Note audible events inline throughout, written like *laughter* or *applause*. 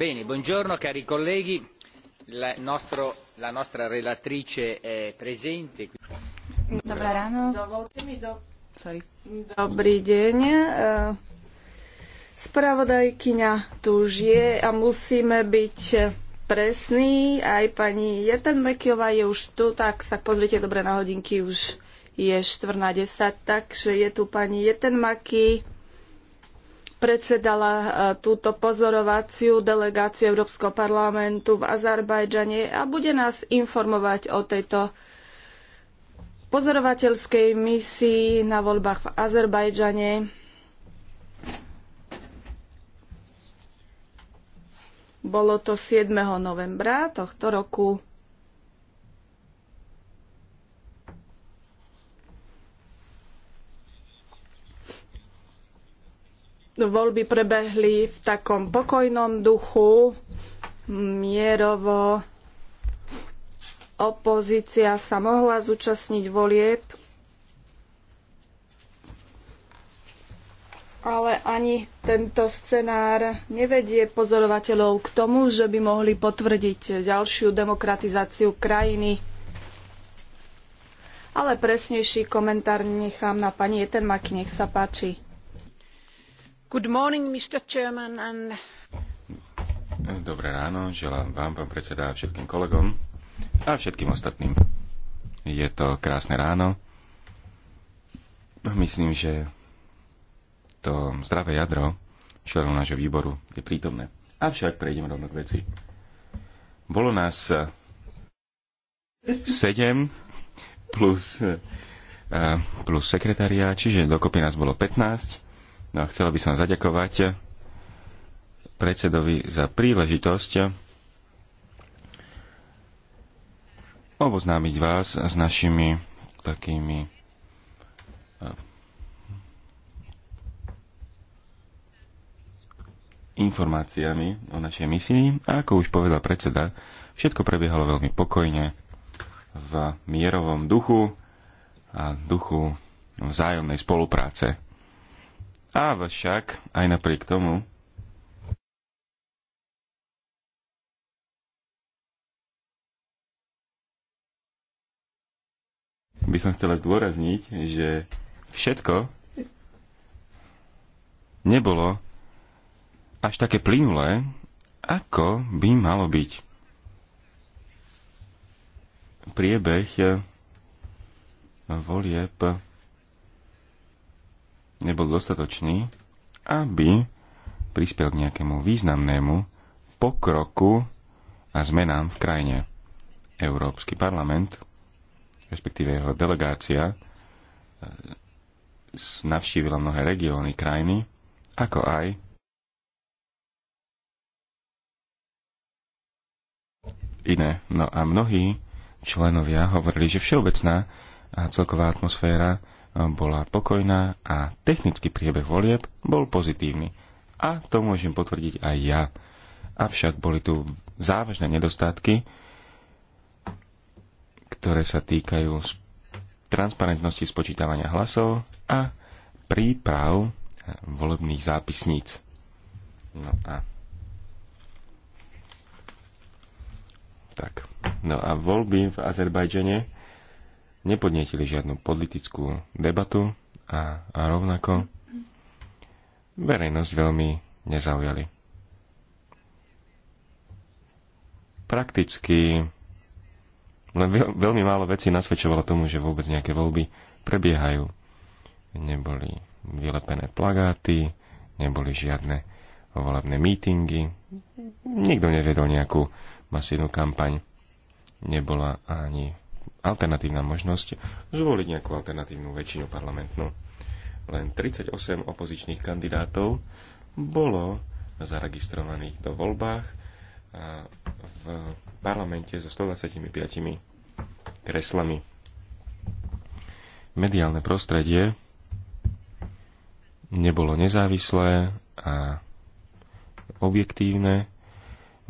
Bene, buongiorno cari colleghi. La, nostro, la nostra relatrice è presente. Dobré ráno. Sorry. Dobrý deň. E, spravodajkyňa tu už je a musíme byť presní. Aj pani Jeten Mekiová je už tu, tak sa pozrite dobre na hodinky, už je 4 na 10, takže je tu pani Jeten Maki predsedala e, túto pozorovaciu delegáciu Európskeho parlamentu v Azerbajdžane a bude nás informovať o tejto pozorovateľskej misii na voľbách v Azerbajdžane. Bolo to 7. novembra tohto roku. voľby prebehli v takom pokojnom duchu, mierovo. Opozícia sa mohla zúčastniť volieb, ale ani tento scenár nevedie pozorovateľov k tomu, že by mohli potvrdiť ďalšiu demokratizáciu krajiny. Ale presnejší komentár nechám na pani Etenmaky, nech sa páči. Dobré ráno, želám vám, pán predseda, a všetkým kolegom a všetkým ostatným. Je to krásne ráno. Myslím, že to zdravé jadro členov nášho výboru je prítomné. Avšak prejdem rovno k veci. Bolo nás 7 plus, eh, plus sekretariá, čiže dokopy nás bolo 15 No a chcela by som zaďakovať predsedovi za príležitosť oboznámiť vás s našimi takými eh, informáciami o našej misii a ako už povedal predseda, všetko prebiehalo veľmi pokojne v mierovom duchu a duchu vzájomnej spolupráce. Avšak aj napriek tomu by som chcela zdôrazniť, že všetko nebolo až také plynulé, ako by malo byť. Priebeh eh, volieb nebol dostatočný, aby prispel k nejakému významnému pokroku a zmenám v krajine. Európsky parlament, respektíve jeho delegácia, e, navštívila mnohé regióny krajiny, ako aj iné. No a mnohí členovia hovorili, že všeobecná a celková atmosféra bola pokojná a technický priebeh volieb bol pozitívny. A to môžem potvrdiť aj ja. Avšak boli tu závažné nedostatky, ktoré sa týkajú transparentnosti spočítavania hlasov a príprav volebných zápisníc. No a tak. No a voľby v Azerbajdžane nepodnietili žiadnu politickú debatu a, a rovnako verejnosť veľmi nezaujali. Prakticky len veľmi málo vecí nasvedčovalo tomu, že vôbec nejaké voľby prebiehajú. Neboli vylepené plagáty, neboli žiadne volebné mítingy, nikto nevedol nejakú masívnu kampaň, nebola ani alternatívna možnosť zvoliť nejakú alternatívnu väčšinu parlamentnú. Len 38 opozičných kandidátov bolo zaregistrovaných do voľbách a v parlamente so 125 kreslami. Mediálne prostredie nebolo nezávislé a objektívne.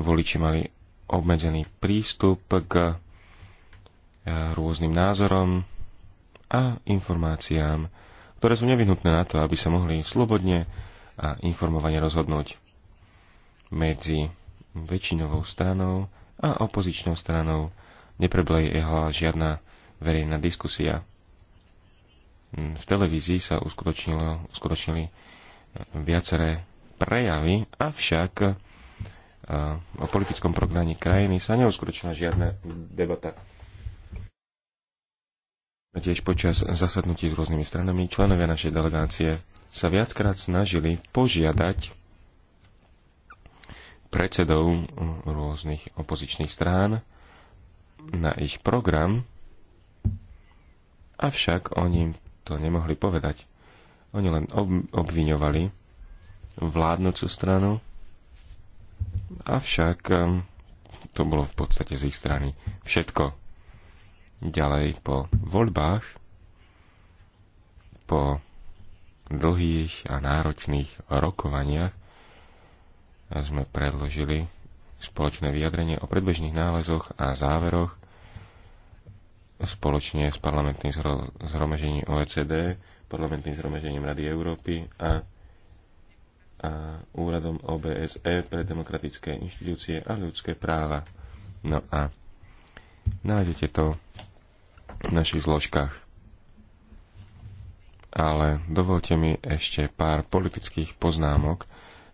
Voliči mali obmedzený prístup k Eh, rôznym názorom a informáciám, ktoré sú nevyhnutné na to, aby sa mohli slobodne a informovane rozhodnúť medzi väčšinovou stranou a opozičnou stranou nepreblehala žiadna verejná diskusia. Hm, v televízii sa uskutočnili eh, viaceré prejavy, avšak eh, o politickom programe krajiny sa neuskutočnila žiadna debata. Tiež počas zasadnutí s rôznymi stranami členovia našej delegácie sa viackrát snažili požiadať predsedov rôznych opozičných strán na ich program, avšak oni to nemohli povedať. Oni len obviňovali vládnúcu stranu, avšak ehm, to bolo v podstate z ich strany všetko. Ďalej po voľbách, po dlhých a náročných rokovaniach sme predložili spoločné vyjadrenie o predbežných nálezoch a záveroch spoločne s parlamentným zhromažením OECD, parlamentným zhromažením Rady Európy a, a úradom OBSE pre demokratické inštitúcie a ľudské práva. No a nájdete to v našich zložkách. Ale dovolte mi ešte pár politických poznámok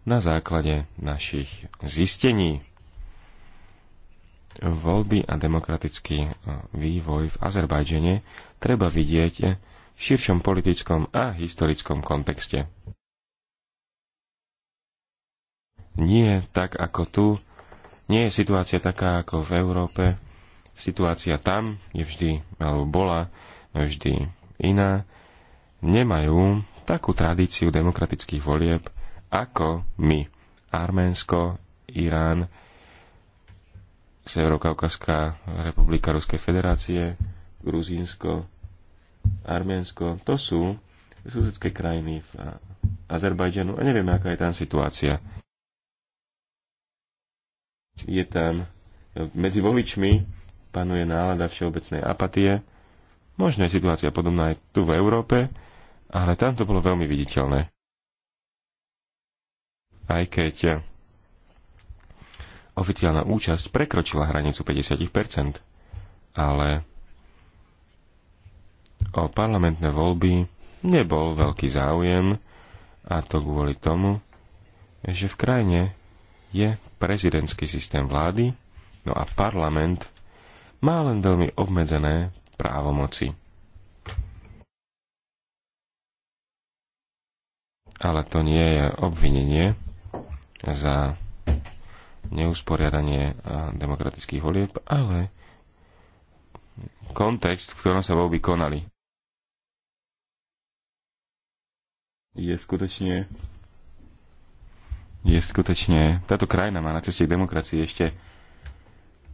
na základe našich zistení. Voľby a demokratický e, vývoj v Azerbajdžane treba vidieť e, v širšom politickom a historickom kontexte. Nie tak ako tu, nie je situácia taká ako v Európe, Situácia tam je vždy, alebo bola vždy iná. Nemajú takú tradíciu demokratických volieb ako my. Arménsko, Irán, Severokaukaská republika Ruskej federácie, Gruzínsko, Arménsko, to sú susedské krajiny v Azerbajdžanu a nevieme, aká je tam situácia. Je tam medzi voličmi panuje nálada všeobecnej apatie. Možno je situácia podobná aj tu v Európe, ale tam to bolo veľmi viditeľné. Aj keď oficiálna účasť prekročila hranicu 50%, ale o parlamentné voľby nebol veľký záujem, a to kvôli tomu, že v krajine je prezidentský systém vlády, no a parlament má len veľmi obmedzené právomoci. Ale to nie je obvinenie za neusporiadanie demokratických volieb, ale kontext, v ktorom sa voľby konali. Je skutočne je skutočne, táto krajina má na ceste k demokracii ešte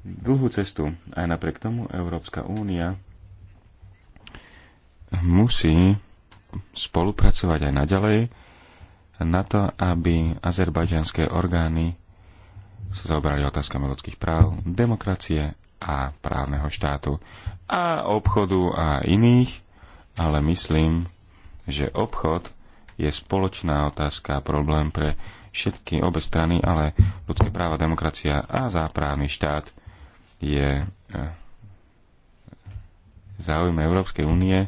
dlhú cestu. Aj napriek tomu Európska únia musí spolupracovať aj naďalej na to, aby azerbajdžanské orgány sa zaoberali otázkami ľudských práv, demokracie a právneho štátu a obchodu a iných, ale myslím, že obchod je spoločná otázka a problém pre všetky obe strany, ale ľudské práva, demokracia a záprávny štát je e, záujem Európskej únie.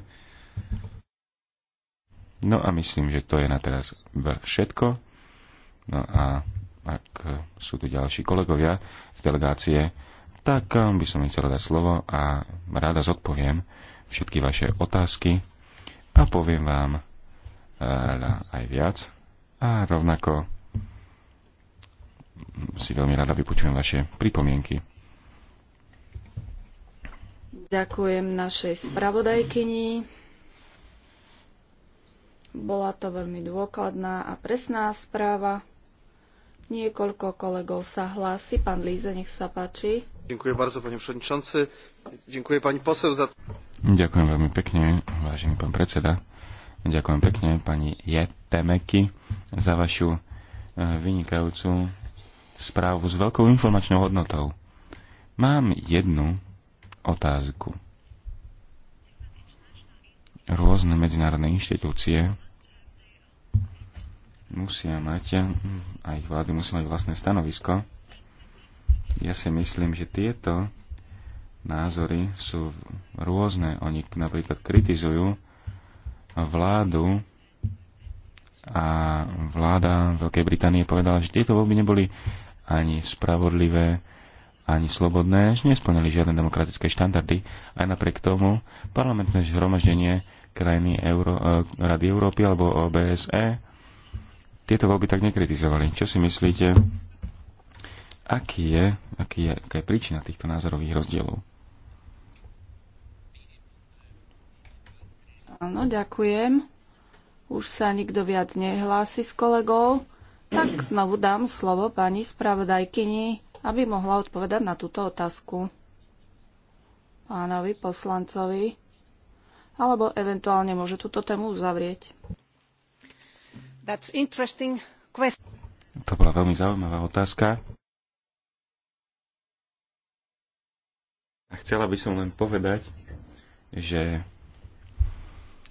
No a myslím, že to je na teraz všetko. No a ak sú tu ďalší kolegovia z delegácie, tak e, by som im chcel dať slovo a rada zodpoviem všetky vaše otázky a poviem vám e, rada aj viac. A rovnako si veľmi rada vypočujem vaše pripomienky. Ďakujem našej spravodajkyni. Bola to veľmi dôkladná a presná správa. Niekoľko kolegov sa hlási. Pán Líze, nech sa páči. Ďakujem bardzo, pani przewodniczący. Ďakujem pani poseł za... Ďakujem veľmi pekne, vážený pán predseda. Ďakujem pekne pani Jetemeky za vašu e, vynikajúcu správu s veľkou informačnou hodnotou. Mám jednu otázku. Rôzne medzinárodné inštitúcie musia mať, a ich vlády musia mať vlastné stanovisko. Ja si myslím, že tieto názory sú rôzne. Oni napríklad kritizujú vládu a vláda Veľkej Británie povedala, že tieto voľby neboli ani spravodlivé, ani slobodné, nesplnili žiadne demokratické štandardy. Aj napriek tomu parlamentné zhromaždenie krajiny Euro, eh, Rady Európy alebo OBSE tieto voľby tak nekritizovali. Čo si myslíte, aký je, aký je, aká je príčina týchto názorových rozdielov? Áno, ďakujem. Už sa nikto viac nehlási s kolegou, tak znovu dám slovo pani spravodajkyni aby mohla odpovedať na túto otázku pánovi poslancovi, alebo eventuálne môže túto tému uzavrieť. That's interesting question. To bola veľmi zaujímavá otázka. A chcela by som len povedať, že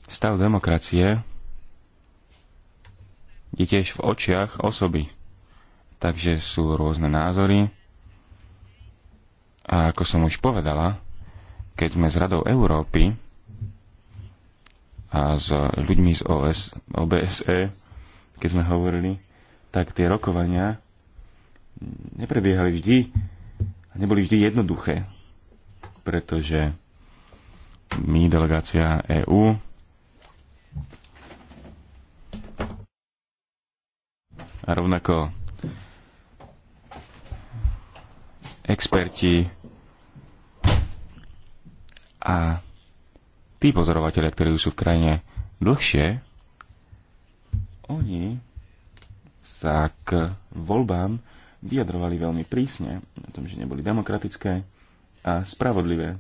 stav demokracie je tiež v očiach osoby. Takže sú rôzne názory, a ako som už povedala, keď sme s Radou Európy a s ľuďmi z OS, OBSE, keď sme hovorili, tak tie rokovania neprebiehali vždy a neboli vždy jednoduché, pretože my, delegácia EÚ, a rovnako experti a tí pozorovateľia, ktorí už sú v krajine dlhšie, oni sa k voľbám vyjadrovali veľmi prísne na tom, že neboli demokratické a spravodlivé.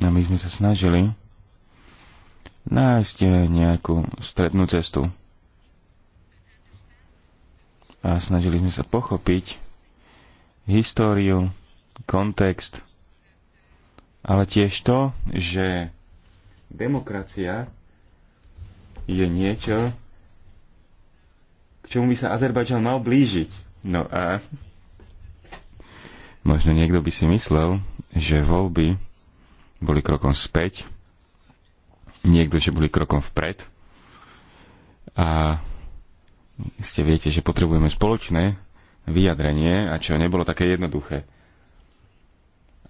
A my sme sa snažili nájsť nejakú strednú cestu a snažili sme sa pochopiť históriu, kontext, ale tiež to, že demokracia je niečo, k čomu by sa Azerbajdžan mal blížiť. No a možno niekto by si myslel, že voľby boli krokom späť, niekto, že boli krokom vpred a ste viete, že potrebujeme spoločné vyjadrenie a čo nebolo také jednoduché.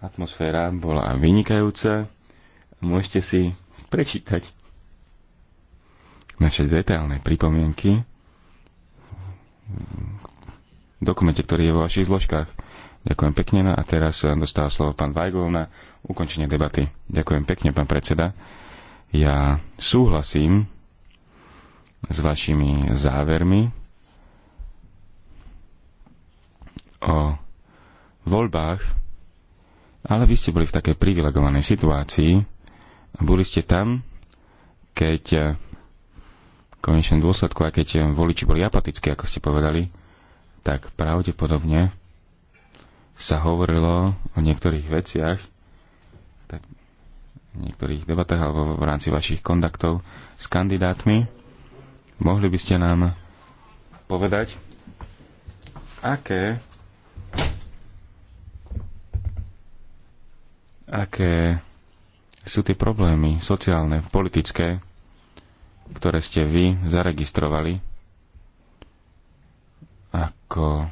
Atmosféra bola vynikajúca. Môžete si prečítať naše detailné pripomienky v dokumente, ktorý je vo vašich zložkách. Ďakujem pekne no a teraz dostáva slovo pán Vajgol na ukončenie debaty. Ďakujem pekne, pán predseda. Ja súhlasím s vašimi závermi o voľbách, ale vy ste boli v takej privilegovanej situácii a boli ste tam, keď eh, v konečnom dôsledku, aj keď eh, voliči boli apatickí, ako ste povedali, tak pravdepodobne sa hovorilo o niektorých veciach, tak v niektorých debatách alebo v rámci vašich kontaktov s kandidátmi, Mohli by ste nám povedať, aké aké sú tie problémy sociálne, politické, ktoré ste vy zaregistrovali ako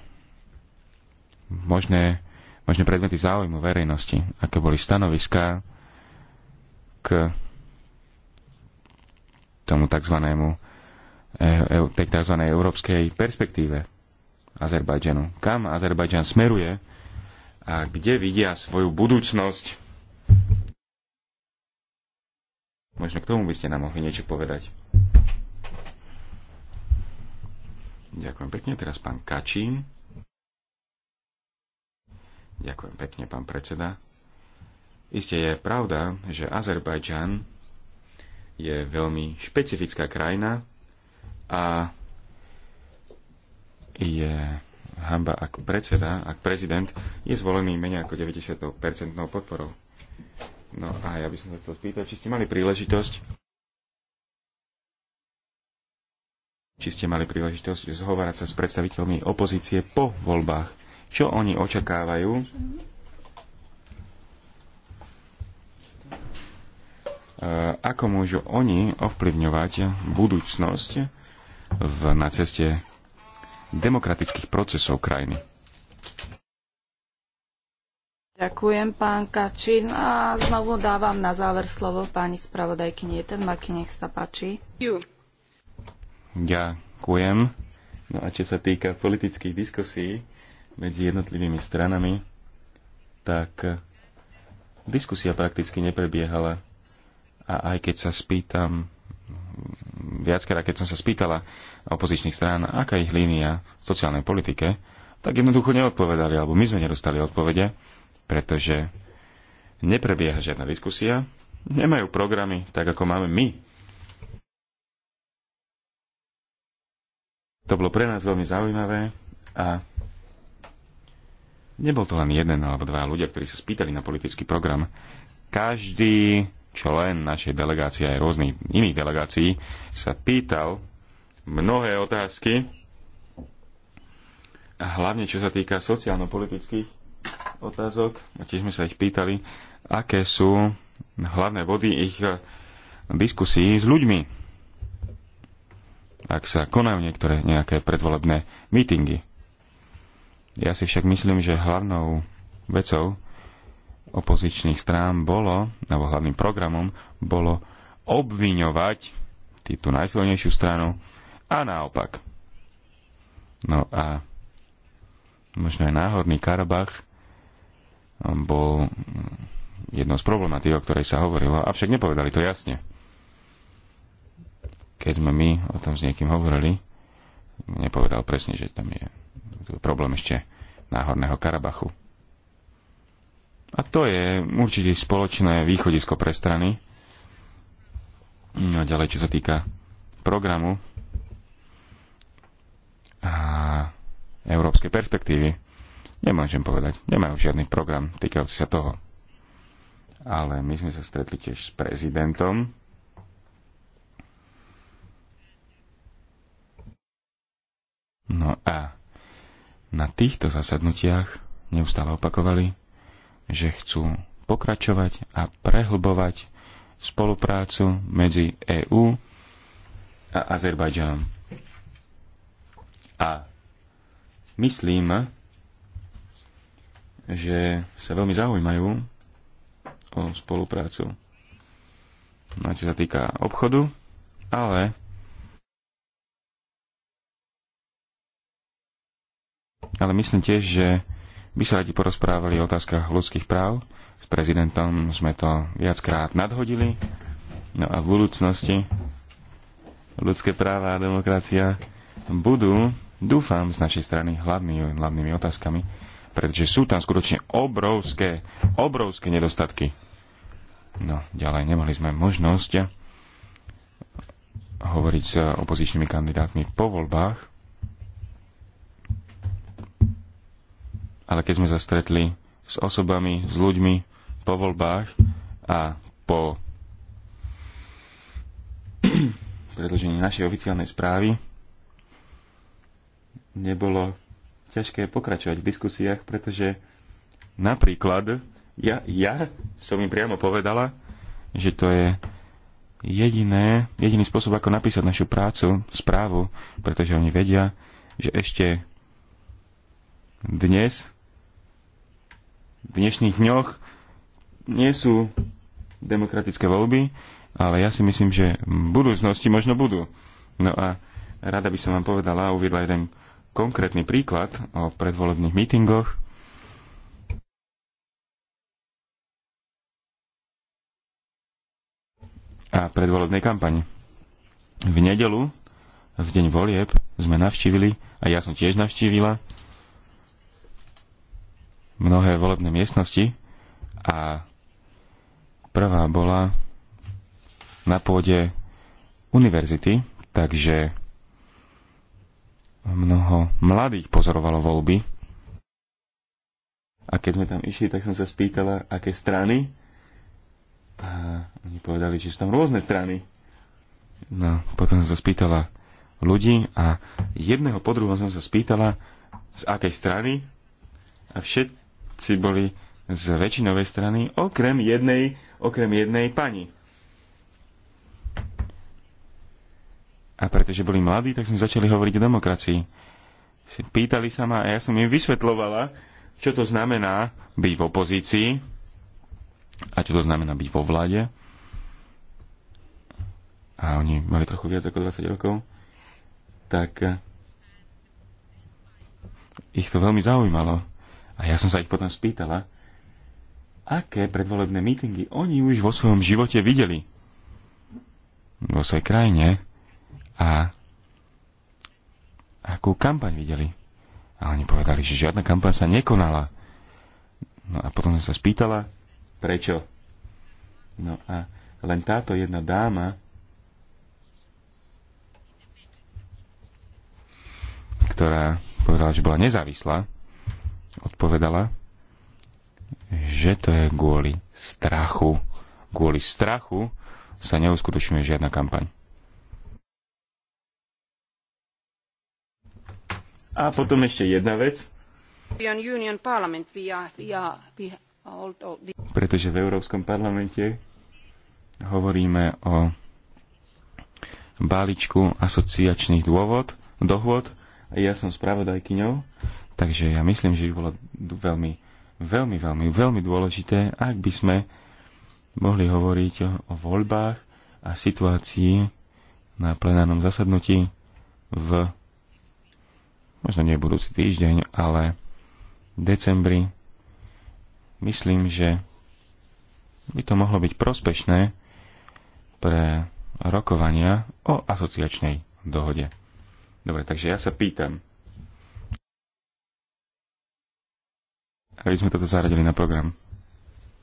možné, možné predmety záujmu verejnosti, aké boli stanoviská k tomu takzvanému Eh, eh, tej tzv. európskej perspektíve Azerbajdžanu. Kam Azerbajdžan smeruje a kde vidia svoju budúcnosť? Možno k tomu by ste nám mohli niečo povedať. Ďakujem pekne. Teraz pán Kačín. Ďakujem pekne, pán predseda. Isté je pravda, že Azerbajdžan je veľmi špecifická krajina, a je hamba, ak predseda, ak prezident je zvolený menej ako 90% podporou. No a ja by som sa chcel spýtať, či ste mali príležitosť či ste mali príležitosť zhovárať sa s predstaviteľmi opozície po voľbách. Čo oni očakávajú? E, ako môžu oni ovplyvňovať budúcnosť v, na ceste demokratických procesov krajiny. Ďakujem, pán Kačin. A znovu dávam na záver slovo pani spravodajkyni Jeten Maki, nech sa páči. Ďakujem. No a čo sa týka politických diskusí medzi jednotlivými stranami, tak diskusia prakticky neprebiehala. A aj keď sa spýtam viackrát, keď som sa spýtala opozičných strán, aká ich línia v sociálnej politike, tak jednoducho neodpovedali, alebo my sme nedostali odpovede, pretože neprebieha žiadna diskusia, nemajú programy tak, ako máme my. To bolo pre nás veľmi zaujímavé a nebol to len jeden alebo dva ľudia, ktorí sa spýtali na politický program. Každý člen našej delegácie aj rôznych iných delegácií sa pýtal mnohé otázky, hlavne čo sa týka sociálno-politických otázok. A tiež sme sa ich pýtali, aké sú hlavné body ich eh, diskusí s ľuďmi, ak sa konajú niektoré nejaké predvolebné mítingy. Ja si však myslím, že hlavnou vecou opozičných strán bolo, alebo hlavným programom, bolo obviňovať tú najsilnejšiu stranu a naopak. No a možno aj náhodný Karabach um, bol um, jednou z problematík, o ktorej sa hovorilo, avšak nepovedali to jasne. Keď sme my o tom s niekým hovorili, nepovedal presne, že tam je problém ešte náhorného Karabachu. A to je určite spoločné východisko pre strany. No ďalej, čo sa týka programu a európskej perspektívy, nemôžem povedať. Nemajú žiadny program týkajúci sa toho. Ale my sme sa stretli tiež s prezidentom No a na týchto zasadnutiach neustále opakovali, že chcú pokračovať a prehlbovať spoluprácu medzi EÚ a Azerbajdžanom. A myslím, že sa veľmi zaujímajú o spoluprácu. No, čo sa týka obchodu, ale ale myslím tiež, že by sa radi porozprávali o otázkach ľudských práv. S prezidentom sme to viackrát nadhodili. No a v budúcnosti ľudské práva a demokracia budú, dúfam, z našej strany hlavný, hlavnými otázkami, pretože sú tam skutočne obrovské, obrovské nedostatky. No, ďalej nemali sme možnosť hovoriť s opozičnými kandidátmi po voľbách, ale keď sme sa stretli s osobami, s ľuďmi po voľbách a po *clears throat* predložení našej oficiálnej správy, nebolo ťažké pokračovať v diskusiách, pretože napríklad ja, ja som im priamo povedala, že to je jediné, jediný spôsob, ako napísať našu prácu, správu, pretože oni vedia, že ešte dnes v dnešných dňoch nie sú demokratické voľby, ale ja si myslím, že v budúcnosti možno budú. No a rada by som vám povedala a uviedla jeden konkrétny príklad o predvolebných mítingoch. a predvolebnej kampani. V nedelu, v deň volieb, sme navštívili, a ja som tiež navštívila, mnohé volebné miestnosti a prvá bola na pôde univerzity, takže mnoho mladých pozorovalo voľby. A keď sme tam išli, tak som sa spýtala, aké strany. A oni povedali, že sú tam rôzne strany. No, potom som sa spýtala ľudí a jedného po druhom som sa spýtala, z akej strany. A všet, si boli z väčšinovej strany, okrem jednej, okrem jednej pani. A pretože boli mladí, tak sme začali hovoriť o demokracii. Pýtali sa ma a ja som im vysvetlovala, čo to znamená byť v opozícii a čo to znamená byť vo vláde. A oni mali trochu viac ako 20 rokov. Tak eh, ich to veľmi zaujímalo a ja som sa ich potom spýtala, aké predvolebné mítingy oni už vo svojom živote videli vo svojej krajine a akú kampaň videli. A oni povedali, že žiadna kampaň sa nekonala. No a potom som sa spýtala, prečo. No a len táto jedna dáma, ktorá povedala, že bola nezávislá, odpovedala, že to je kvôli strachu. Kvôli strachu sa neuskutočňuje žiadna kampaň. A potom ešte jedna vec. Pretože v Európskom parlamente hovoríme o balíčku asociačných dôvod, dohôd. Ja som spravodajkyňou Takže ja myslím, že by bolo veľmi, veľmi, veľmi, veľmi dôležité, ak by sme mohli hovoriť o voľbách a situácii na plenárnom zasadnutí v možno nie budúci týždeň, ale v decembri. Myslím, že by to mohlo byť prospešné pre rokovania o asociačnej dohode. Dobre, takže ja sa pýtam, aby sme toto zaradili na program.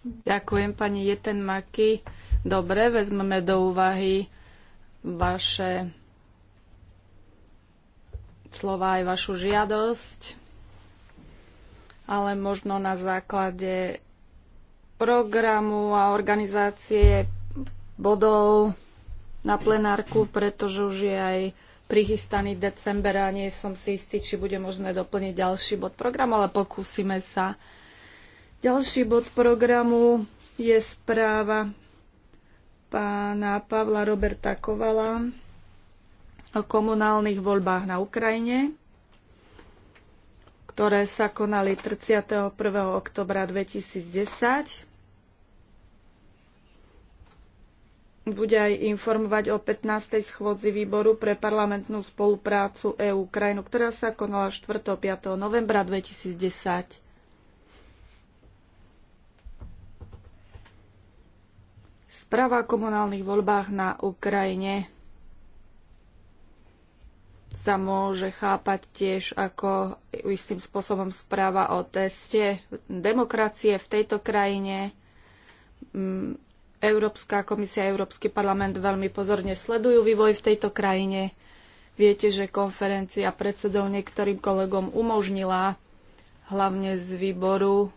Ďakujem pani Jeten Maky. Dobre, vezmeme do úvahy vaše slova aj vašu žiadosť, ale možno na základe programu a organizácie bodov na plenárku, pretože už je aj prichystaný december a nie som si istý, či bude možné doplniť ďalší bod programu, ale pokúsime sa. Ďalší bod programu je správa pána Pavla Roberta Kovala o komunálnych voľbách na Ukrajine, ktoré sa konali 31. oktobra 2010. bude aj informovať o 15. schôdzi výboru pre parlamentnú spoluprácu EÚ krajinu, ktorá sa konala 4. 5. novembra 2010. Správa o komunálnych voľbách na Ukrajine sa môže chápať tiež ako istým spôsobom správa o teste demokracie v tejto krajine mm, Európska komisia a Európsky parlament veľmi pozorne sledujú vývoj v tejto krajine. Viete, že konferencia predsedov niektorým kolegom umožnila, hlavne z výboru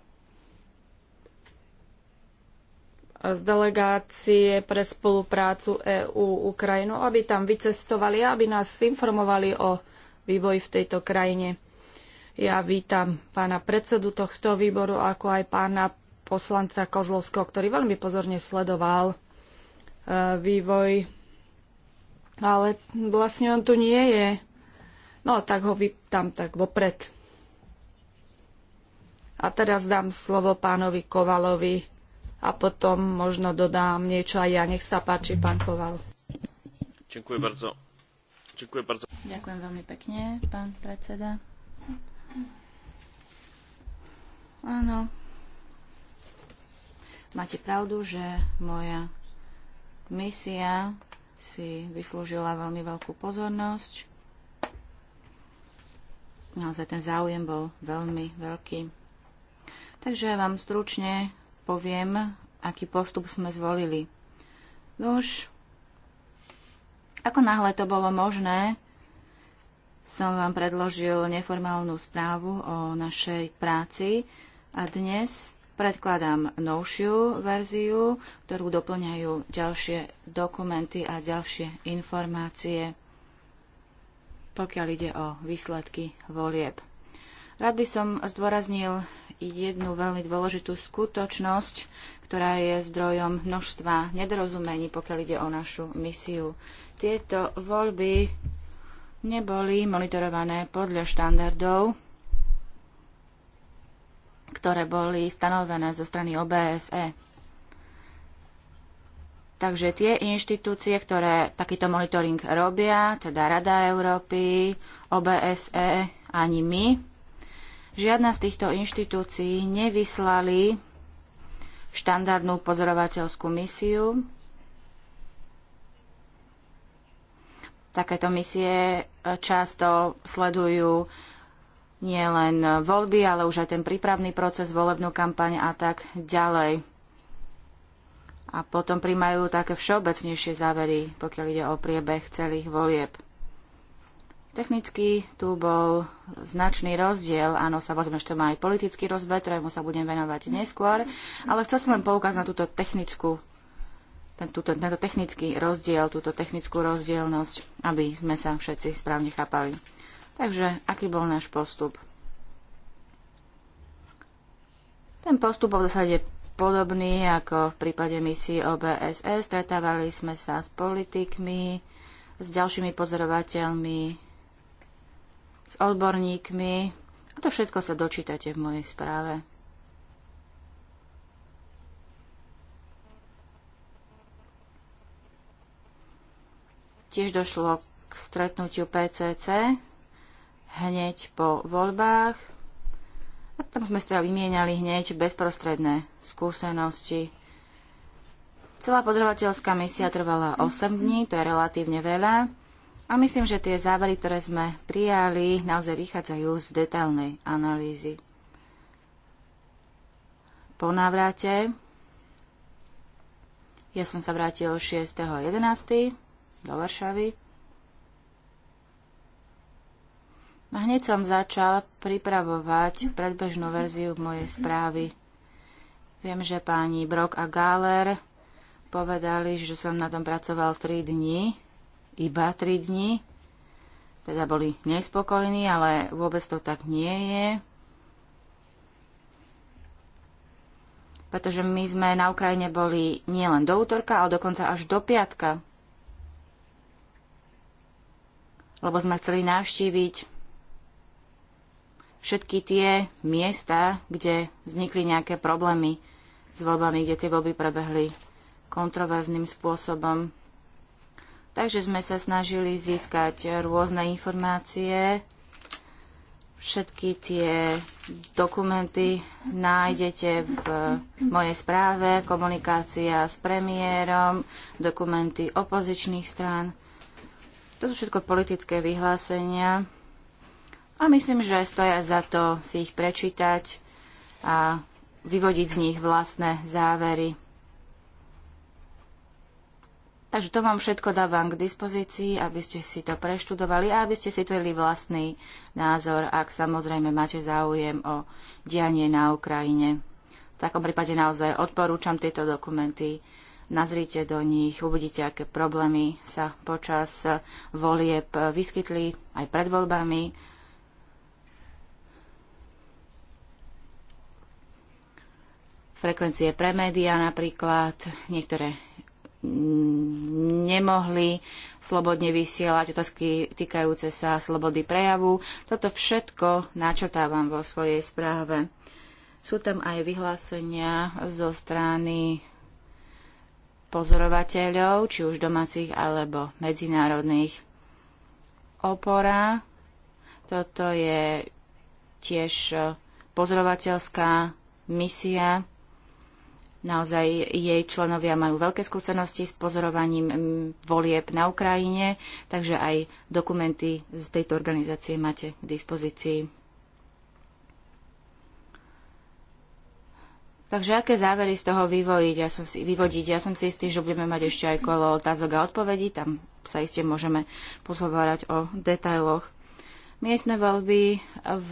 z delegácie pre spoluprácu EÚ Ukrajinu, aby tam vycestovali a aby nás informovali o vývoji v tejto krajine. Ja vítam pána predsedu tohto výboru, ako aj pána poslanca Kozlovského, ktorý veľmi pozorne sledoval e, vývoj. Ale vlastne on tu nie je. No, tak ho vyptám tak vopred. A teraz dám slovo pánovi Kovalovi a potom možno dodám niečo aj ja. Nech sa páči, pán Koval. Ďakujem bardzo. Ďakujem bardzo. Ďakujem veľmi pekne, pán predseda. Áno, Máte pravdu, že moja misia si vyslúžila veľmi veľkú pozornosť. Naozaj ten záujem bol veľmi veľký. Takže vám stručne poviem, aký postup sme zvolili. Nuž, no ako náhle to bolo možné, som vám predložil neformálnu správu o našej práci a dnes Predkladám novšiu verziu, ktorú doplňajú ďalšie dokumenty a ďalšie informácie, pokiaľ ide o výsledky volieb. Rád by som zdôraznil jednu veľmi dôležitú skutočnosť, ktorá je zdrojom množstva nedorozumení, pokiaľ ide o našu misiu. Tieto voľby neboli monitorované podľa štandardov, ktoré boli stanovené zo strany OBSE. Takže tie inštitúcie, ktoré takýto monitoring robia, teda Rada Európy, OBSE, ani my, žiadna z týchto inštitúcií nevyslali štandardnú pozorovateľskú misiu. Takéto misie často sledujú nie len voľby, ale už aj ten prípravný proces, volebnú kampaň a tak ďalej. A potom príjmajú také všeobecnejšie závery, pokiaľ ide o priebeh celých volieb. Technicky tu bol značný rozdiel. Áno, sa že ešte má aj politický rozbet, ktorému sa budem venovať neskôr, ale chcel som len poukázať na túto technickú ten, túto, tento technický rozdiel, túto technickú rozdielnosť, aby sme sa všetci správne chápali. Takže aký bol náš postup? Ten postup bol v zásade podobný ako v prípade misií OBSE. Stretávali sme sa s politikmi, s ďalšími pozorovateľmi, s odborníkmi. A to všetko sa dočítate v mojej správe. Tiež došlo k stretnutiu PCC, hneď po voľbách. A tam sme sa vymieniali hneď bezprostredné skúsenosti. Celá pozorovateľská misia trvala 8 dní, to je relatívne veľa. A myslím, že tie závery, ktoré sme prijali, naozaj vychádzajú z detailnej analýzy. Po návrate ja som sa vrátil 6.11. do Varšavy. Hneď som začal pripravovať predbežnú verziu mojej správy. Viem, že páni Brock a Gáler povedali, že som na tom pracoval 3 dní, iba 3 dní. Teda boli nespokojní, ale vôbec to tak nie je. Pretože my sme na Ukrajine boli nielen do útorka, ale dokonca až do piatka. Lebo sme chceli navštíviť všetky tie miesta, kde vznikli nejaké problémy s voľbami, kde tie voľby prebehli kontroverzným spôsobom. Takže sme sa snažili získať rôzne informácie. Všetky tie dokumenty nájdete v mojej správe, komunikácia s premiérom, dokumenty opozičných strán. To sú všetko politické vyhlásenia, a myslím, že stoja za to si ich prečítať a vyvodiť z nich vlastné závery. Takže to vám všetko dávam k dispozícii, aby ste si to preštudovali a aby ste si tvorili vlastný názor, ak samozrejme máte záujem o dianie na Ukrajine. V takom prípade naozaj odporúčam tieto dokumenty, nazrite do nich, uvidíte, aké problémy sa počas volieb vyskytli aj pred voľbami frekvencie pre médiá napríklad, niektoré nemohli slobodne vysielať otázky týkajúce sa slobody prejavu. Toto všetko načrtávam vo svojej správe. Sú tam aj vyhlásenia zo strany pozorovateľov, či už domácich alebo medzinárodných. Opora, toto je tiež pozorovateľská misia, Naozaj jej členovia majú veľké skúsenosti s pozorovaním mm, volieb na Ukrajine, takže aj dokumenty z tejto organizácie máte k dispozícii. Takže aké závery z toho vyvojiť? Ja som si, vyvodiť? Ja som si istý, že budeme mať ešte aj kolo otázok a odpovedí. Tam sa iste môžeme pozhovárať o detailoch. Miestne voľby v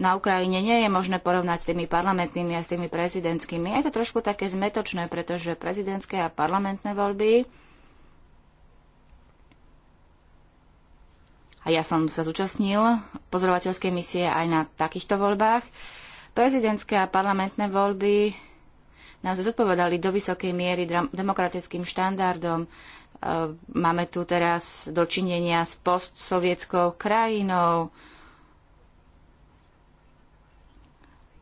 na Ukrajine nie je možné porovnať s tými parlamentnými a s tými prezidentskými. Je to trošku také zmetočné, pretože prezidentské a parlamentné voľby a ja som sa zúčastnil pozorovateľskej misie aj na takýchto voľbách. Prezidentské a parlamentné voľby nás zodpovedali do vysokej miery demokratickým štandardom. E, máme tu teraz dočinenia s postsovietskou krajinou,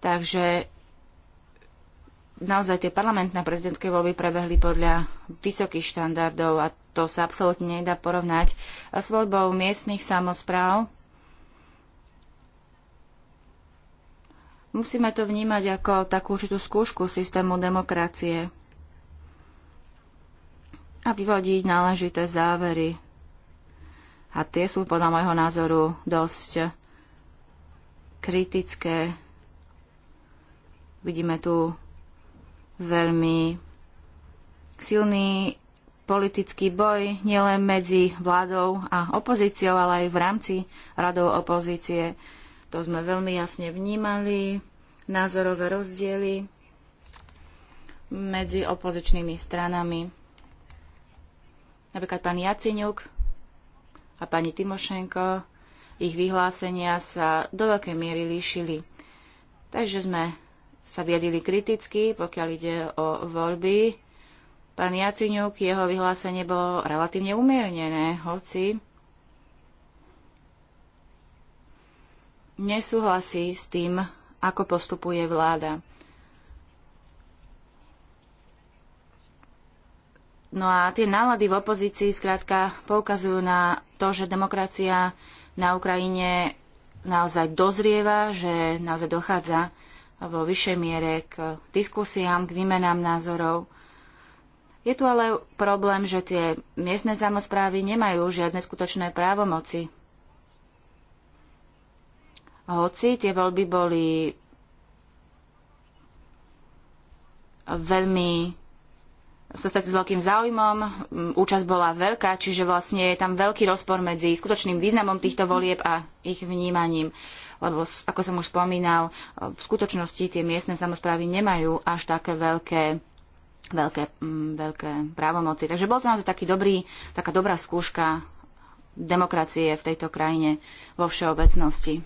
Takže naozaj tie parlamentné prezidentské voľby prebehli podľa vysokých štandardov a to sa absolútne nedá porovnať a s voľbou miestnych samozpráv. Musíme to vnímať ako takú určitú skúšku systému demokracie a vyvodiť náležité závery. A tie sú podľa môjho názoru dosť kritické Vidíme tu veľmi silný politický boj nielen medzi vládou a opozíciou, ale aj v rámci radov opozície. To sme veľmi jasne vnímali, názorové rozdiely medzi opozičnými stranami. Napríklad pán Jaciňuk a pani Timošenko, ich vyhlásenia sa do veľkej miery líšili. Takže sme sa viedili kriticky, pokiaľ ide o voľby. Pán Jaciňuk, jeho vyhlásenie bolo relatívne umiernené, hoci nesúhlasí s tým, ako postupuje vláda. No a tie nálady v opozícii skrátka poukazujú na to, že demokracia na Ukrajine naozaj dozrieva, že naozaj dochádza vo vyššej miere k diskusiám, k výmenám názorov. Je tu ale problém, že tie miestne samozprávy nemajú žiadne skutočné právomoci. Hoci tie voľby boli veľmi sa stať s veľkým záujmom, účasť bola veľká, čiže vlastne je tam veľký rozpor medzi skutočným významom týchto volieb a ich vnímaním lebo ako som už spomínal, e, v skutočnosti tie miestne samozprávy nemajú až také veľké veľké, mm, veľké právomoci. Takže bol to naozaj taký dobrý, taká dobrá skúška demokracie v tejto krajine vo všeobecnosti.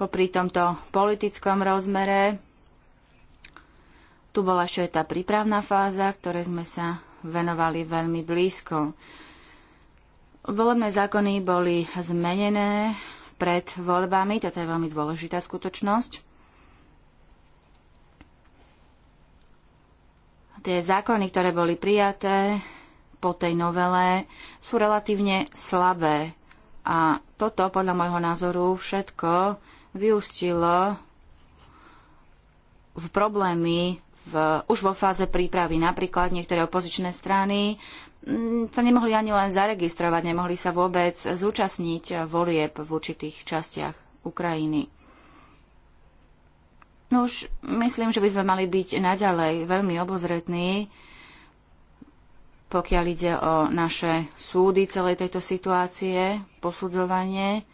Popri tomto politickom rozmere tu bola ešte tá prípravná fáza, ktoré sme sa venovali veľmi blízko. Volebné zákony boli zmenené pred voľbami, toto je veľmi dôležitá skutočnosť. Tie zákony, ktoré boli prijaté po tej novele, sú relatívne slabé. A toto, podľa môjho názoru, všetko vyústilo v problémy v, už vo fáze prípravy. Napríklad niektoré opozičné strany sa nemohli ani len zaregistrovať, nemohli sa vôbec zúčastniť volieb v určitých častiach Ukrajiny. No už myslím, že by sme mali byť naďalej veľmi obozretní, pokiaľ ide o naše súdy celej tejto situácie, posudzovanie.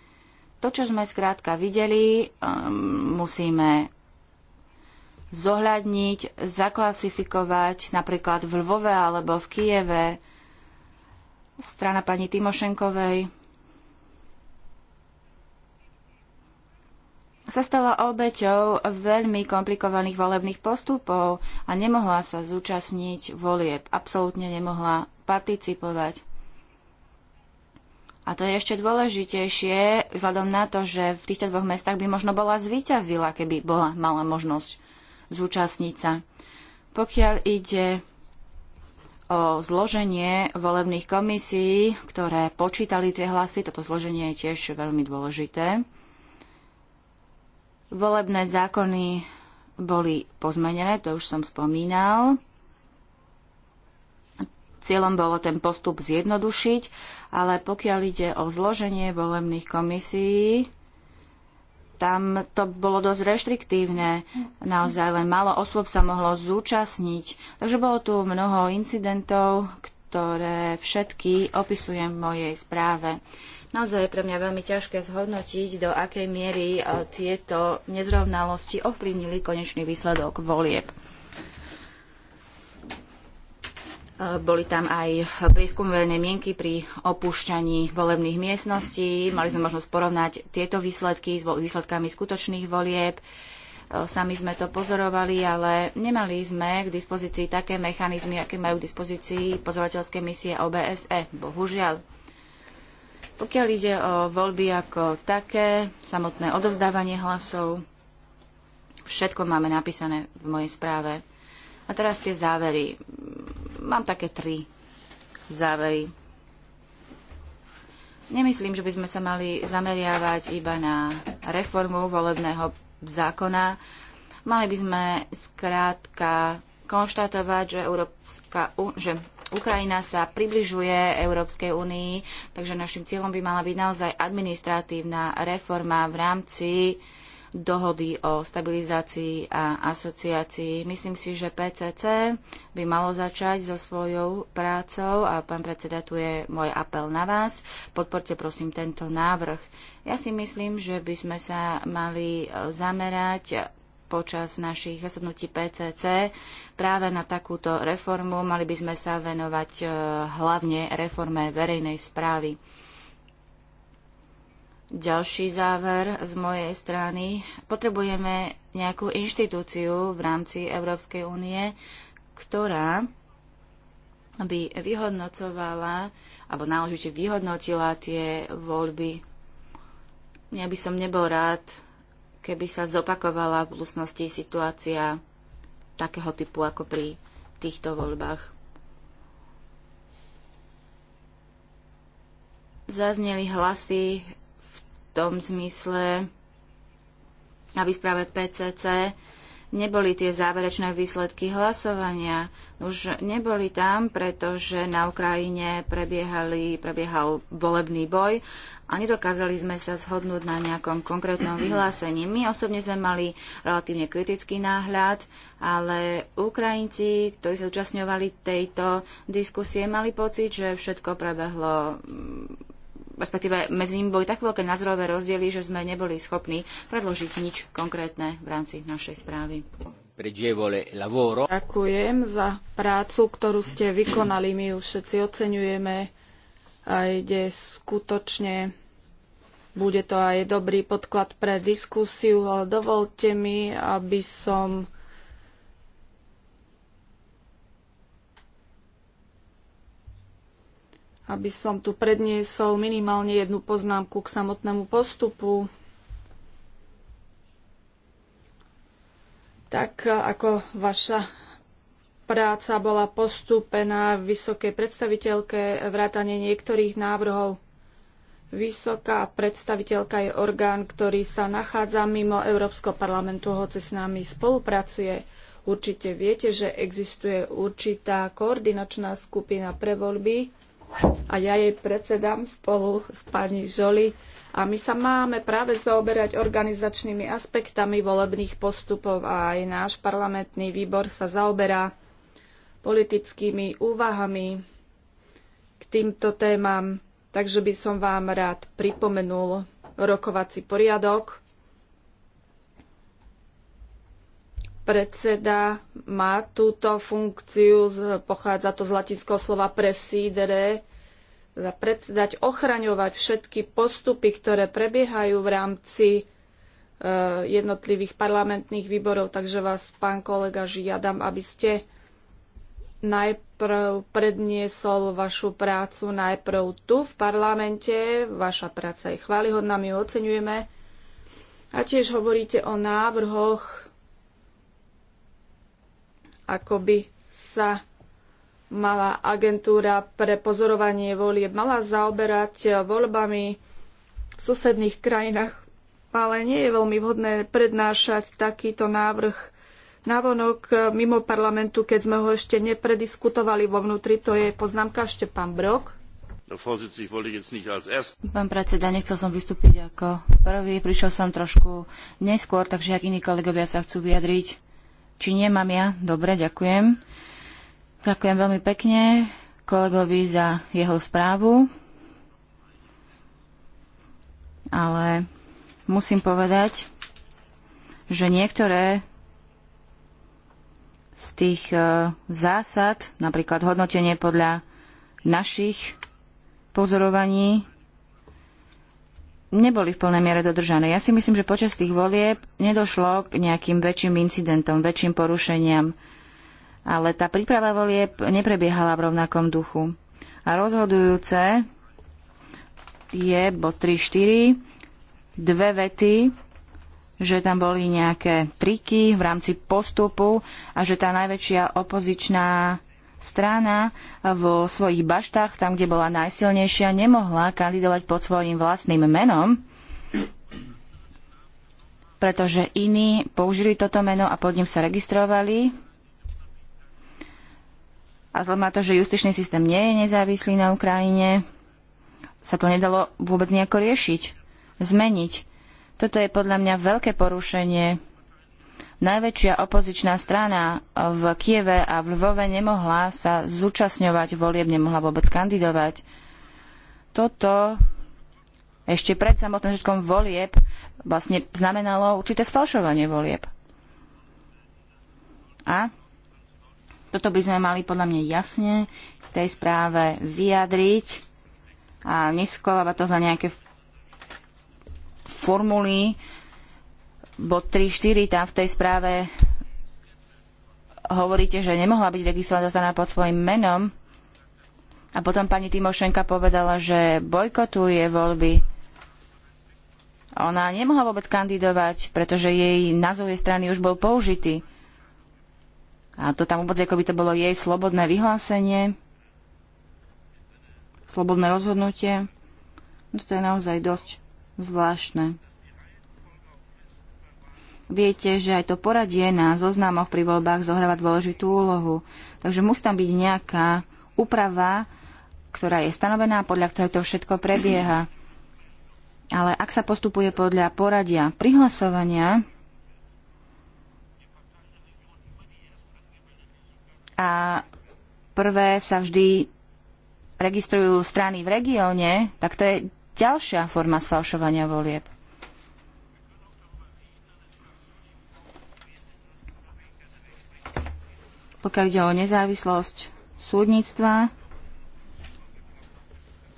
To, čo sme skrátka videli, musíme zohľadniť, zaklasifikovať napríklad v Lvove alebo v Kieve, strana pani Timošenkovej sa stala obeťou veľmi komplikovaných volebných postupov a nemohla sa zúčastniť volieb. Absolútne nemohla participovať. A to je ešte dôležitejšie vzhľadom na to, že v týchto dvoch mestách by možno bola zvíťazila, keby bola mala možnosť zúčastniť sa. Pokiaľ ide o zloženie volebných komisí, ktoré počítali tie hlasy. Toto zloženie je tiež veľmi dôležité. Volebné zákony boli pozmenené, to už som spomínal. Cieľom bolo ten postup zjednodušiť, ale pokiaľ ide o zloženie volebných komisií, tam to bolo dosť reštriktívne. Naozaj len málo osôb sa mohlo zúčastniť. Takže bolo tu mnoho incidentov, ktoré všetky opisujem v mojej správe. Naozaj je pre mňa veľmi ťažké zhodnotiť, do akej miery e, tieto nezrovnalosti ovplyvnili konečný výsledok volieb. Boli tam aj prieskum verejnej mienky pri opúšťaní volebných miestností. Mali sme možnosť porovnať tieto výsledky s výsledkami skutočných volieb. Sami sme to pozorovali, ale nemali sme k dispozícii také mechanizmy, aké majú k dispozícii pozorovateľské misie OBSE. Bohužiaľ. Pokiaľ ide o voľby ako také, samotné odovzdávanie hlasov, všetko máme napísané v mojej správe. A teraz tie závery. Mám také tri závery. Nemyslím, že by sme sa mali zameriavať iba na reformu volebného zákona. Mali by sme skrátka konštatovať, že, Európska, že Ukrajina sa približuje Európskej únii, takže našim cieľom by mala byť naozaj administratívna reforma v rámci uh, dohody o stabilizácii a asociácii. Myslím si, že PCC by malo začať so svojou prácou a pán predseda, tu je môj apel na vás. Podporte prosím tento návrh. Ja si myslím, že by sme sa mali e, zamerať počas našich zasadnutí PCC práve na takúto reformu. Mali by sme sa venovať e, hlavne reforme verejnej správy. Ďalší záver z mojej strany. Potrebujeme nejakú inštitúciu v rámci Európskej únie, ktorá by vyhodnocovala alebo náležite vyhodnotila tie voľby. Ja by som nebol rád, keby sa zopakovala v budúcnosti situácia takého typu ako pri týchto voľbách. Zazneli hlasy tom zmysle, aby správe PCC neboli tie záverečné výsledky hlasovania. Už neboli tam, pretože na Ukrajine prebiehali, prebiehal volebný boj a nedokázali sme sa zhodnúť na nejakom konkrétnom vyhlásení. My osobne sme mali relatívne kritický náhľad, ale Ukrajinci, ktorí sa zúčastňovali tejto diskusie, mali pocit, že všetko prebehlo respektíve medzi nimi boli tak veľké názorové rozdiely, že sme neboli schopní predložiť nič konkrétne v rámci našej správy. Ďakujem za prácu, ktorú ste vykonali. My ju všetci oceňujeme a ide skutočne, bude to aj dobrý podklad pre diskusiu, ale dovolte mi, aby som aby som tu predniesol minimálne jednu poznámku k samotnému postupu. Tak e, ako vaša práca bola postúpená vysokej predstaviteľke vrátane niektorých návrhov. Vysoká predstaviteľka je orgán, ktorý sa nachádza mimo Európskeho parlamentu, hoci s nami spolupracuje. Určite viete, že existuje určitá koordinačná skupina pre voľby, a ja jej predsedám spolu s pani Žoli a my sa máme práve zaoberať organizačnými aspektami volebných postupov a aj náš parlamentný výbor sa zaoberá politickými úvahami k týmto témam. Takže by som vám rád pripomenul rokovací poriadok Predseda má túto funkciu, pochádza to z latinského slova presidere, za predsedať, ochraňovať všetky postupy, ktoré prebiehajú v rámci e, jednotlivých parlamentných výborov. Takže vás, pán kolega, žiadam, aby ste najprv predniesol vašu prácu najprv tu v parlamente. Vaša práca je chválihodná, my ju oceňujeme. A tiež hovoríte o návrhoch ako by sa mala agentúra pre pozorovanie volieb mala zaoberať voľbami v susedných krajinách, ale nie je veľmi vhodné prednášať takýto návrh navonok mimo parlamentu, keď sme ho ešte neprediskutovali vo vnútri. To je poznámka ešte pán Brok. Pán predseda, nechcel som vystúpiť ako prvý, prišiel som trošku neskôr, takže ak iní kolegovia sa chcú vyjadriť, či nie mám ja? Dobre, ďakujem. Ďakujem veľmi pekne kolegovi za jeho správu. Ale musím povedať, že niektoré z tých e, zásad, napríklad hodnotenie podľa našich pozorovaní, neboli v plnej miere dodržané. Ja si myslím, že počas tých volieb nedošlo k nejakým väčším incidentom, väčším porušeniam, ale tá príprava volieb neprebiehala v rovnakom duchu. A rozhodujúce je bod 3-4, dve vety, že tam boli nejaké triky v rámci postupu a že tá najväčšia opozičná strana vo svojich baštách, tam, kde bola najsilnejšia, nemohla kandidovať pod svojim vlastným menom, pretože iní použili toto meno a pod ním sa registrovali. A vzhľadom na to, že justičný systém nie je nezávislý na Ukrajine, sa to nedalo vôbec nejako riešiť, zmeniť. Toto je podľa mňa veľké porušenie najväčšia opozičná strana v Kieve a v Lvove nemohla sa zúčastňovať volieb, nemohla vôbec kandidovať. Toto ešte pred samotným všetkom volieb vlastne znamenalo určité sfalšovanie volieb. A toto by sme mali podľa mňa jasne v tej správe vyjadriť a neskovávať to za nejaké formuly, bod 3.4, tam v tej správe hovoríte, že nemohla byť registrovaná pod svojim menom. A potom pani Timošenka povedala, že bojkotuje voľby. Ona nemohla vôbec kandidovať, pretože jej názov jej strany už bol použitý. A to tam vôbec, ako by to bolo jej slobodné vyhlásenie, slobodné rozhodnutie. No to je naozaj dosť zvláštne. Viete, že aj to poradie na zoznamoch pri voľbách zohráva dôležitú úlohu. Takže musí tam byť nejaká úprava, ktorá je stanovená, podľa ktorej to všetko prebieha. Ale ak sa postupuje podľa poradia prihlasovania a prvé sa vždy registrujú strany v regióne, tak to je ďalšia forma sfalšovania volieb. pokiaľ ide o nezávislosť súdnictva,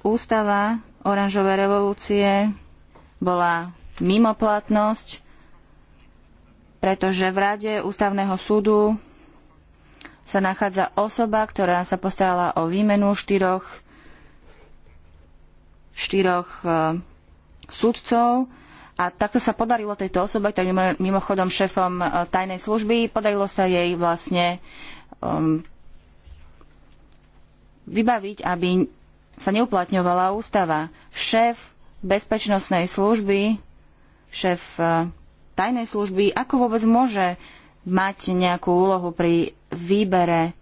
ústava oranžovej revolúcie bola mimoplatnosť, pretože v Rade ústavného súdu sa nachádza osoba, ktorá sa postarala o výmenu štyroch, štyroch uh, sudcov a takto sa podarilo tejto osobe, ktorý mimochodom šéfom e, tajnej služby, podarilo sa jej vlastne um, vybaviť, aby sa neuplatňovala ústava. Šéf bezpečnostnej služby, šéf uh, tajnej služby, ako vôbec môže mať nejakú úlohu pri výbere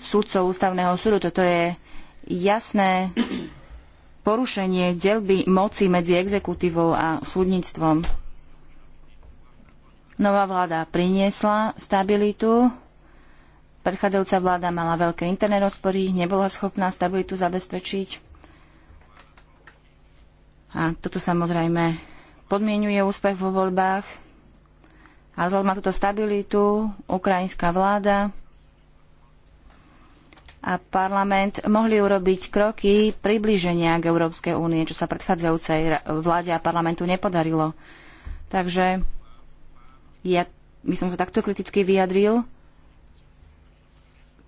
sudcov ústavného súdu. Toto je jasné porušenie delby moci medzi exekutívou a súdnictvom. Nová vláda priniesla stabilitu, Predchádzajúca vláda mala veľké interné rozpory, nebola schopná stabilitu zabezpečiť. A toto samozrejme podmienuje úspech vo voľbách. A zlo má túto stabilitu ukrajinská vláda a parlament mohli urobiť kroky priblíženia k Európskej únie, čo sa predchádzajúcej vláde a parlamentu nepodarilo. Takže ja by som sa takto kriticky vyjadril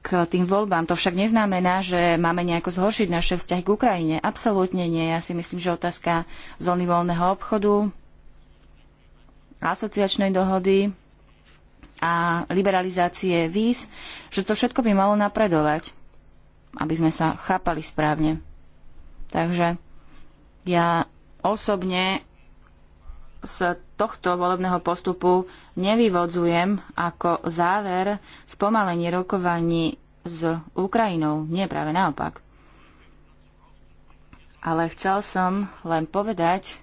k tým voľbám. To však neznamená, že máme nejako zhoršiť naše vzťahy k Ukrajine. Absolútne nie. Ja si myslím, že otázka zóny voľného obchodu, asociačnej dohody a liberalizácie víz, že to všetko by malo napredovať, aby sme sa chápali správne. Takže ja osobne z tohto volebného postupu nevyvodzujem ako záver spomalenie rokovaní s Ukrajinou. Nie práve naopak. Ale chcel som len povedať,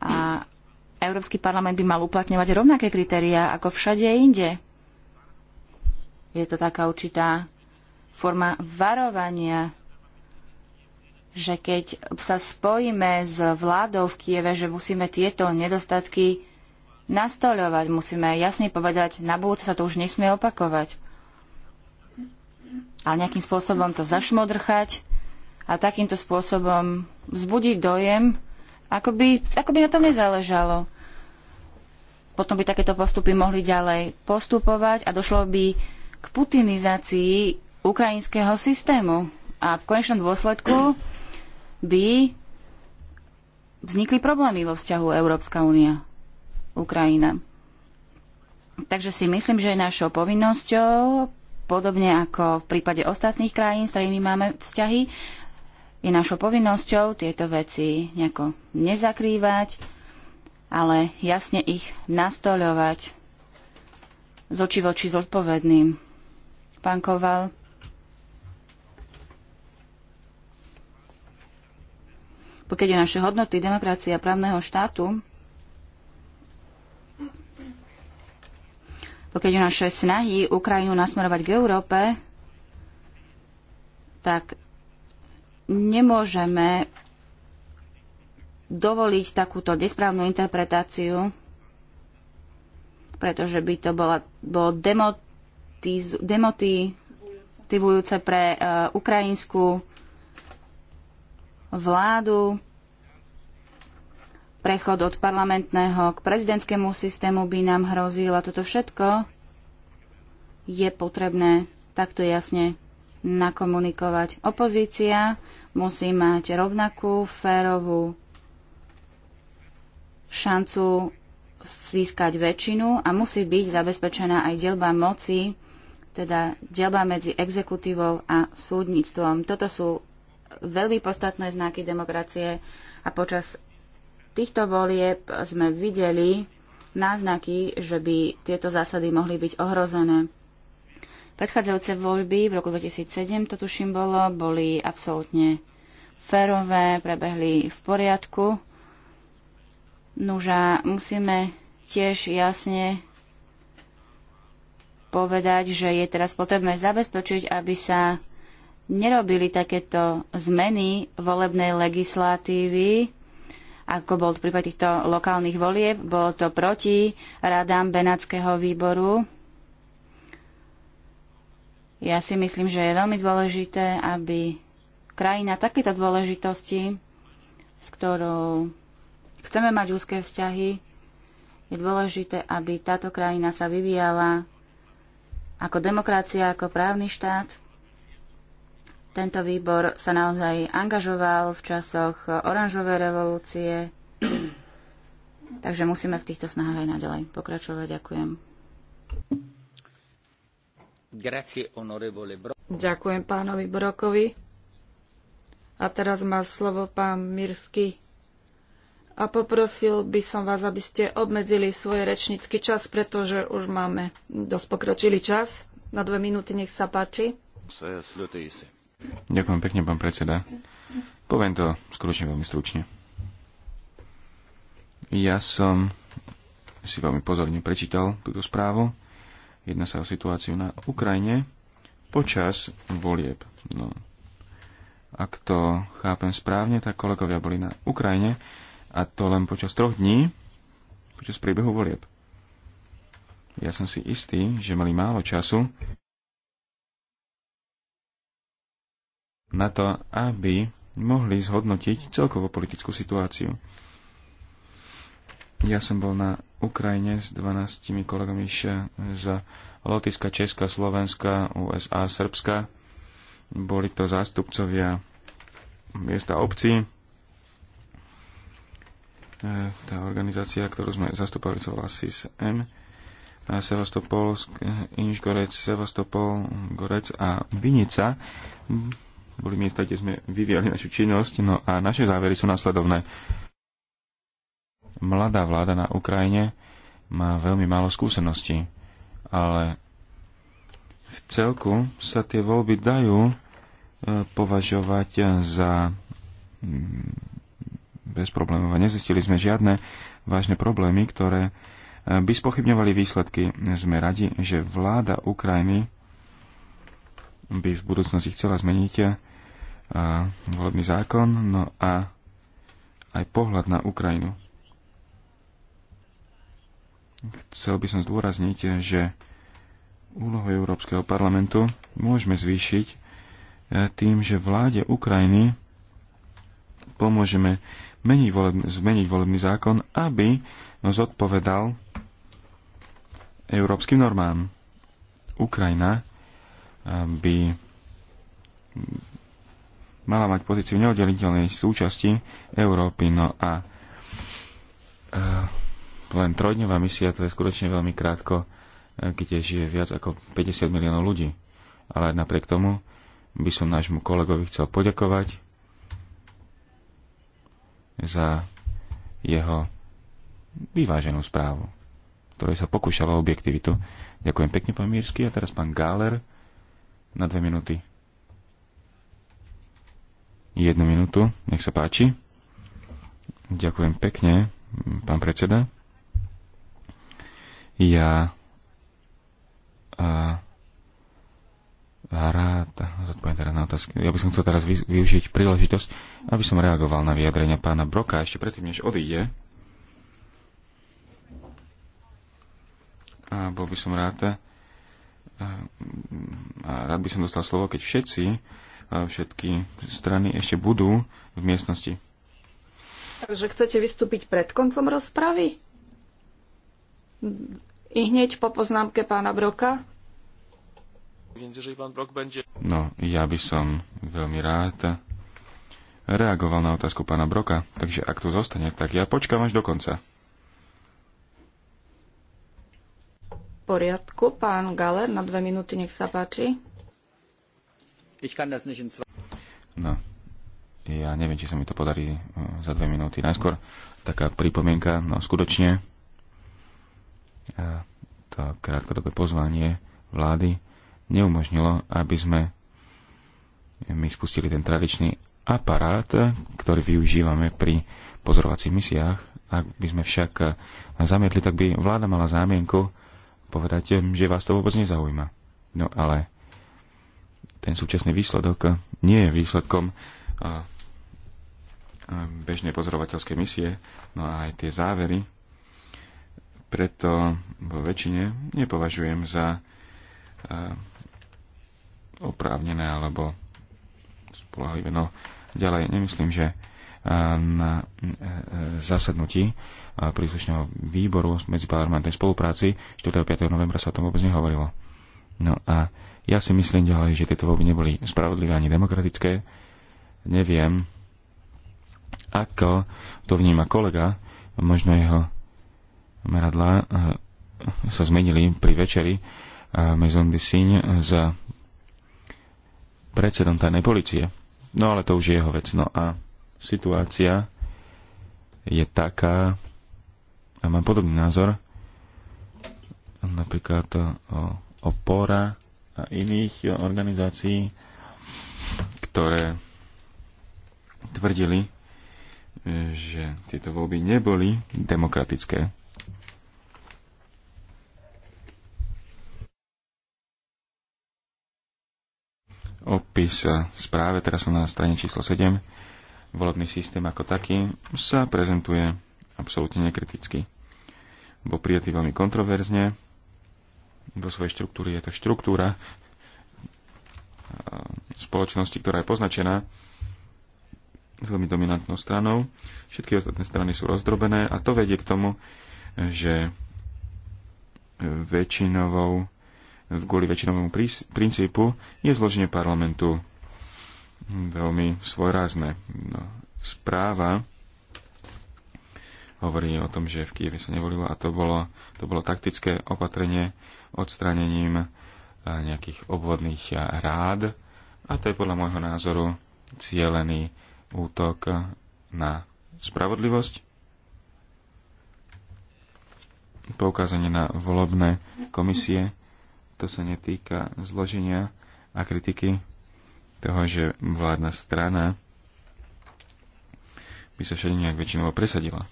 a Európsky parlament by mal uplatňovať rovnaké kritériá ako všade inde. Je to taká určitá forma varovania že keď sa spojíme s vládou v Kieve, že musíme tieto nedostatky nastoľovať, musíme jasne povedať, na budúce sa to už nesmie opakovať. Ale nejakým spôsobom to zašmodrchať a takýmto spôsobom vzbudiť dojem, ako by, ako by na tom nezáležalo potom by takéto postupy mohli ďalej postupovať a došlo by k putinizácii ukrajinského systému. A v konečnom dôsledku by vznikli problémy vo vzťahu Európska únia, Ukrajina. Takže si myslím, že je našou povinnosťou, podobne ako v prípade ostatných krajín, s ktorými máme vzťahy, je našou povinnosťou tieto veci nejako nezakrývať, ale jasne ich nastoľovať z oči voči zodpovedným. Pán Koval, pokiaľ je naše hodnoty demokracie a právneho štátu, pokiaľ je naše snahy Ukrajinu nasmerovať k Európe, tak nemôžeme dovoliť takúto nesprávnu interpretáciu, pretože by to bola, bolo demotivujúce pre uh, ukrajinskú vládu. Prechod od parlamentného k prezidentskému systému by nám hrozil a toto všetko je potrebné takto jasne nakomunikovať. Opozícia musí mať rovnakú férovú šancu získať väčšinu a musí byť zabezpečená aj delba moci, teda delba medzi exekutívou a súdnictvom. Toto sú veľmi podstatné znaky demokracie a počas týchto volieb sme videli náznaky, že by tieto zásady mohli byť ohrozené. Predchádzajúce voľby v roku 2007, to tuším bolo, boli absolútne férové, prebehli v poriadku. Nuža musíme tiež jasne povedať, že je teraz potrebné zabezpečiť, aby sa nerobili takéto zmeny volebnej legislatívy, ako bol v prípade týchto lokálnych volieb, bolo to proti radám Benátskeho výboru. Ja si myslím, že je veľmi dôležité, aby krajina takéto dôležitosti, s ktorou chceme mať úzke vzťahy, je dôležité, aby táto krajina sa vyvíjala ako demokracia, ako právny štát – tento výbor sa naozaj angažoval v časoch oranžovej revolúcie, *clears throat* takže musíme v týchto snahách aj naďalej pokračovať. Ďakujem. Ďakujem pánovi Brokovi. A teraz má slovo pán Mirsky. A poprosil by som vás, aby ste obmedzili svoj rečnícky čas, pretože už máme dosť pokročilý čas. Na dve minúty nech sa páči. Sa Ďakujem pekne, pán predseda. Poviem to skutočne veľmi stručne. Ja som si veľmi pozorne prečítal túto správu. Jedná sa o situáciu na Ukrajine počas volieb. No, ak to chápem správne, tak kolegovia boli na Ukrajine a to len počas troch dní, počas priebehu volieb. Ja som si istý, že mali málo času na to, aby mohli zhodnotiť celkovo politickú situáciu. Ja som bol na Ukrajine s 12 kolegami z Lotyska, Česka, Slovenska, USA, Srbska. Boli to zástupcovia miesta obcí. E, tá organizácia, ktorú sme zastupovali, sa volá SIS-M. Sevastopol, Inžgorec, Sevastopol, Gorec a Vinica boli miesta, kde sme vyvíjali našu činnosť. No a naše závery sú následovné. Mladá vláda na Ukrajine má veľmi málo skúseností, ale v celku sa tie voľby dajú e, považovať za mm, bez problémov. Nezistili sme žiadne vážne problémy, ktoré e, by spochybňovali výsledky. Sme radi, že vláda Ukrajiny by v budúcnosti chcela zmeniť e, volebný zákon, no a aj pohľad na Ukrajinu. Chcel by som zdôrazniť, že úlohu Európskeho parlamentu môžeme zvýšiť e, tým, že vláde Ukrajiny pomôžeme meniť volebný, zmeniť volebný zákon, aby zodpovedal európskym normám. Ukrajina e, by mala mať pozíciu neoddeliteľnej súčasti Európy. No a uh, len trojdňová misia, to je skutočne veľmi krátko, eh, kde žije viac ako 50 miliónov ľudí. Ale napriek tomu by som nášmu kolegovi chcel poďakovať za jeho vyváženú správu, ktorej sa pokúšalo objektivitu. Ďakujem pekne, pán Mírsky. A teraz pán Gáler na dve minúty jednu minútu. Nech sa páči. Ďakujem pekne, pán predseda. Ja a, a rád zodpoviem teda na otázky. Ja by som chcel teraz využiť príležitosť, aby som reagoval na vyjadrenia pána Broka ešte predtým, než odíde. A bol by som rád, a rád by som dostal slovo, keď všetci všetky strany ešte budú v miestnosti. Takže chcete vystúpiť pred koncom rozpravy? I hneď po poznámke pána Broka? No, ja by som veľmi rád reagoval na otázku pána Broka, takže ak tu zostane, tak ja počkám až do konca. poriadku, pán Galer, na dve minúty, nech sa páči. Ich kann das nicht in zwei... No, ja neviem, či sa mi to podarí uh, za dve minúty. Najskôr taká pripomienka, no skutočne uh, to krátkodobé pozvanie vlády neumožnilo, aby sme my spustili ten tradičný aparát, ktorý využívame pri pozorovacích misiách. Ak by sme však uh, zamietli, tak by vláda mala zámienku povedať, že vás to vôbec nezaujíma. No ale ten súčasný výsledok nie je výsledkom bežnej pozorovateľskej misie, no a aj tie závery. Preto vo väčšine nepovažujem za oprávnené alebo spolahlivé. No ďalej, nemyslím, že na e, zasadnutí príslušného výboru medzi parlamentnej spolupráci 4. 5. novembra sa o tom vôbec nehovorilo. No a ja si myslím ďalej, že tieto voľby neboli spravodlivé ani demokratické. Neviem, ako to vníma kolega, možno jeho meradla eh, sa zmenili pri večeri eh, Maison de Signe za predsedom tajnej policie. No ale to už je jeho vec. No a situácia je taká, a mám podobný názor, napríklad o, eh, opora a iných organizácií, ktoré tvrdili, že tieto voľby neboli demokratické. Opis správe, teraz som na strane číslo 7, volebný systém ako taký sa prezentuje absolútne nekriticky. Bol prijatý veľmi kontroverzne, do svojej štruktúry. Je to štruktúra e, spoločnosti, ktorá je poznačená veľmi dominantnou stranou. Všetky ostatné strany sú rozdrobené a to vedie k tomu, že väčšinovou, kvôli väčšinovému princípu je zloženie parlamentu veľmi svojrázne. No, správa hovorí o tom, že v Kieve sa nevolilo a to bolo, to bolo taktické opatrenie odstranením eh, nejakých obvodných eh, rád a to je podľa môjho názoru cielený útok na spravodlivosť, poukázanie na volobné komisie, to sa netýka zloženia a kritiky toho, že vládna strana by sa všade nejak väčšinou presadila.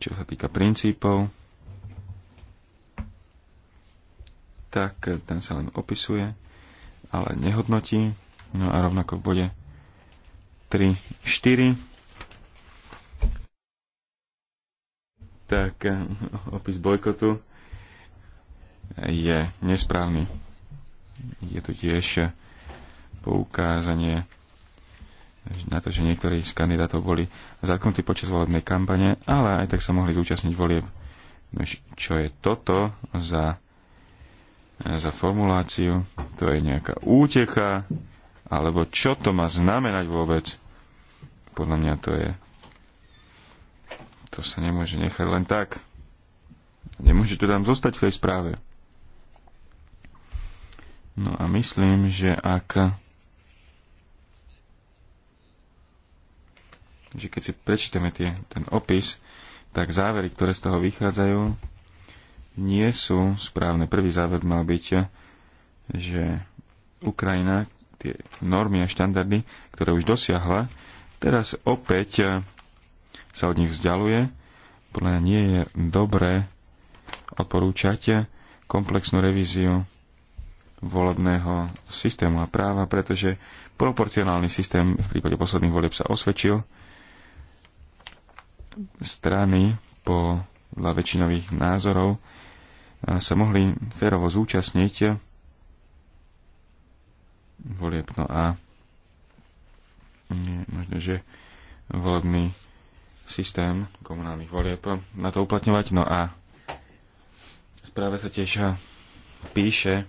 čo sa týka princípov, tak ten sa len opisuje, ale nehodnotí. No a rovnako v bode 3, 4. Tak eh, opis bojkotu je nesprávny. Je tu tiež poukázanie na to, že niektorí z kandidátov boli zatknutí počas volebnej kampane, ale aj tak sa mohli zúčastniť volieb. Čo je toto za, za formuláciu? To je nejaká útecha Alebo čo to má znamenať vôbec? Podľa mňa to je... To sa nemôže nechať len tak. Nemôže to tam zostať v tej správe. No a myslím, že ak že keď si prečítame tie, ten opis, tak závery, ktoré z toho vychádzajú, nie sú správne. Prvý záver mal byť, že Ukrajina tie normy a štandardy, ktoré už dosiahla, teraz opäť sa od nich vzdialuje. Podľa mňa nie je dobré odporúčať komplexnú revíziu volebného systému a práva, pretože proporcionálny systém v prípade posledných volieb sa osvedčil strany po väčšinových názorov eh, sa mohli férovo zúčastniť volieb. No a nie, možno, že volebný systém komunálnych volieb na to uplatňovať. No a správe sa tiež píše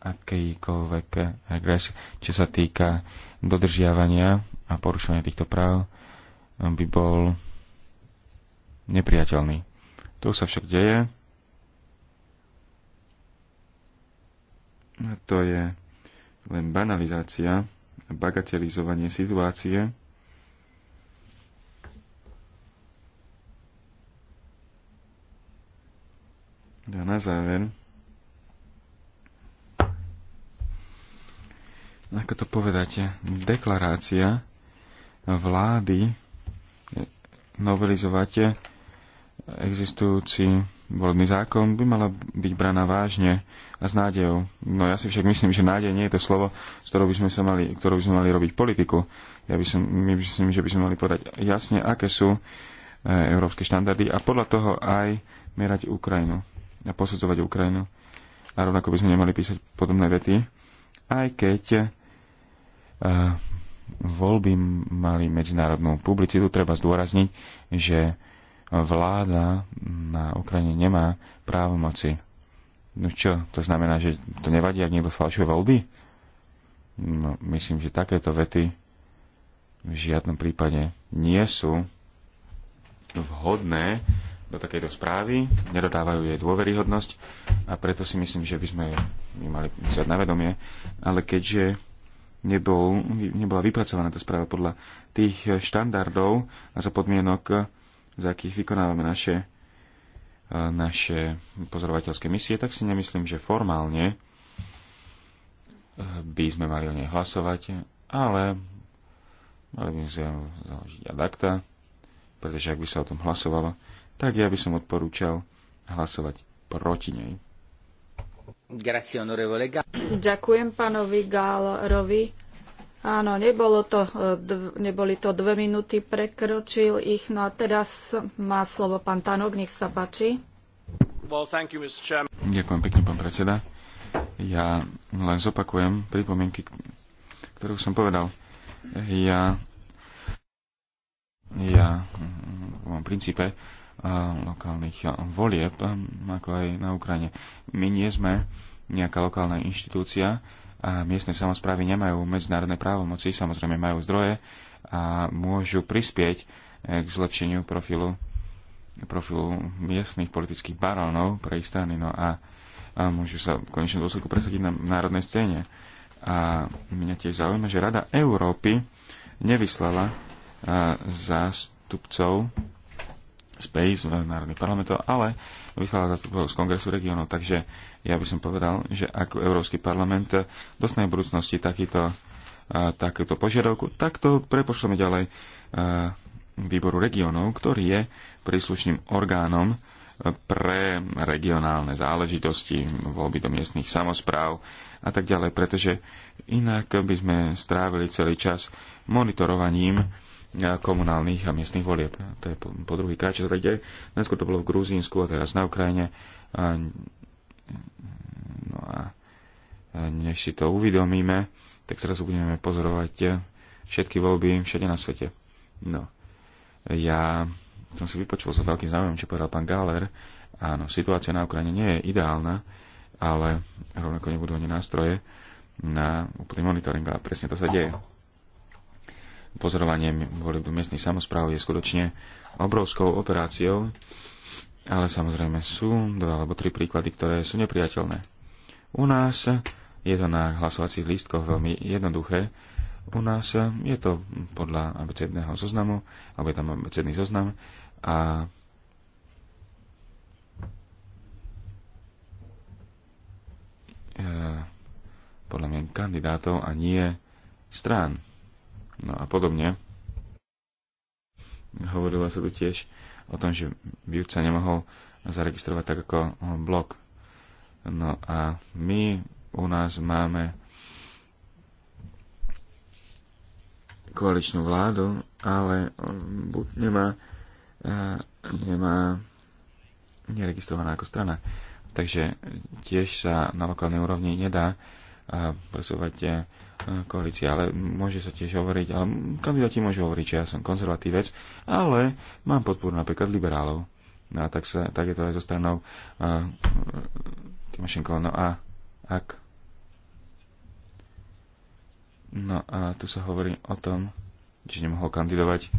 akýkoľvek regres, čo sa týka dodržiavania a porušovania týchto práv, by bol nepriateľný. To sa však deje. A to je len banalizácia bagatelizovanie situácie. A na záver, ako to povedáte, deklarácia vlády novelizovate existujúci volebný zákon by mala byť braná vážne a s nádejou. No ja si však myslím, že nádej nie je to slovo, s ktorou by sme, sa mali, ktorou by sme mali robiť politiku. Ja by som, my myslím, že by sme mali povedať jasne, aké sú e, európske štandardy a podľa toho aj merať Ukrajinu a posudzovať Ukrajinu. A rovnako by sme nemali písať podobné vety, aj keď e, voľby mali medzinárodnú publicitu. Treba zdôrazniť, že vláda na Ukrajine nemá právomoci. No čo, to znamená, že to nevadí, ak niekto sfalšuje voľby? No, myslím, že takéto vety v žiadnom prípade nie sú vhodné do takejto správy, nedodávajú jej dôveryhodnosť a preto si myslím, že by sme ju mali vzať na vedomie, ale keďže nebol, nebola vypracovaná tá správa podľa tých štandardov a za podmienok, za akých vykonávame naše, naše pozorovateľské misie, tak si nemyslím, že formálne e, by sme mali o nej hlasovať, ale mali by sme založiť adakta, pretože ak by sa o tom hlasovalo, tak ja by som odporúčal hlasovať proti nej. Ďakujem pánovi Gálorovi Áno, nebolo to, e, neboli to dve minúty, prekročil ich. No a teraz má slovo pán Tanok, nech sa páči. Well, you, Ďakujem pekne, pán predseda. Ja len zopakujem pripomienky, ktorú som povedal. Ja, ja v princípe e, lokálnych volieb, ako aj na Ukrajine. My nie sme nejaká lokálna inštitúcia, a miestne samozprávy nemajú medzinárodné právomoci, samozrejme majú zdroje a môžu prispieť eh, k zlepšeniu profilu, profilu miestnych politických barónov pre ich strany. No a, a môžu sa v konečnom dôsledku presadiť na národnej scéne. A mňa tiež zaujíma, že Rada Európy nevyslala eh, zástupcov Space v Národných parlamentov, ale vyslala zastupov z Kongresu regionov. Takže ja by som povedal, že ak Európsky parlament dostane v budúcnosti takýto, takúto požiadavku, tak to prepošleme ďalej výboru regionov, ktorý je príslušným orgánom pre regionálne záležitosti, voľby do miestnych samozpráv a tak ďalej, pretože inak by sme strávili celý čas monitorovaním komunálnych a miestnych volieb. To je po, po druhý krát, čo sa tak deje. Najskôr to bolo v Gruzínsku a teraz na Ukrajine. A, no a než si to uvedomíme, tak zrazu budeme pozorovať eh, všetky voľby všade na svete. No. Ja som si vypočul sa veľkým záujem, čo povedal pán Galer. Áno, situácia na Ukrajine nie je ideálna, ale rovnako nebudú ani nástroje na úplný monitoring a presne to sa deje pozorovanie volieb do miestnych samozpráv je skutočne obrovskou operáciou, ale samozrejme sú dva alebo tri príklady, ktoré sú nepriateľné. U nás je to na hlasovacích lístkoch veľmi jednoduché. U nás je to podľa abecedného zoznamu, alebo je tam abecedný zoznam a e, podľa mňa kandidátov a nie strán no a podobne. Hovorilo sa tu tiež o tom, že View sa nemohol zaregistrovať tak ako blog. No a my u nás máme koaličnú vládu, ale buď nemá, nemá neregistrovaná ako strana. Takže tiež sa na lokálnej úrovni nedá a presúvať e, koalície, ale môže sa tiež hovoriť, ale kandidáti môžu hovoriť, že ja som konzervatívec, ale mám podporu napríklad liberálov. No a tak, sa, tak je to aj zo stranou uh, Timošenko. No a ak... No a tu sa hovorí o tom, že nemohol kandidovať.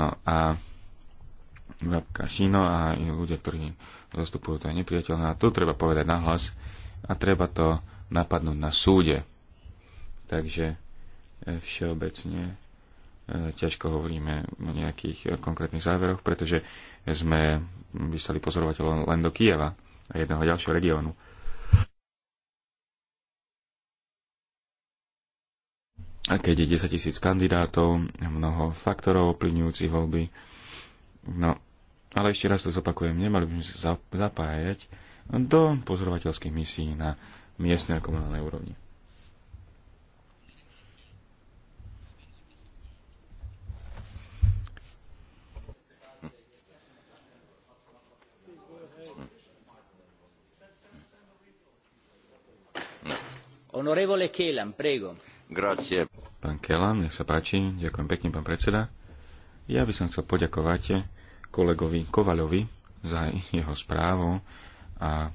No a Vapka Šino a ľudia, ktorí zastupujú, to je nepriateľné. A to treba povedať nahlas a treba to napadnúť na súde. Takže e, všeobecne e, ťažko hovoríme o nejakých e, konkrétnych záveroch, pretože sme vyslali pozorovateľov len do Kieva a jedného ďalšieho regiónu. A keď je 10 tisíc kandidátov, mnoho faktorov ovplyvňujúcich voľby, no ale ešte raz to zopakujem, nemali by sme sa zapájať do pozorovateľských misií na miestnej a komunálnej úrovni. Onorevole prego. Grazie. Pán Kelam, nech sa páči. Ďakujem pekne, pán predseda. Ja by som chcel poďakovať kolegovi Kovaľovi za jeho správu a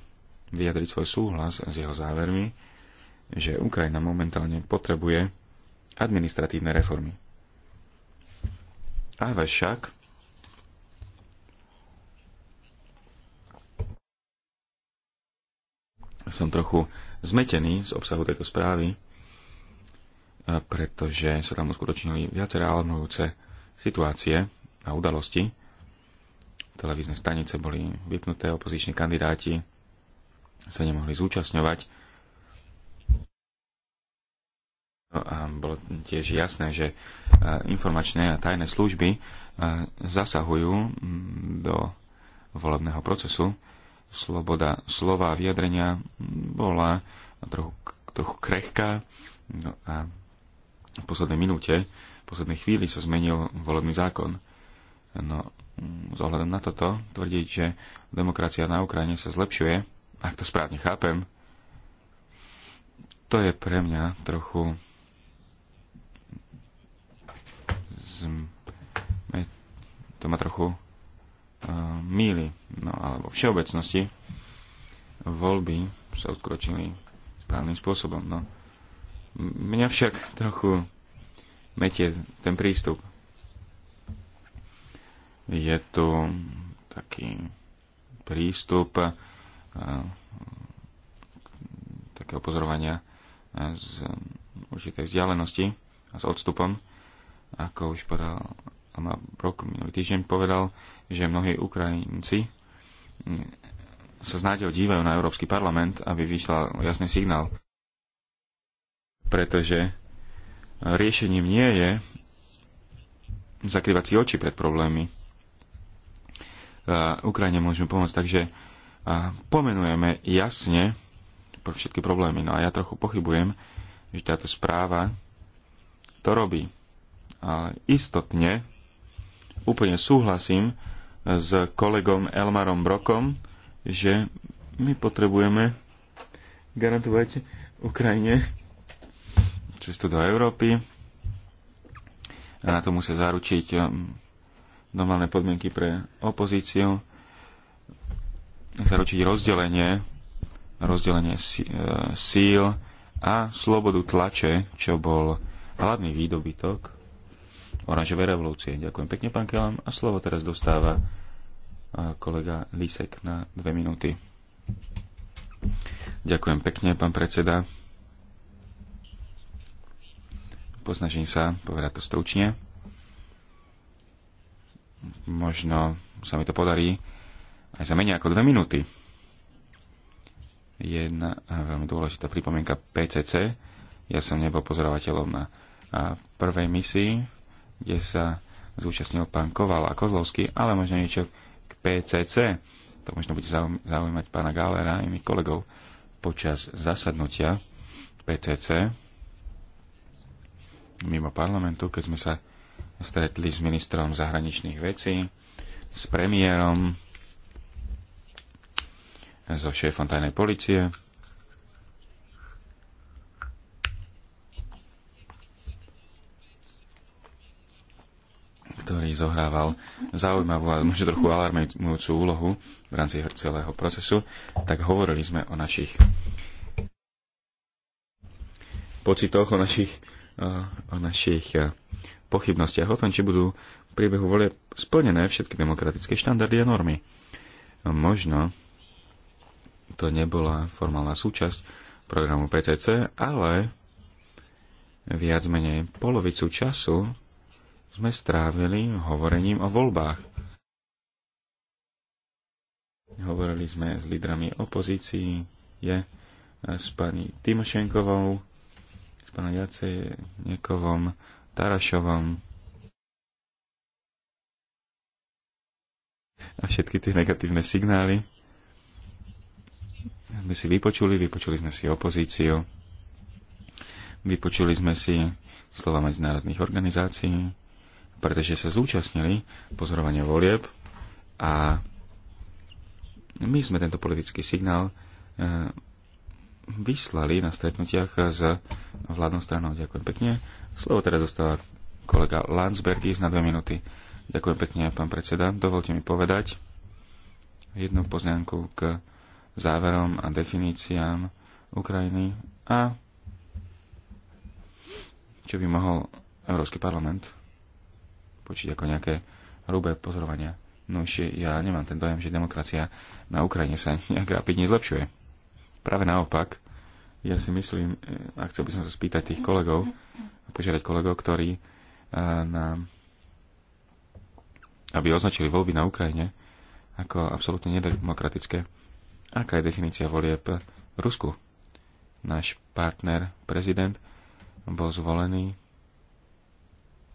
vyjadriť svoj súhlas s jeho závermi, že Ukrajina momentálne potrebuje administratívne reformy. Ale však som trochu zmetený z obsahu tejto správy, pretože sa tam uskutočnili viaceré alarmujúce situácie a udalosti, televízne stanice boli vypnuté, opoziční kandidáti sa nemohli zúčastňovať. No a bolo tiež jasné, že e, informačné a tajné služby e, zasahujú do volebného procesu. Sloboda slova a vyjadrenia bola trochu, trochu krehká no a v poslednej minúte, v poslednej chvíli sa zmenil volebný zákon. No, z ohľadom na toto tvrdiť, že demokracia na Ukrajine sa zlepšuje, ak to správne chápem, to je pre mňa trochu to ma trochu uh, míli, no alebo všeobecnosti voľby sa odkročili správnym spôsobom. No. Mňa však trochu metie ten prístup je tu taký prístup eh, takého pozorovania eh, z určitej vzdialenosti a s odstupom. Ako už povedal Ama Brok minulý týždeň povedal, že mnohí Ukrajinci mm, sa s nádejou dívajú na Európsky parlament, aby vyšla jasný signál. Pretože eh, riešením nie je zakrývať si oči pred problémy, Ukrajine môžeme pomôcť. Takže pomenujeme jasne pro všetky problémy. No a ja trochu pochybujem, že táto správa to robí. Ale istotne úplne súhlasím s kolegom Elmarom Brokom, že my potrebujeme garantovať Ukrajine cestu do Európy. A na to musia zaručiť normálne podmienky pre opozíciu, zaručiť rozdelenie, rozdelenie e, síl a slobodu tlače, čo bol hlavný výdobytok oranžovej revolúcie. Ďakujem pekne, pán Kelam. A slovo teraz dostáva e, kolega Lisek na dve minúty. Ďakujem pekne, pán predseda. Poznažím sa povedať to stručne možno sa mi to podarí aj za menej ako dve minúty. Jedna veľmi dôležitá pripomienka PCC. Ja som nebol pozorovateľom na prvej misii, kde sa zúčastnil pán Koval a Kozlovský, ale možno niečo k PCC. To možno bude zaujímať pána Galera a iných kolegov počas zasadnutia PCC mimo parlamentu, keď sme sa stretli s ministrom zahraničných vecí, s premiérom, so šéfom tajnej policie. ktorý zohrával zaujímavú a možno trochu alarmujúcu úlohu v rámci celého procesu, tak hovorili sme o našich pocitoch, o našich, eh, o našich eh, pochybnostiach o tom, či budú v priebehu vole splnené všetky demokratické štandardy a normy. Možno to nebola formálna súčasť programu PCC, ale viac menej polovicu času sme strávili hovorením o voľbách. Hovorili sme s lídrami opozícií, je s pani Timošenkovou, s pani Jacejnekovom, Tarašovom a všetky tie negatívne signály. Sme si vypočuli, vypočuli sme si opozíciu, vypočuli sme si slova medzinárodných organizácií, pretože sa zúčastnili pozorovania volieb a my sme tento politický signál eh, vyslali na stretnutiach s vládnou stranou. Ďakujem pekne. Slovo teraz dostáva kolega Landsbergis na dve minúty. Ďakujem pekne, pán predseda. Dovolte mi povedať jednu poznámku k záverom a definíciám Ukrajiny a čo by mohol Európsky parlament počiť ako nejaké hrubé pozorovania. No ešte ja nemám ten dojem, že demokracia na Ukrajine sa *laughs* nejak rapidne zlepšuje. Práve naopak, ja si myslím, eh, a chcel by som sa spýtať tých kolegov, požiadať kolegov, ktorí eh, na, aby označili voľby na Ukrajine ako absolútne nedemokratické. Aká je definícia volieb v Rusku? Náš partner, prezident, bol zvolený,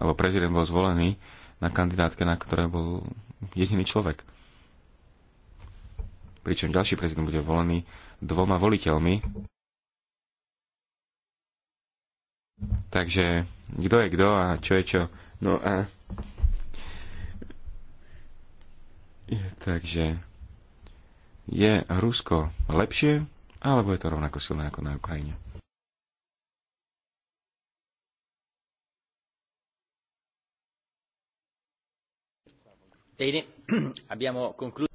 alebo prezident bol zvolený na kandidátke, na ktoré bol jediný človek. Pričom ďalší prezident bude volený dvoma voliteľmi, Takže kto je kto a čo je čo. No a... Takže je Rusko lepšie, alebo je to rovnako silné ako na Ukrajine? *clears throat*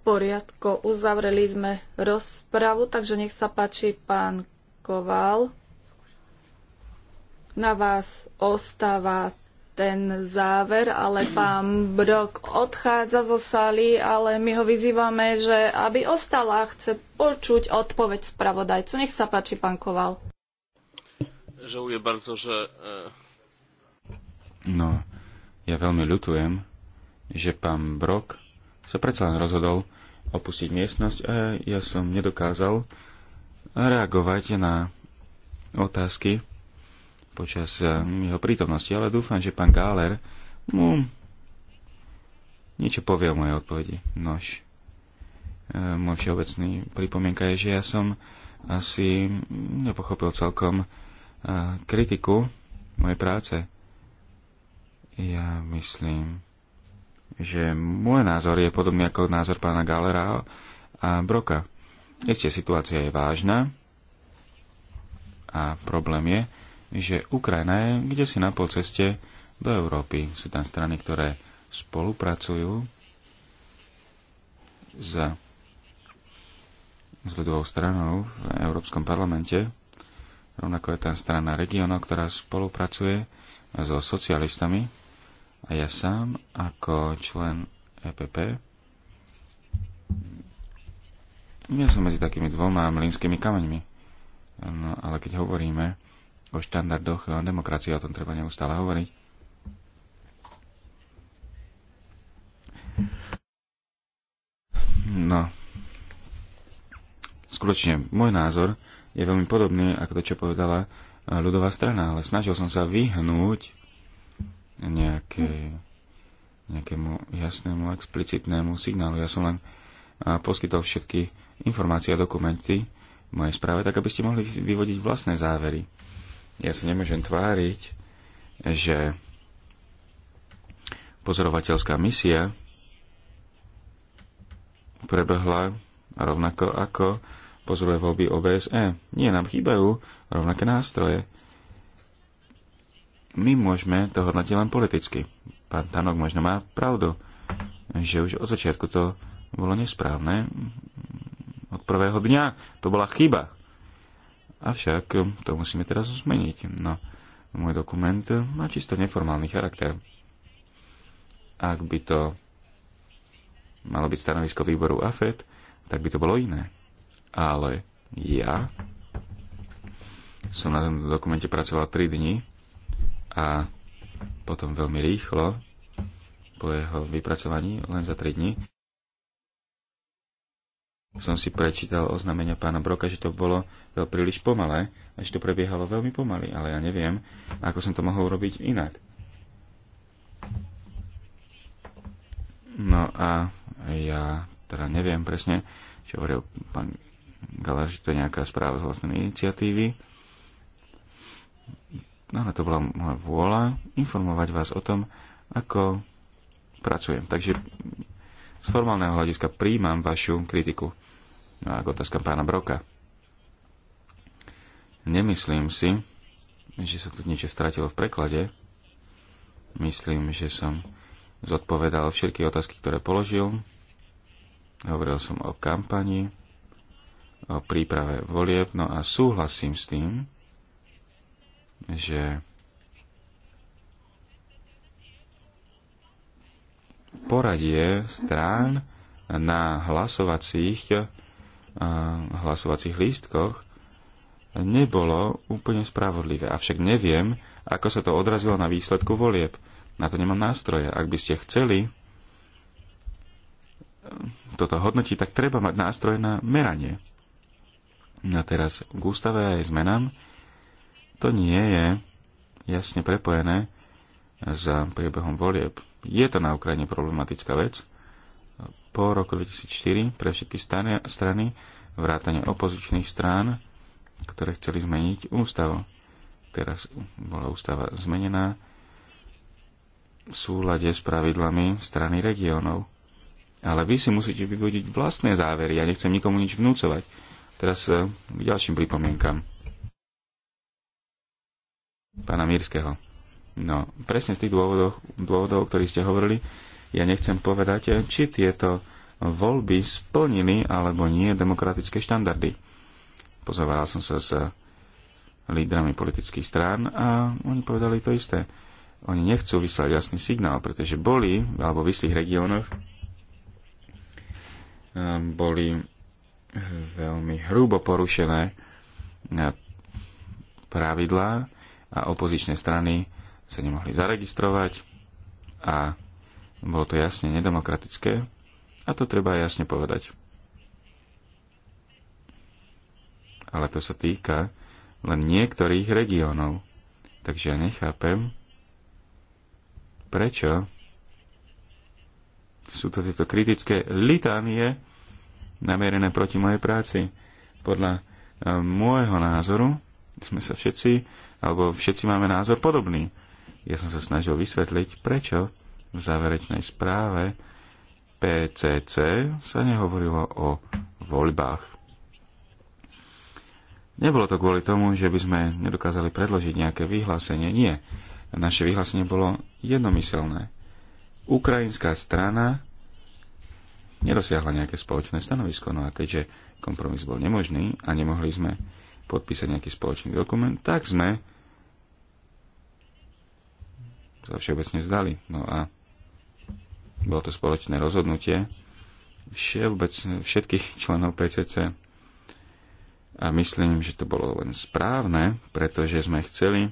Poriadko, uzavreli sme rozpravu, takže nech sa páči pán Koval. Na vás ostáva ten záver, ale pán Brok odchádza zo sály, ale my ho vyzývame, že aby ostala, chce počuť odpoveď spravodajcu. Nech sa páči, pán Koval. Žalujem bardzo, že... E, no, ja veľmi ľutujem, že pán Brok sa predsa len rozhodol opustiť miestnosť a ja som nedokázal reagovať na otázky, počas eh, jeho prítomnosti, ale dúfam, že pán Gáler mu niečo povie o mojej odpovedi. Nož. Eh, môj všeobecný pripomienka je, že ja som asi nepochopil celkom eh, kritiku mojej práce. Ja myslím, že môj názor je podobný ako názor pána Galera a Broka. Isté, situácia je vážna a problém je, že Ukrajina je kde si na polceste do Európy. Sú tam strany, ktoré spolupracujú s, s ľudovou stranou v Európskom parlamente. Rovnako je tam strana regionov, ktorá spolupracuje so socialistami. A ja sám, ako člen EPP, ja som medzi takými dvoma mlinskými kameňmi. No, ale keď hovoríme o štandardoch demokracie, o tom treba neustále hovoriť. No, skutočne môj názor je veľmi podobný ako to, čo povedala ľudová strana, ale snažil som sa vyhnúť nejaké nejakému jasnému, explicitnému signálu. Ja som len poskytol všetky informácie a dokumenty v mojej správe, tak aby ste mohli vyvodiť vlastné závery. Ja sa nemôžem tváriť, že pozorovateľská misia prebehla rovnako ako pozoruje voľby OBSE. Nie, nám chýbajú rovnaké nástroje. My môžeme to hodnotiť len politicky. Pán Tanok možno má pravdu, že už od začiatku to bolo nesprávne. Od prvého dňa to bola chyba. Avšak to musíme teraz zmeniť. No, môj dokument má čisto neformálny charakter. Ak by to malo byť stanovisko výboru AFED, tak by to bolo iné. Ale ja som na tomto dokumente pracoval 3 dní a potom veľmi rýchlo po jeho vypracovaní, len za 3 dní, som si prečítal oznámenia pána Broka, že to bolo príliš pomalé a že to prebiehalo veľmi pomaly, ale ja neviem, ako som to mohol robiť inak. No a ja teda neviem presne, čo hovoril pán Galar, že to je nejaká správa z vlastnej iniciatívy. No ale to bola moja vôľa informovať vás o tom, ako pracujem. Takže z formálneho hľadiska príjmam vašu kritiku No k otázka pána Broka. Nemyslím si, že sa tu niečo stratilo v preklade. Myslím, že som zodpovedal všetky otázky, ktoré položil. Hovoril som o kampani, o príprave volieb, no a súhlasím s tým, že poradie strán na hlasovacích hlasovacích lístkoch, nebolo úplne spravodlivé. Avšak neviem, ako sa to odrazilo na výsledku volieb. Na to nemám nástroje. Ak by ste chceli toto hodnotiť, tak treba mať nástroje na meranie. No a teraz k ústave aj zmenám to nie je jasne prepojené za priebehom volieb. Je to na Ukrajine problematická vec, po roku 2004 pre všetky strany, vrátane opozičných strán, ktoré chceli zmeniť ústavu. Teraz bola ústava zmenená v súlade s pravidlami strany regiónov. Ale vy si musíte vyvodiť vlastné závery. Ja nechcem nikomu nič vnúcovať. Teraz eh, k ďalším pripomienkam. Pána Mírskeho. No, presne z tých dôvodov, dôvodov ktorí ste hovorili, ja nechcem povedať, či tieto voľby splnili alebo nie demokratické štandardy. Pozoroval som sa s lídrami politických strán a oni povedali to isté. Oni nechcú vyslať jasný signál, pretože boli, alebo v istých regiónoch, ehm, boli veľmi hrubo porušené eh, pravidlá a opozičné strany sa nemohli zaregistrovať a bolo to jasne nedemokratické a to treba jasne povedať. Ale to sa týka len niektorých regiónov. Takže ja nechápem, prečo sú to tieto kritické litánie namierené proti mojej práci. Podľa e, môjho názoru sme sa všetci, alebo všetci máme názor podobný. Ja som sa snažil vysvetliť, prečo v záverečnej správe PCC sa nehovorilo o voľbách. Nebolo to kvôli tomu, že by sme nedokázali predložiť nejaké vyhlásenie. Nie. Naše vyhlásenie bolo jednomyselné. Ukrajinská strana nedosiahla nejaké spoločné stanovisko. No a keďže kompromis bol nemožný a nemohli sme podpísať nejaký spoločný dokument, tak sme sa všeobecne vzdali. No a bolo to spoločné rozhodnutie vôbec všetkých členov PCC. A myslím, že to bolo len správne, pretože sme chceli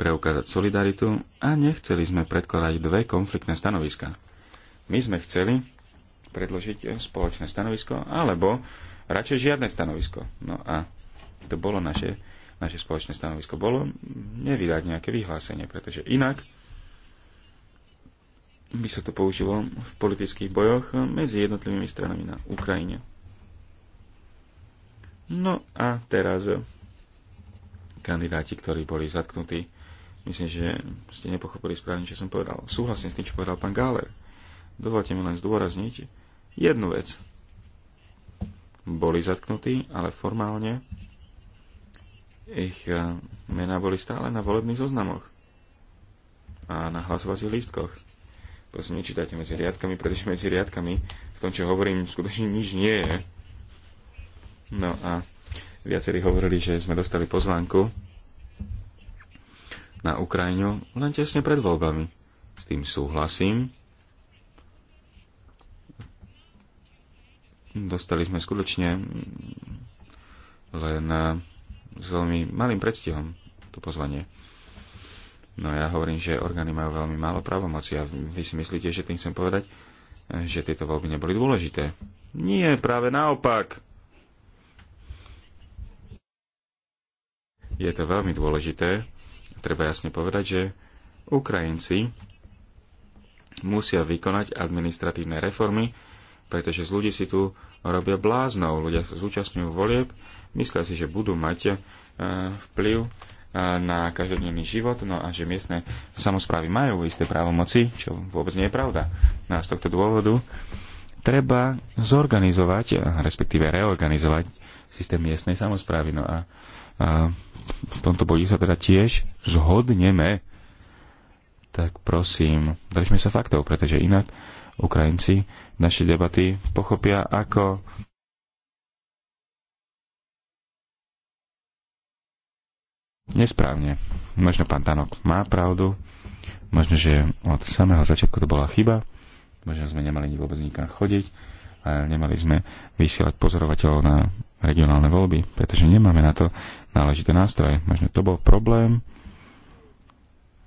preukázať solidaritu a nechceli sme predkladať dve konfliktné stanoviska. My sme chceli predložiť spoločné stanovisko alebo radšej žiadne stanovisko. No a to bolo naše, naše spoločné stanovisko. Bolo nevydať nejaké vyhlásenie, pretože inak by sa to použilo v politických bojoch medzi jednotlivými stranami na Ukrajine. No a teraz kandidáti, ktorí boli zatknutí. Myslím, že ste nepochopili správne, čo som povedal. Súhlasím s tým, čo povedal pán Gáler. Dovolte mi len zdôrazniť jednu vec. Boli zatknutí, ale formálne ich eh, mená boli stále na volebných zoznamoch a na hlasovacích lístkoch. Prosím, nečítajte medzi riadkami, pretože medzi riadkami v tom, čo hovorím, skutočne nič nie je. No a viacerí hovorili, že sme dostali pozvánku na Ukrajinu len tesne pred voľbami. S tým súhlasím. Dostali sme skutočne len s veľmi malým predstihom to pozvanie. No ja hovorím, že orgány majú veľmi málo právomoci a vy si myslíte, že tým chcem povedať, že tieto voľby neboli dôležité. Nie, práve naopak. Je to veľmi dôležité. Treba jasne povedať, že Ukrajinci musia vykonať administratívne reformy, pretože z ľudí si tu robia bláznou. Ľudia sa zúčastňujú volieb, myslia si, že budú mať eh, vplyv na každodenný život, no a že miestne samozprávy majú isté právomoci, čo vôbec nie je pravda. No a z tohto dôvodu treba zorganizovať, respektíve reorganizovať systém miestnej samozprávy. No a, a v tomto bodi sa teda tiež zhodneme, tak prosím, držme sa faktov, pretože inak Ukrajinci naše debaty pochopia ako nesprávne. Možno pán Tanok má pravdu, možno, že od samého začiatku to bola chyba, možno sme nemali vôbec nikam chodiť, a nemali sme vysielať pozorovateľov na regionálne voľby, pretože nemáme na to náležité nástroje. Možno to bol problém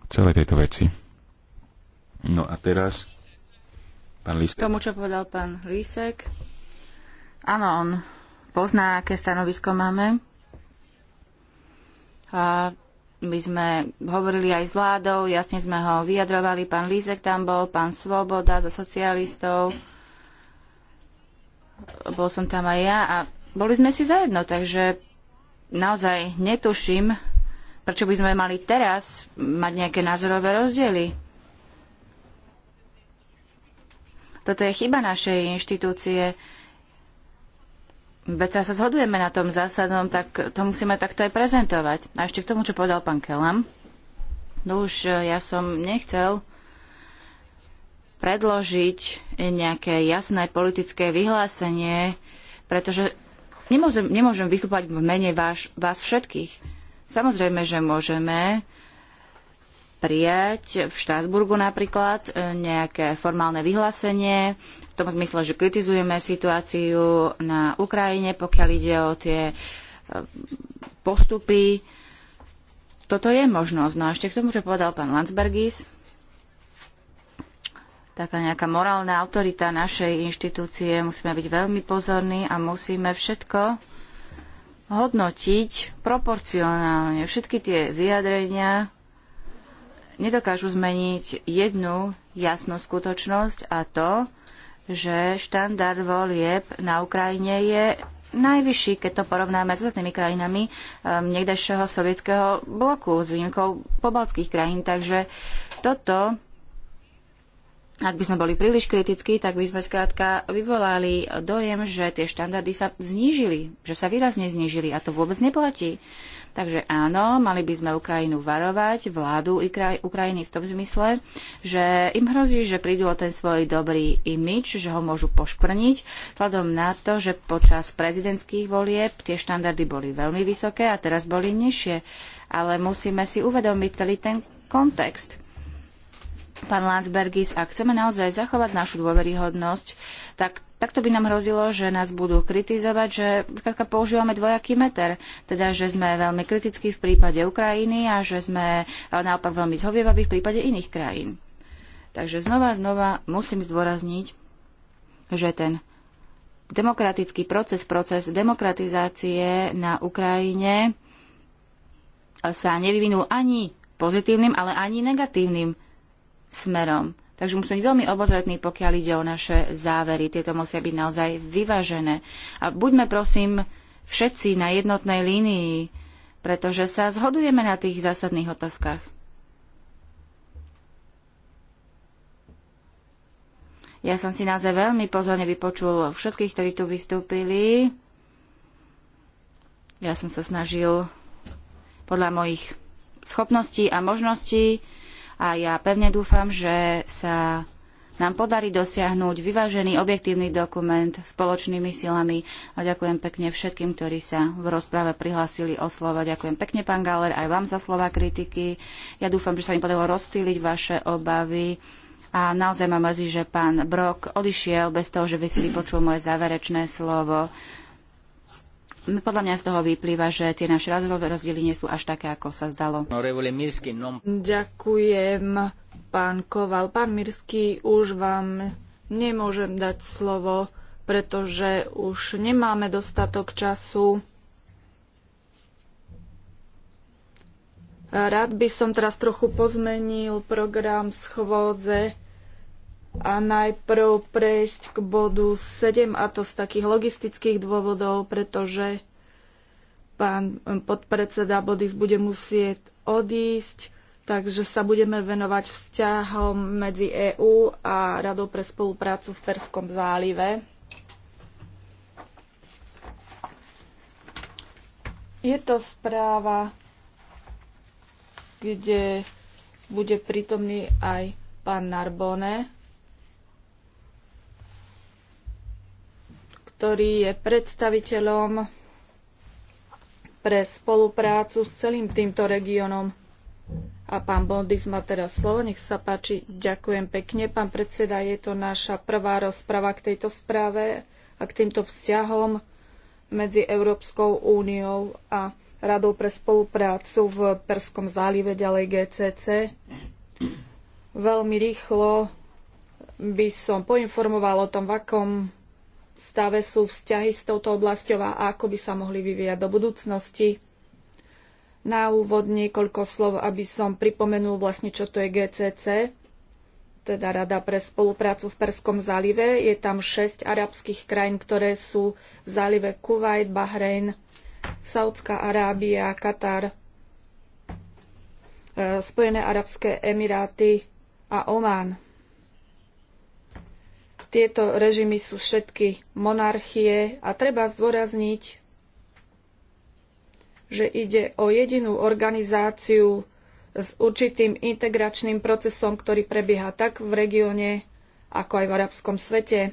celej tejto veci. No a teraz pán Lísek. Tomu, čo povedal pán Lísek, Áno, on pozná, aké stanovisko máme. A my sme hovorili aj s vládou, jasne sme ho vyjadrovali, pán Lízek tam bol, pán Svoboda za socialistov, bol som tam aj ja a boli sme si zajedno, takže naozaj netuším, prečo by sme mali teraz mať nejaké názorové rozdiely. Toto je chyba našej inštitúcie veď sa zhodujeme na tom zásadnom, tak to musíme takto aj prezentovať. A ešte k tomu, čo povedal pán Kelam. No už e, ja som nechcel predložiť nejaké jasné politické vyhlásenie, pretože nemôžem, nemôžem vystúpať v mene vás, vás všetkých. Samozrejme, že môžeme, prijať v Štrásburgu napríklad e, nejaké formálne vyhlásenie v tom zmysle, že kritizujeme situáciu na Ukrajine, pokiaľ ide o tie e, postupy. Toto je možnosť. No a ešte k tomu, čo povedal pán Landsbergis, taká nejaká morálna autorita našej inštitúcie, musíme byť veľmi pozorní a musíme všetko hodnotiť proporcionálne. Všetky tie vyjadrenia, nedokážu zmeniť jednu jasnú skutočnosť a to, že štandard volieb na Ukrajine je najvyšší, keď to porovnáme s ostatnými krajinami um, niekdejšieho sovietského bloku s výnimkou pobalských krajín. Takže toto ak by sme boli príliš kritickí, tak by sme skrátka vyvolali dojem, že tie štandardy sa znížili, že sa výrazne znížili a to vôbec neplatí. Takže áno, mali by sme Ukrajinu varovať, vládu Ukrajiny v tom zmysle, že im hrozí, že prídu o ten svoj dobrý imič, že ho môžu poškvrniť vzhľadom na to, že počas prezidentských volieb tie štandardy boli veľmi vysoké a teraz boli nižšie. Ale musíme si uvedomiť celý ten kontext pán Landsbergis, ak chceme naozaj zachovať našu dôveryhodnosť, tak takto by nám hrozilo, že nás budú kritizovať, že krátka, používame dvojaký meter, teda že sme veľmi kritickí v prípade Ukrajiny a že sme naopak veľmi zhovievaví v prípade iných krajín. Takže znova a znova musím zdôrazniť, že ten demokratický proces, proces demokratizácie na Ukrajine sa nevyvinul ani pozitívnym, ale ani negatívnym smerom. Takže musíme byť veľmi obozretní, pokiaľ ide o naše závery. Tieto musia byť naozaj vyvážené. A buďme prosím všetci na jednotnej línii, pretože sa zhodujeme na tých zásadných otázkach. Ja som si naozaj veľmi pozorne vypočul všetkých, ktorí tu vystúpili. Ja som sa snažil podľa mojich schopností a možností a ja pevne dúfam, že sa nám podarí dosiahnuť vyvážený objektívny dokument spoločnými silami. A ďakujem pekne všetkým, ktorí sa v rozprave prihlásili o slovo. Ďakujem pekne, pán Galer, aj vám za slova kritiky. Ja dúfam, že sa mi podarilo rozptýliť vaše obavy. A naozaj ma mrzí, že pán Brok odišiel bez toho, že by si vypočul moje záverečné slovo. No, podľa mňa z toho vyplýva, že tie naše razové rozdiely nie sú až také, ako sa zdalo. No. Ďakujem, pán Koval. Pán Mirsky, už vám nemôžem dať slovo, pretože už nemáme dostatok času. Rád by som teraz trochu pozmenil program schôdze a najprv prejsť k bodu 7 a to z takých logistických dôvodov, pretože pán eh, podpredseda Bodis bude musieť odísť, takže sa budeme venovať vzťahom medzi EÚ a Radou pre spoluprácu v Perskom zálive. Je to správa, kde bude prítomný aj pán Narbone, ktorý je predstaviteľom pre spoluprácu s celým týmto regiónom. A pán Bondis má teraz slovo, nech sa páči. Ďakujem pekne, pán predseda. Je to naša prvá rozprava k tejto správe a k týmto vzťahom medzi Európskou úniou a Radou pre spoluprácu v Perskom zálive, ďalej GCC. Veľmi rýchlo by som poinformoval o tom, v akom stave sú vzťahy s touto oblasťou a ako by sa mohli vyvíjať do budúcnosti. Na úvod niekoľko slov, aby som pripomenul vlastne, čo to je GCC, teda Rada pre spoluprácu v Perskom zálive. Je tam šesť arabských krajín, ktoré sú v zálive Kuwait, Bahrein, Saudská Arábia, Katar, e, Spojené arabské emiráty a Oman. Tieto režimy sú všetky monarchie a treba zdôrazniť, že ide o jedinú organizáciu s určitým integračným procesom, ktorý prebieha tak v regióne, ako aj v arabskom svete.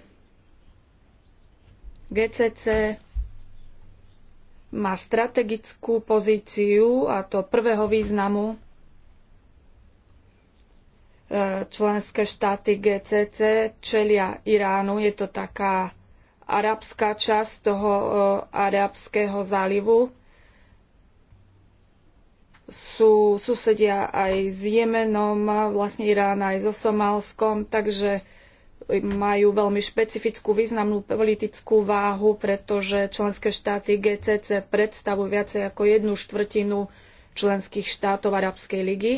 GCC má strategickú pozíciu a to prvého významu členské štáty GCC čelia Iránu. Je to taká arabská časť toho e, arabského zálivu. Sú susedia aj s Jemenom, vlastne Irán aj so Somálskom, takže majú veľmi špecifickú významnú politickú váhu, pretože členské štáty GCC predstavujú viacej ako jednu štvrtinu členských štátov Arabskej ligy.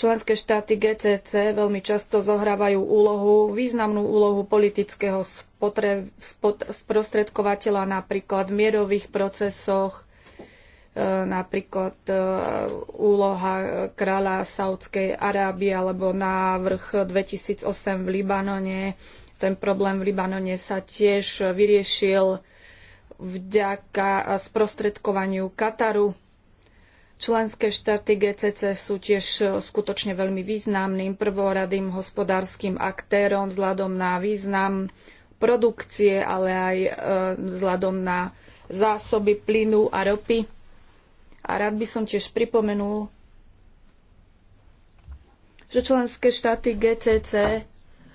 Členské štáty GCC veľmi často zohrávajú úlohu, významnú úlohu politického spotre, spot, sprostredkovateľa napríklad v mierových procesoch, e, napríklad e, úloha kráľa Saudskej Arábie alebo návrh 2008 v Libanone. Ten problém v Libanone sa tiež vyriešil vďaka sprostredkovaniu Kataru. Členské štáty GCC sú tiež e, skutočne veľmi významným prvoradým hospodárskym aktérom vzhľadom na význam produkcie, ale aj e, vzhľadom na zásoby plynu a ropy. A rád by som tiež pripomenul, že členské štáty GCC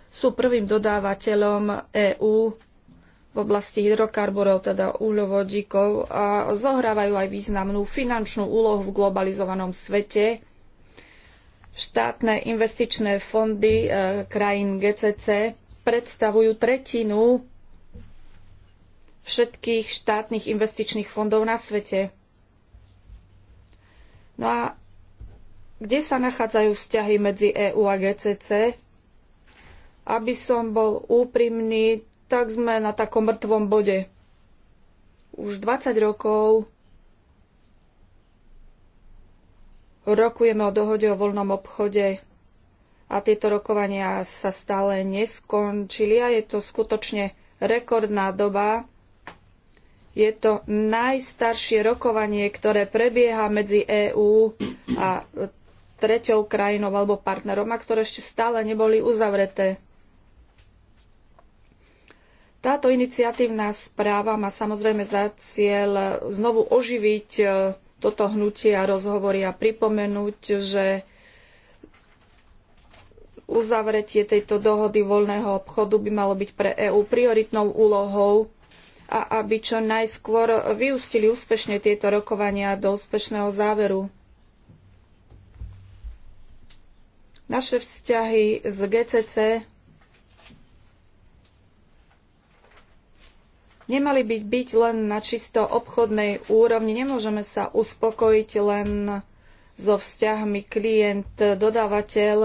sú prvým dodávateľom EÚ v oblasti hydrokarburov, teda uhľovodíkov, a zohrávajú aj významnú finančnú úlohu v globalizovanom svete. Štátne investičné fondy e, krajín GCC predstavujú tretinu všetkých štátnych investičných fondov na svete. No a kde sa nachádzajú vzťahy medzi EU a GCC? Aby som bol úprimný, tak sme na takom mŕtvom bode. Už 20 rokov rokujeme o dohode o voľnom obchode a tieto rokovania sa stále neskončili a je to skutočne rekordná doba. Je to najstaršie rokovanie, ktoré prebieha medzi EÚ a treťou krajinou alebo partnerom a ktoré ešte stále neboli uzavreté. Táto iniciatívna správa má samozrejme za cieľ znovu oživiť e, toto hnutie a rozhovory a pripomenúť, že uzavretie tejto dohody voľného obchodu by malo byť pre EÚ prioritnou úlohou a aby čo najskôr vyústili úspešne tieto rokovania do úspešného záveru. Naše vzťahy z GCC nemali by byť len na čisto obchodnej úrovni. Nemôžeme sa uspokojiť len so vzťahmi klient-dodávateľ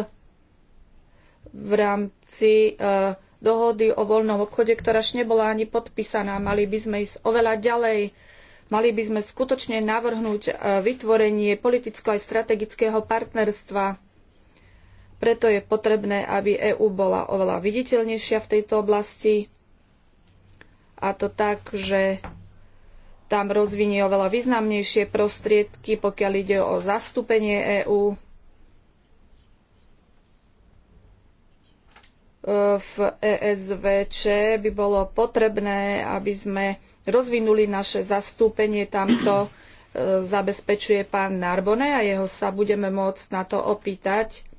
v rámci e, dohody o voľnom obchode, ktorá ešte nebola ani podpísaná. Mali by sme ísť oveľa ďalej. Mali by sme skutočne navrhnúť e, vytvorenie politického aj strategického partnerstva. Preto je potrebné, aby EÚ bola oveľa viditeľnejšia v tejto oblasti a to tak, že tam rozvinie oveľa významnejšie prostriedky, pokiaľ ide o zastúpenie EÚ e, v ESVČ by bolo potrebné, aby sme rozvinuli naše zastúpenie tamto e, zabezpečuje pán Narbone a jeho sa budeme môcť na to opýtať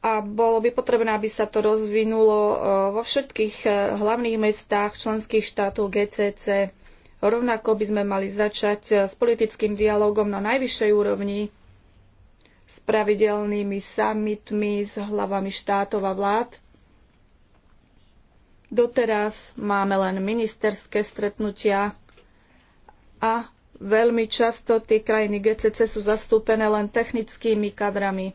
a bolo by potrebné, aby sa to rozvinulo e, vo všetkých e, hlavných mestách členských štátov GCC. Rovnako by sme mali začať e, s politickým dialogom na najvyššej úrovni, s pravidelnými summitmi s hlavami štátov a vlád. Doteraz máme len ministerské stretnutia a veľmi často tie krajiny GCC sú zastúpené len technickými kadrami.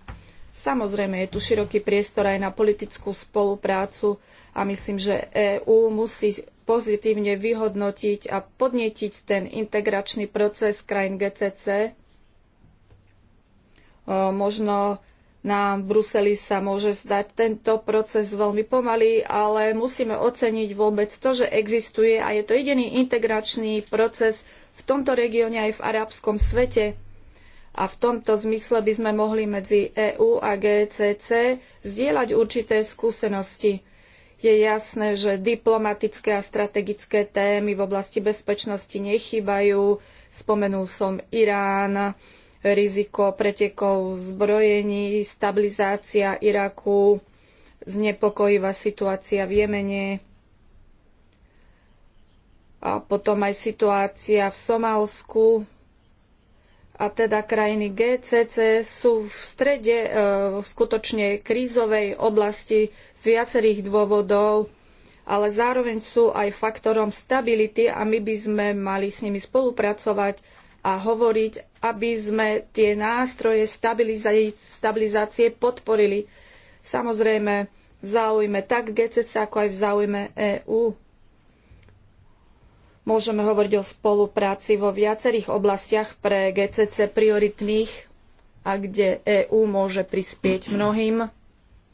Samozrejme, je tu široký priestor aj na politickú spoluprácu a myslím, že EÚ musí pozitívne vyhodnotiť a podnetiť ten integračný proces krajín GCC. E, možno nám v Bruseli sa môže zdať tento proces veľmi pomalý, ale musíme oceniť vôbec to, že existuje a je to jediný integračný proces v tomto regióne aj v arabskom svete. A v tomto zmysle by sme mohli medzi EÚ a GCC zdieľať určité skúsenosti. Je jasné, že diplomatické a strategické témy v oblasti bezpečnosti nechýbajú. Spomenul som Irán, riziko pretekov zbrojení, stabilizácia Iraku, znepokojivá situácia v Jemene a potom aj situácia v Somálsku, a teda krajiny GCC sú v strede v e, skutočne krízovej oblasti z viacerých dôvodov, ale zároveň sú aj faktorom stability a my by sme mali s nimi spolupracovať a hovoriť, aby sme tie nástroje stabilizácie podporili. Samozrejme v záujme tak GCC, ako aj v záujme EÚ. Môžeme hovoriť o spolupráci vo viacerých oblastiach pre GCC prioritných a kde EÚ môže prispieť mnohým,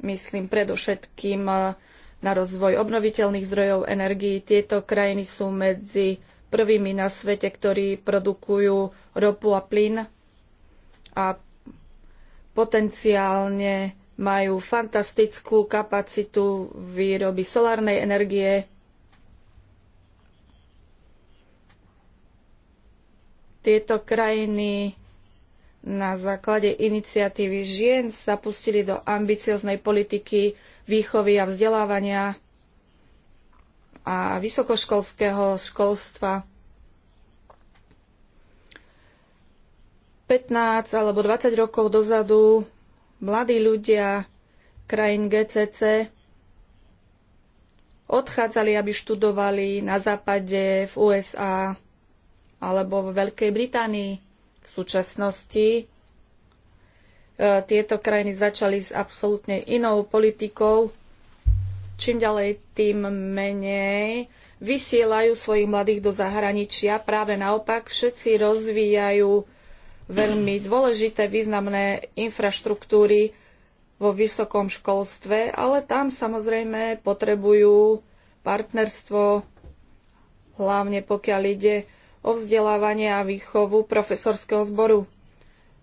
myslím predovšetkým eh, na rozvoj obnoviteľných zdrojov energií. Tieto krajiny sú medzi prvými na svete, ktorí produkujú ropu a plyn a potenciálne majú fantastickú kapacitu výroby solárnej energie Tieto krajiny na základe iniciatívy žien sa pustili do ambicioznej politiky výchovy a vzdelávania a vysokoškolského školstva. 15 alebo 20 rokov dozadu mladí ľudia krajín GCC odchádzali, aby študovali na západe v USA, alebo v Veľkej Británii. V súčasnosti e, tieto krajiny začali s absolútne inou politikou. Čím ďalej, tým menej vysielajú svojich mladých do zahraničia. Práve naopak, všetci rozvíjajú veľmi dôležité, významné infraštruktúry vo vysokom školstve, ale tam samozrejme potrebujú partnerstvo, hlavne pokiaľ ide o vzdelávanie a výchovu profesorského zboru.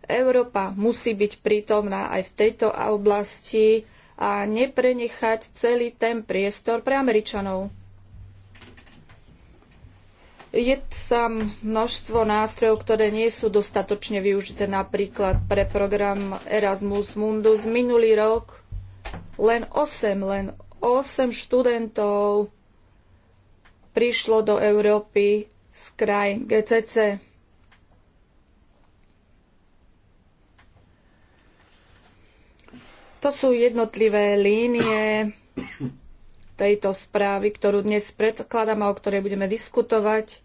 Európa musí byť prítomná aj v tejto oblasti a neprenechať celý ten priestor pre Američanov. Je tam množstvo nástrojov, ktoré nie sú dostatočne využité, napríklad pre program Erasmus Mundus. Minulý rok len 8, len 8 študentov prišlo do Európy kraj GCC. To sú jednotlivé línie tejto správy, ktorú dnes predkladám a o ktorej budeme diskutovať.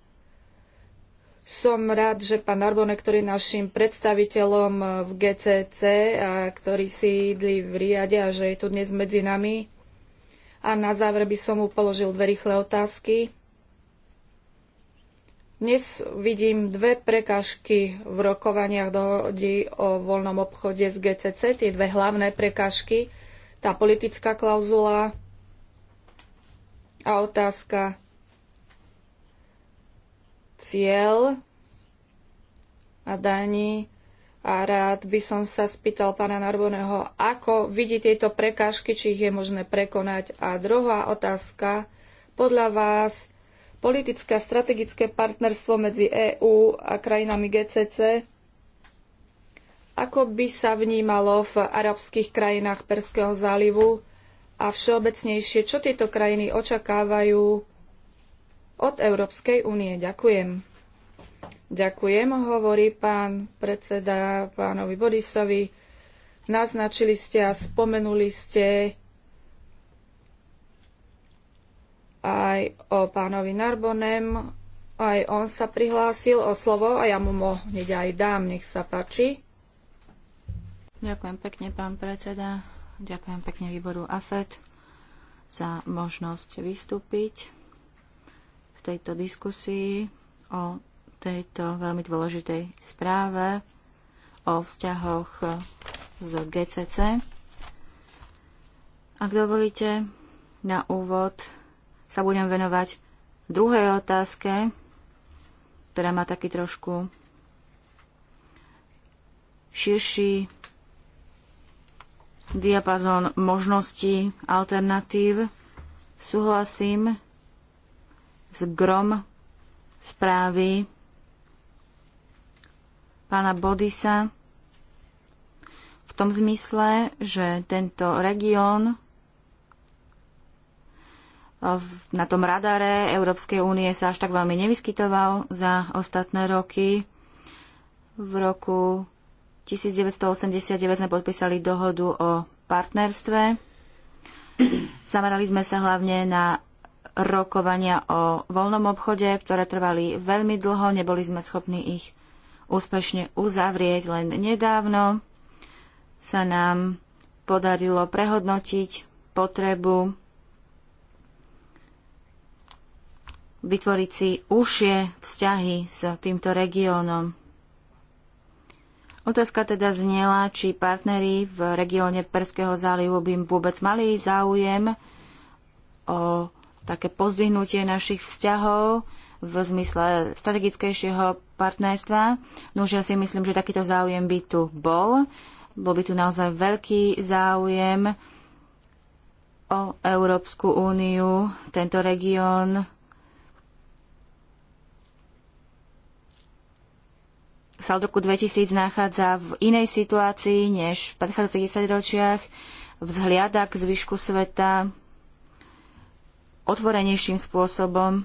Som rád, že pán Arbone, ktorý je našim predstaviteľom v GCC a ktorý sídli v Riade a že je tu dnes medzi nami. A na záver by som mu položil dve rýchle otázky. Dnes vidím dve prekažky v rokovaniach dohody o voľnom obchode s GCC, tie dve hlavné prekažky, tá politická klauzula a otázka cieľ a daní. A rád by som sa spýtal pána Narboneho, ako vidí tieto prekážky, či ich je možné prekonať. A druhá otázka, podľa vás Politické a strategické partnerstvo medzi EÚ a krajinami GCC, ako by sa vnímalo v arabských krajinách Perského zálivu a všeobecnejšie, čo tieto krajiny očakávajú od Európskej únie. Ďakujem. Ďakujem, hovorí pán predseda pánovi Borisovi. Naznačili ste a spomenuli ste aj o pánovi Narbonem. Aj on sa prihlásil o slovo a ja mu ho hneď aj dám, nech sa páči. Ďakujem pekne, pán predseda. Ďakujem pekne výboru AFET za možnosť vystúpiť v tejto diskusii o tejto veľmi dôležitej správe o vzťahoch z GCC. Ak dovolíte, na úvod sa budem venovať druhej otázke, ktorá má taký trošku širší diapazon možností, alternatív. Súhlasím s grom správy pána Bodisa v tom zmysle, že tento región na tom radare Európskej únie sa až tak veľmi nevyskytoval za ostatné roky. V roku 1989 sme podpísali dohodu o partnerstve. Zamerali sme sa hlavne na rokovania o voľnom obchode, ktoré trvali veľmi dlho, neboli sme schopní ich úspešne uzavrieť. Len nedávno sa nám podarilo prehodnotiť potrebu vytvoriť si užšie vzťahy s týmto regiónom. Otázka teda zniela, či partneri v regióne Perského zálivu by vôbec mali záujem o také pozdvihnutie našich vzťahov v zmysle strategickejšieho partnerstva. No už ja si myslím, že takýto záujem by tu bol. Bol by tu naozaj veľký záujem o Európsku úniu, tento región sa od roku 2000 nachádza v inej situácii než v predchádzajúcich desaťročiach, vzhliada k zvyšku sveta otvorenejším spôsobom.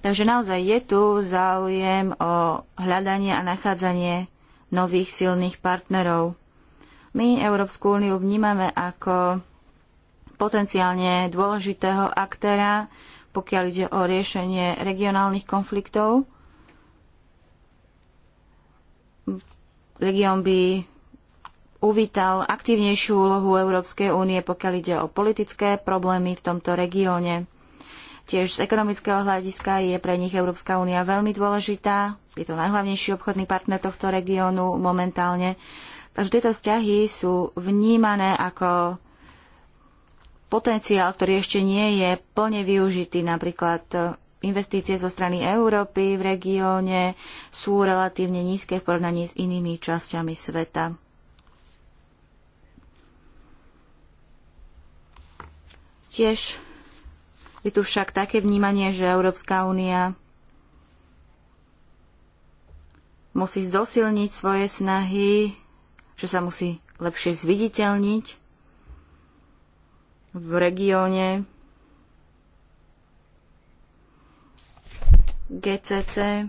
Takže naozaj je tu záujem o hľadanie a nachádzanie nových silných partnerov. My Európsku úniu vnímame ako potenciálne dôležitého aktéra, pokiaľ ide o riešenie regionálnych konfliktov Región by uvítal aktívnejšiu úlohu Európskej únie, pokiaľ ide o politické problémy v tomto regióne. Tiež z ekonomického hľadiska je pre nich Európska únia veľmi dôležitá. Je to najhlavnejší obchodný partner tohto regiónu momentálne. Takže tieto vzťahy sú vnímané ako potenciál, ktorý ešte nie je plne využitý, napríklad investície zo strany Európy v regióne sú relatívne nízke v porovnaní s inými časťami sveta. Tiež je tu však také vnímanie, že Európska únia musí zosilniť svoje snahy, že sa musí lepšie zviditeľniť v regióne, GCC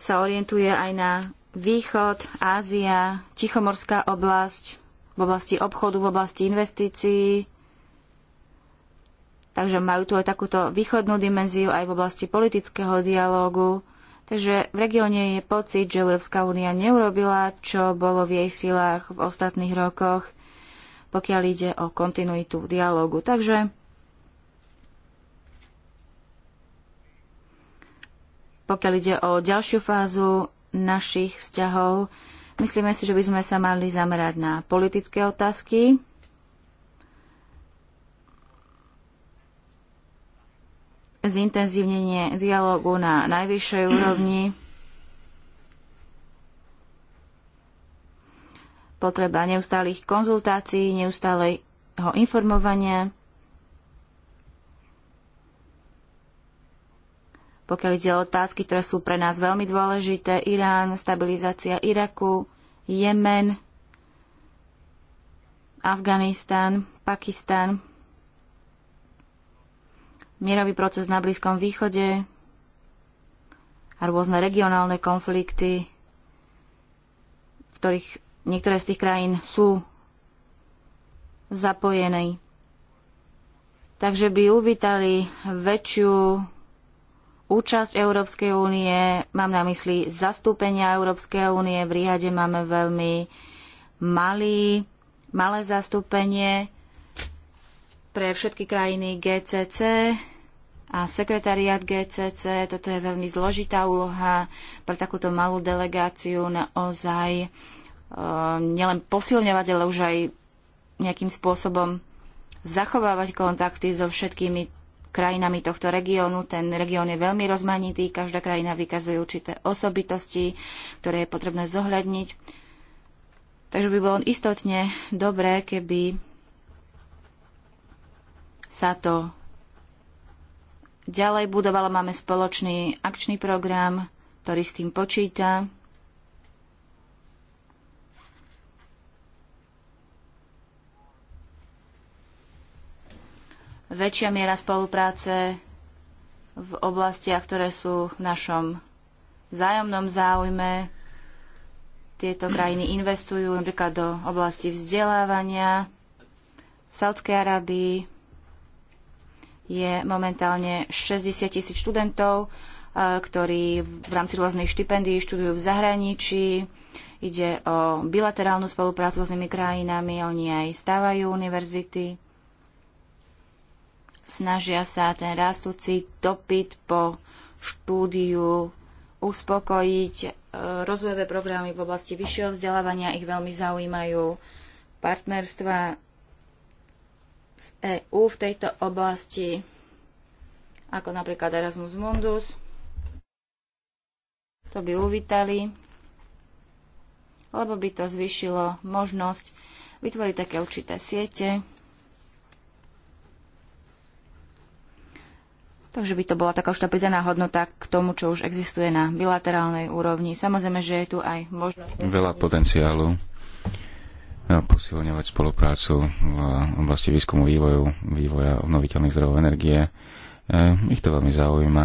sa orientuje aj na východ, Ázia, Tichomorská oblasť, v oblasti obchodu, v oblasti investícií. Takže majú tu aj takúto východnú dimenziu aj v oblasti politického dialógu. Takže v regióne je pocit, že Európska únia neurobila, čo bolo v jej silách v ostatných rokoch, pokiaľ ide o kontinuitu dialógu. Takže Pokiaľ ide o ďalšiu fázu našich vzťahov, myslíme si, že by sme sa mali zamerať na politické otázky. Zintenzívnenie dialogu na najvyššej úrovni. Potreba neustálých konzultácií, neustálej informovania, pokiaľ ide o otázky, ktoré sú pre nás veľmi dôležité. Irán, stabilizácia Iraku, Jemen, Afganistan, Pakistan, mierový proces na Blízkom východe a rôzne regionálne konflikty, v ktorých niektoré z tých krajín sú zapojené. Takže by uvítali väčšiu účasť Európskej únie, mám na mysli zastúpenia Európskej únie. V Riade máme veľmi malý, malé zastúpenie pre všetky krajiny GCC a sekretariat GCC. Toto je veľmi zložitá úloha pre takúto malú delegáciu naozaj e, nielen posilňovať, ale už aj nejakým spôsobom zachovávať kontakty so všetkými krajinami tohto regiónu. Ten región je veľmi rozmanitý, každá krajina vykazuje určité osobitosti, ktoré je potrebné zohľadniť. Takže by bolo istotne dobré, keby sa to ďalej budovalo. Máme spoločný akčný program, ktorý s tým počíta. väčšia miera spolupráce v oblastiach, ktoré sú v našom vzájomnom záujme. Tieto krajiny investujú napríklad do oblasti vzdelávania. V Saudskej Arábii je momentálne 60 tisíc študentov, eh, ktorí v rámci rôznych štipendií študujú v zahraničí. Ide o bilaterálnu spoluprácu s rôznymi krajinami, oni aj stávajú univerzity snažia sa ten rastúci dopyt po štúdiu uspokojiť. E, rozvojové programy v oblasti vyššieho vzdelávania ich veľmi zaujímajú. Partnerstva z EÚ v tejto oblasti, ako napríklad Erasmus Mundus, to by uvítali, lebo by to zvyšilo možnosť vytvoriť také určité siete, Takže by to bola taká už tá pridaná hodnota k tomu, čo už existuje na bilaterálnej úrovni. Samozrejme, že je tu aj možnosť... Veľa potenciálu posilňovať spoluprácu v oblasti výskumu vývoju, vývoja obnoviteľných zdrojov energie. E, ich to veľmi zaujíma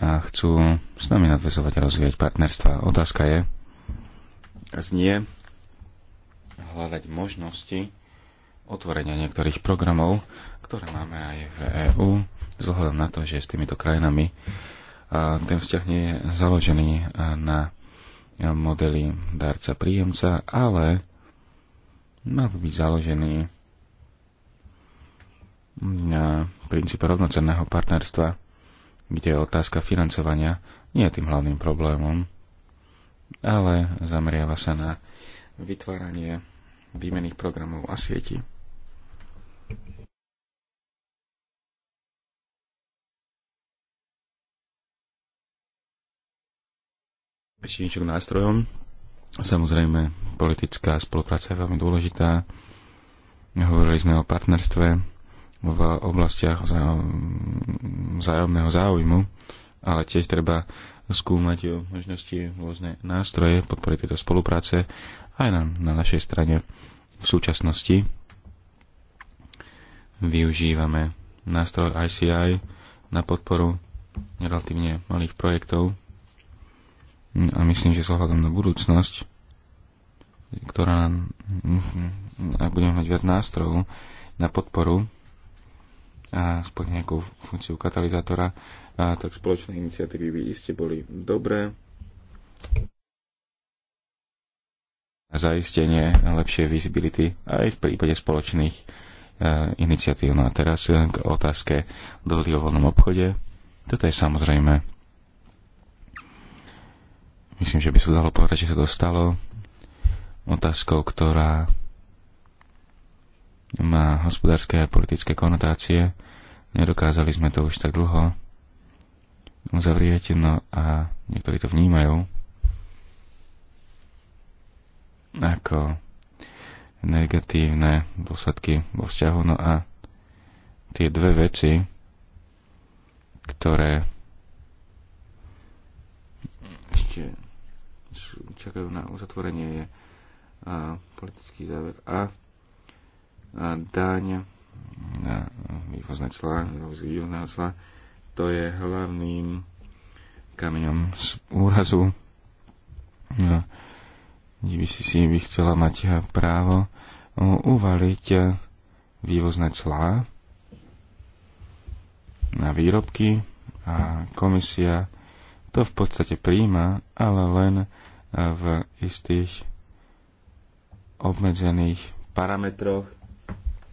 a chcú s nami nadvezovať a rozvíjať partnerstva. Otázka je, a znie hľadať možnosti, otvorenia niektorých programov, ktoré máme aj v EÚ, vzhľadom na to, že s týmito krajinami ten vzťah nie je založený na modely darca-príjemca, ale má by byť založený na princípe rovnocenného partnerstva, kde otázka financovania nie je tým hlavným problémom, ale zameriava sa na vytváranie výmených programov a sietí. Ešte niečo k nástrojom. Samozrejme, politická spolupráca je veľmi dôležitá. Hovorili sme o partnerstve v oblastiach vzájomného záujmu, ale tiež treba skúmať možnosti rôzne nástroje podpory tejto spolupráce aj na, na našej strane. V súčasnosti využívame nástroj ICI na podporu relatívne malých projektov a myslím, že s ohľadom na budúcnosť, ktorá nám, ak budeme mať viac nástrojov na podporu a splne nejakú funkciu katalizátora, a tak spoločné iniciatívy by iste boli dobré. A zaistenie lepšie visibility aj v prípade spoločných e, iniciatív. No a teraz k otázke dohody o voľnom obchode. Toto je samozrejme Myslím, že by sa dalo povedať, že sa to stalo otázkou, ktorá má hospodárske a politické konotácie. Nedokázali sme to už tak dlho uzavrieť, no a niektorí to vnímajú ako negatívne dôsledky vo vzťahu. No a tie dve veci, ktoré ešte čakajú na uzatvorenie je politický záver a, a daň na vývozné clá, vývozné clá, to je hlavným kameňom z úrazu. No, si by chcela mať právo uvaliť vývozné clá na výrobky a komisia to v podstate príjma, ale len e, v istých obmedzených parametroch.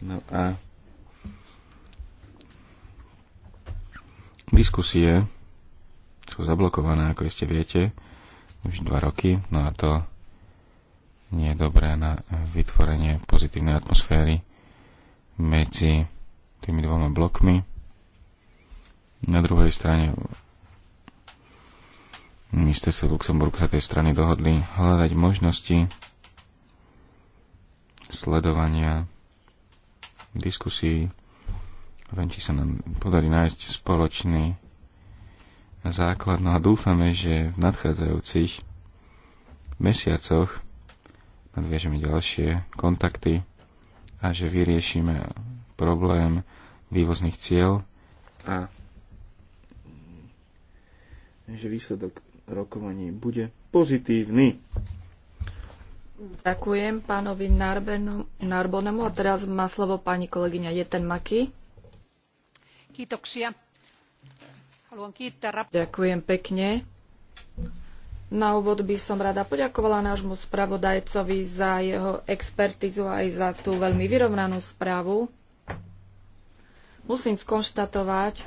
No a diskusie sú zablokované, ako ste viete, už dva roky, no a to nie je dobré na vytvorenie pozitívnej atmosféry medzi tými dvoma blokmi. Na druhej strane ministerstvo Luxemburg sa tej strany dohodli hľadať možnosti sledovania diskusí. Viem, či sa nám podarí nájsť spoločný základ. No a dúfame, že v nadchádzajúcich mesiacoch nadviažeme ďalšie kontakty a že vyriešime problém vývozných cieľ a že výsledok rokovaní bude pozitívny. Ďakujem pánovi Narbenu, Narbonemu a teraz má slovo pani kolegyňa Jeten Maki. Ďakujem pekne. Na úvod by som rada poďakovala nášmu spravodajcovi za jeho expertizu aj za tú veľmi vyrovnanú správu. Musím skonštatovať,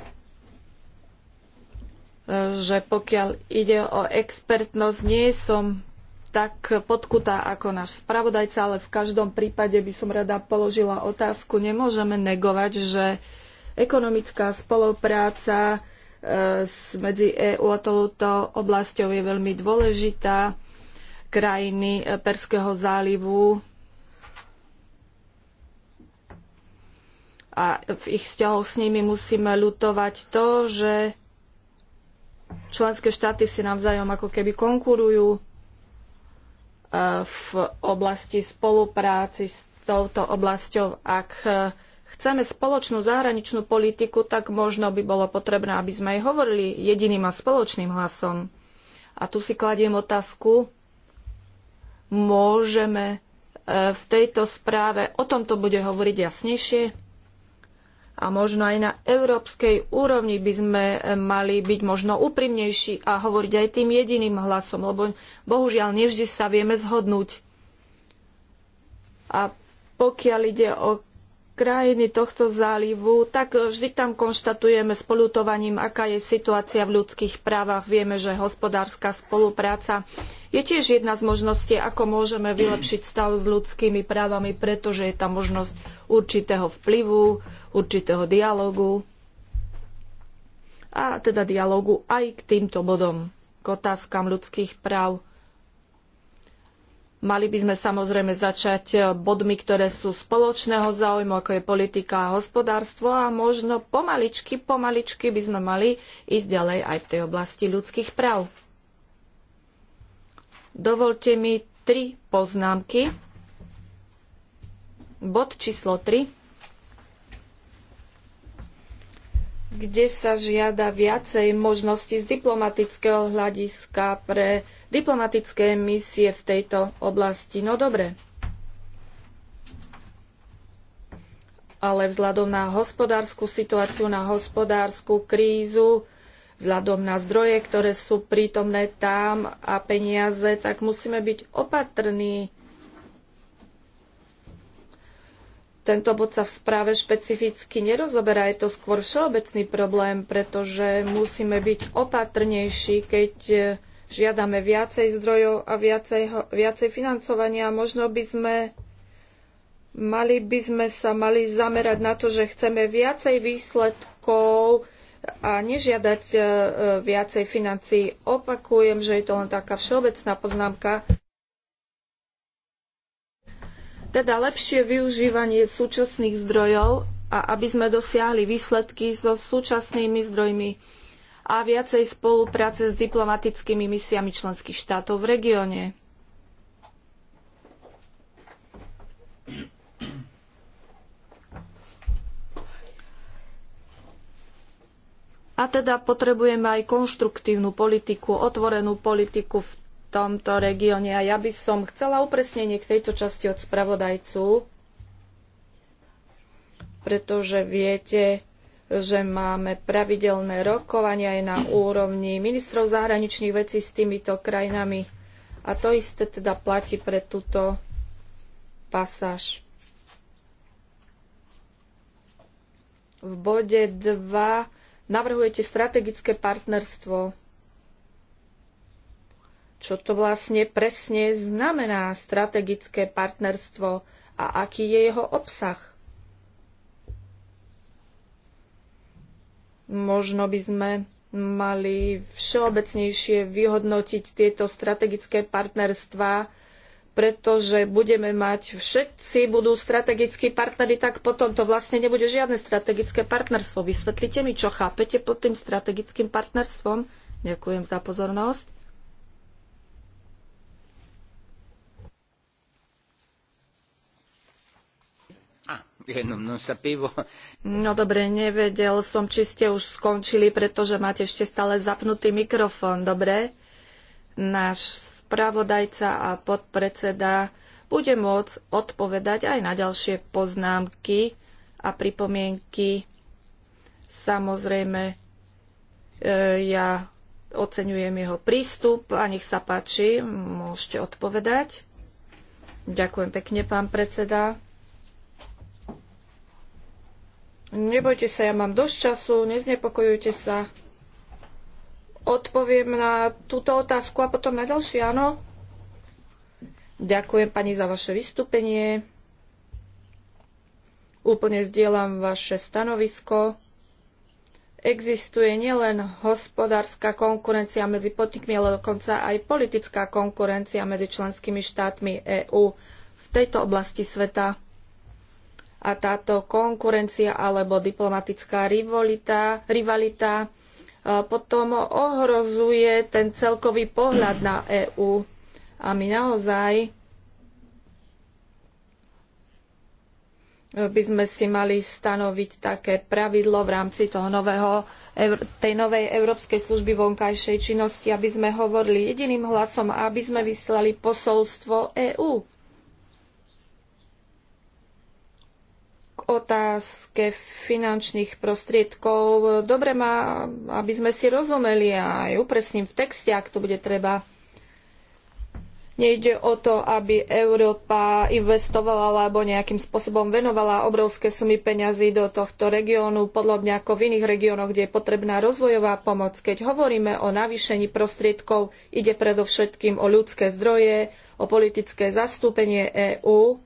že pokiaľ ide o expertnosť, nie som tak podkutá ako náš spravodajca, ale v každom prípade by som rada položila otázku. Nemôžeme negovať, že ekonomická spolupráca e, medzi EU a touto oblasťou je veľmi dôležitá. Krajiny e, Perského zálivu a v ich vzťahoch s nimi musíme ľutovať to, že Členské štáty si navzájom ako keby konkurujú e, v oblasti spolupráci s touto oblasťou. Ak e, chceme spoločnú zahraničnú politiku, tak možno by bolo potrebné, aby sme aj hovorili jediným a spoločným hlasom. A tu si kladiem otázku, môžeme e, v tejto správe o tomto bude hovoriť jasnejšie? a možno aj na európskej úrovni by sme eh, mali byť možno úprimnejší a hovoriť aj tým jediným hlasom, lebo bohužiaľ nevždy sa vieme zhodnúť. A pokiaľ ide o krajiny tohto zálivu, tak vždy tam konštatujeme s polutovaním, aká je situácia v ľudských právach. Vieme, že hospodárska spolupráca je tiež jedna z možností, ako môžeme vylepšiť stav s ľudskými právami, pretože je tam možnosť určitého vplyvu, určitého dialogu a teda dialogu aj k týmto bodom, k otázkam ľudských práv. Mali by sme samozrejme začať eh, bodmi, ktoré sú spoločného záujmu, ako je politika a hospodárstvo a možno pomaličky, pomaličky by sme mali ísť ďalej aj v tej oblasti ľudských práv. Dovolte mi tri poznámky. Bod číslo 3 kde sa žiada viacej možností z diplomatického hľadiska pre diplomatické misie v tejto oblasti. No dobre. Ale vzhľadom na hospodárskú situáciu, na hospodárskú krízu, vzhľadom na zdroje, ktoré sú prítomné tam a peniaze, tak musíme byť opatrní Tento bod sa v správe špecificky nerozoberá, je to skôr všeobecný problém, pretože musíme byť opatrnejší, keď e, žiadame viacej zdrojov a viacej, viacej financovania. Možno by sme mali by sme sa mali zamerať na to, že chceme viacej výsledkov a nežiadať e, e, viacej financií. Opakujem, že je to len taká všeobecná poznámka. Teda lepšie využívanie súčasných zdrojov a aby sme dosiahli výsledky so súčasnými zdrojmi a viacej spolupráce s diplomatickými misiami členských štátov v regióne. A teda potrebujeme aj konštruktívnu politiku, otvorenú politiku v tomto regióne. A ja by som chcela upresnenie k tejto časti od spravodajcu, pretože viete, že máme pravidelné rokovania aj na úrovni ministrov zahraničných vecí s týmito krajinami. A to isté teda platí pre túto pasáž. V bode 2 navrhujete strategické partnerstvo čo to vlastne presne znamená strategické partnerstvo a aký je jeho obsah. Možno by sme mali všeobecnejšie vyhodnotiť tieto strategické partnerstvá, pretože budeme mať, všetci budú strategickí partnery, tak potom to vlastne nebude žiadne strategické partnerstvo. Vysvetlite mi, čo chápete pod tým strategickým partnerstvom. Ďakujem za pozornosť. No, no, no dobre, nevedel som, či ste už skončili, pretože máte ešte stále zapnutý mikrofón, dobre? Náš spravodajca a podpredseda bude môcť odpovedať aj na ďalšie poznámky a pripomienky. Samozrejme, e, ja oceňujem jeho prístup a nech sa páči, môžete odpovedať. Ďakujem pekne, pán predseda. Nebojte sa, ja mám dosť času, neznepokojujte sa. Odpoviem na túto otázku a potom na ďalšie, áno? Ďakujem pani za vaše vystúpenie. Úplne zdieľam vaše stanovisko. Existuje nielen hospodárska konkurencia medzi podnikmi, ale dokonca aj politická konkurencia medzi členskými štátmi EÚ v tejto oblasti sveta a táto konkurencia alebo diplomatická rivalita, rivalita e, potom ohrozuje ten celkový pohľad na EÚ. A my naozaj by sme si mali stanoviť také pravidlo v rámci toho nového, tej novej Európskej služby vonkajšej činnosti, aby sme hovorili jediným hlasom a aby sme vyslali posolstvo EÚ. otázke finančných prostriedkov. Dobre má, aby sme si rozumeli a aj upresním v texte, ak to bude treba. Nejde o to, aby Európa investovala alebo nejakým spôsobom venovala obrovské sumy peňazí do tohto regiónu, podobne ako v iných regiónoch, kde je potrebná rozvojová pomoc. Keď hovoríme o navýšení prostriedkov, ide predovšetkým o ľudské zdroje, o politické zastúpenie EÚ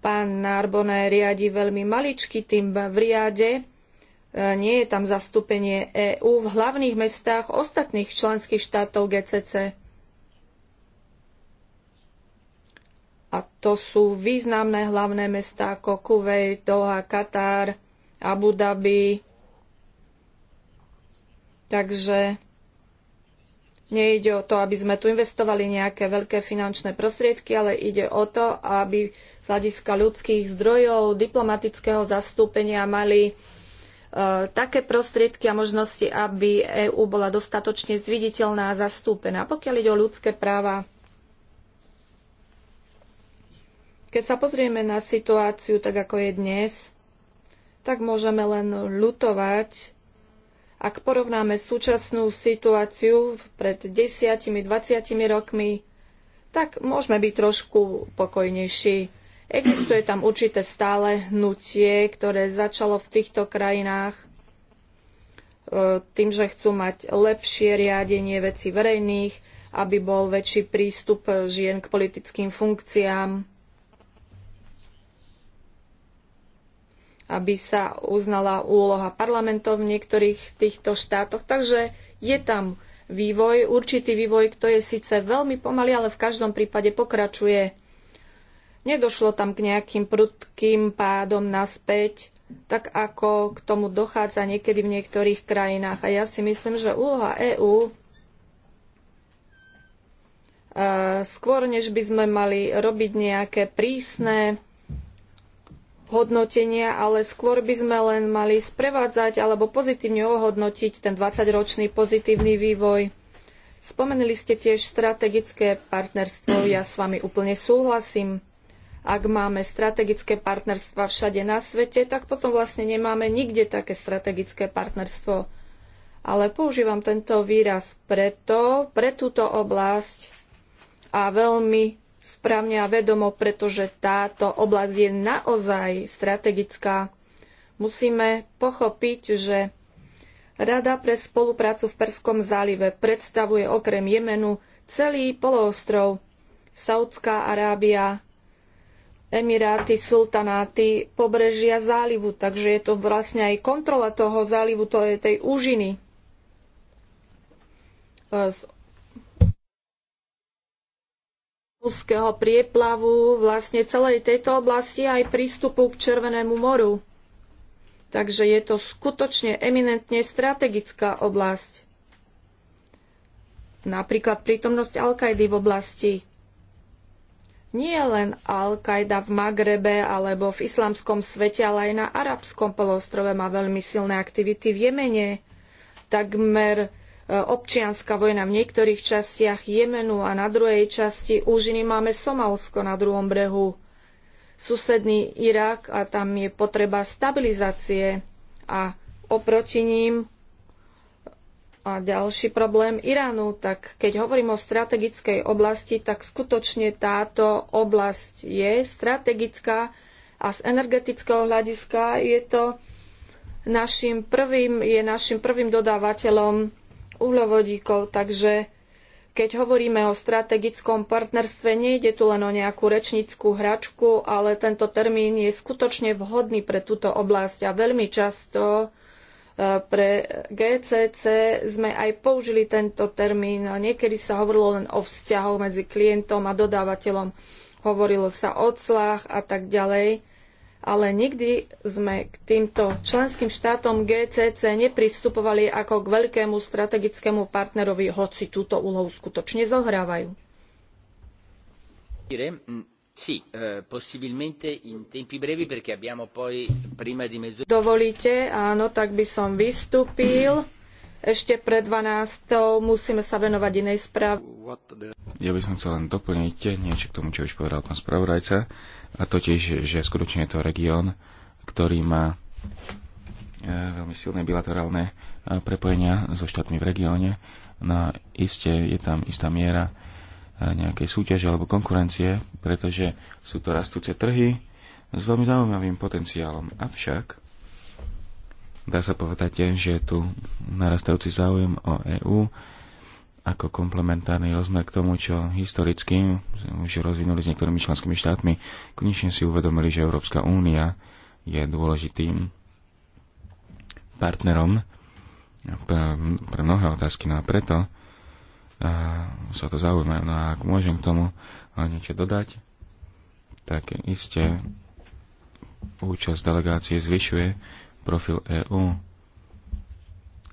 Pán Narbone riadi veľmi maličký tým v riade, e, nie je tam zastúpenie EÚ v hlavných mestách ostatných členských štátov GCC. A to sú významné hlavné mestá ako Kuwait, Doha, Katar, Abu Dhabi. Takže nejde o to, aby sme tu investovali nejaké veľké finančné prostriedky, ale ide o to, aby hľadiska ľudských zdrojov, diplomatického zastúpenia mali e, také prostriedky a možnosti, aby EÚ bola dostatočne zviditeľná a zastúpená. Pokiaľ ide o ľudské práva, keď sa pozrieme na situáciu tak, ako je dnes, tak môžeme len ľutovať, ak porovnáme súčasnú situáciu pred 10-20 rokmi, tak môžeme byť trošku pokojnejší Existuje tam určité stále hnutie, ktoré začalo v týchto krajinách e, tým, že chcú mať lepšie riadenie veci verejných, aby bol väčší prístup žien k politickým funkciám, aby sa uznala úloha parlamentov v niektorých týchto štátoch. Takže je tam vývoj, určitý vývoj, ktorý je síce veľmi pomalý, ale v každom prípade pokračuje. Nedošlo tam k nejakým prudkým pádom naspäť, tak ako k tomu dochádza niekedy v niektorých krajinách. A ja si myslím, že úloha EÚ e, skôr, než by sme mali robiť nejaké prísne hodnotenia, ale skôr by sme len mali sprevádzať alebo pozitívne ohodnotiť ten 20-ročný pozitívny vývoj. Spomenuli ste tiež strategické partnerstvo, ja s vami úplne súhlasím. Ak máme strategické partnerstva všade na svete, tak potom vlastne nemáme nikde také strategické partnerstvo. Ale používam tento výraz preto, pre túto oblasť a veľmi správne a vedomo, pretože táto oblasť je naozaj strategická. Musíme pochopiť, že Rada pre spoluprácu v Perskom zálive predstavuje okrem Jemenu celý poloostrov. Saudská Arábia, Emiráty, sultanáty, pobrežia zálivu. Takže je to vlastne aj kontrola toho zálivu, to je tej úžiny. E, z úzkeho prieplavu vlastne celej tejto oblasti aj prístupu k Červenému moru. Takže je to skutočne eminentne strategická oblasť. Napríklad prítomnosť Al-Kaidy v oblasti nie len Al-Qaida v Magrebe alebo v islamskom svete, ale aj na arabskom polostrove má veľmi silné aktivity v Jemene. Takmer e, občianská vojna v niektorých častiach Jemenu a na druhej časti úžiny máme Somálsko na druhom brehu. Susedný Irak a tam je potreba stabilizácie a oproti ním a ďalší problém Iránu, tak keď hovorím o strategickej oblasti, tak skutočne táto oblasť je strategická a z energetického hľadiska je to našim prvým, je našim prvým dodávateľom uhlovodíkov, takže keď hovoríme o strategickom partnerstve, nejde tu len o nejakú rečnickú hračku, ale tento termín je skutočne vhodný pre túto oblasť a veľmi často pre GCC sme aj použili tento termín. Niekedy sa hovorilo len o vzťahov medzi klientom a dodávateľom. Hovorilo sa o clách a tak ďalej. Ale nikdy sme k týmto členským štátom GCC nepristupovali ako k veľkému strategickému partnerovi, hoci túto úlohu skutočne zohrávajú. Sì, eh, possibilmente in tempi brevi perché abbiamo poi prima di Dovolíte, áno, tak by som vystúpil. Ešte pred 12. musíme sa venovať inej správe. Ja by som chcel len doplniť niečo k tomu, čo už povedal pán spravodajca, a totiž, že skutočne je to región, ktorý má eh, veľmi silné bilaterálne eh, prepojenia so štátmi v regióne. No iste je tam istá miera nejakej súťaže alebo konkurencie, pretože sú to rastúce trhy s veľmi zaujímavým potenciálom. Avšak dá sa povedať, že je tu narastajúci záujem o EÚ ako komplementárny rozmer k tomu, čo historicky už rozvinuli s niektorými členskými štátmi. Konečne si uvedomili, že Európska únia je dôležitým partnerom pre, pre mnohé otázky. No a preto sa to zaujíma. No a ak môžem k tomu niečo dodať, tak iste účasť delegácie zvyšuje profil EÚ.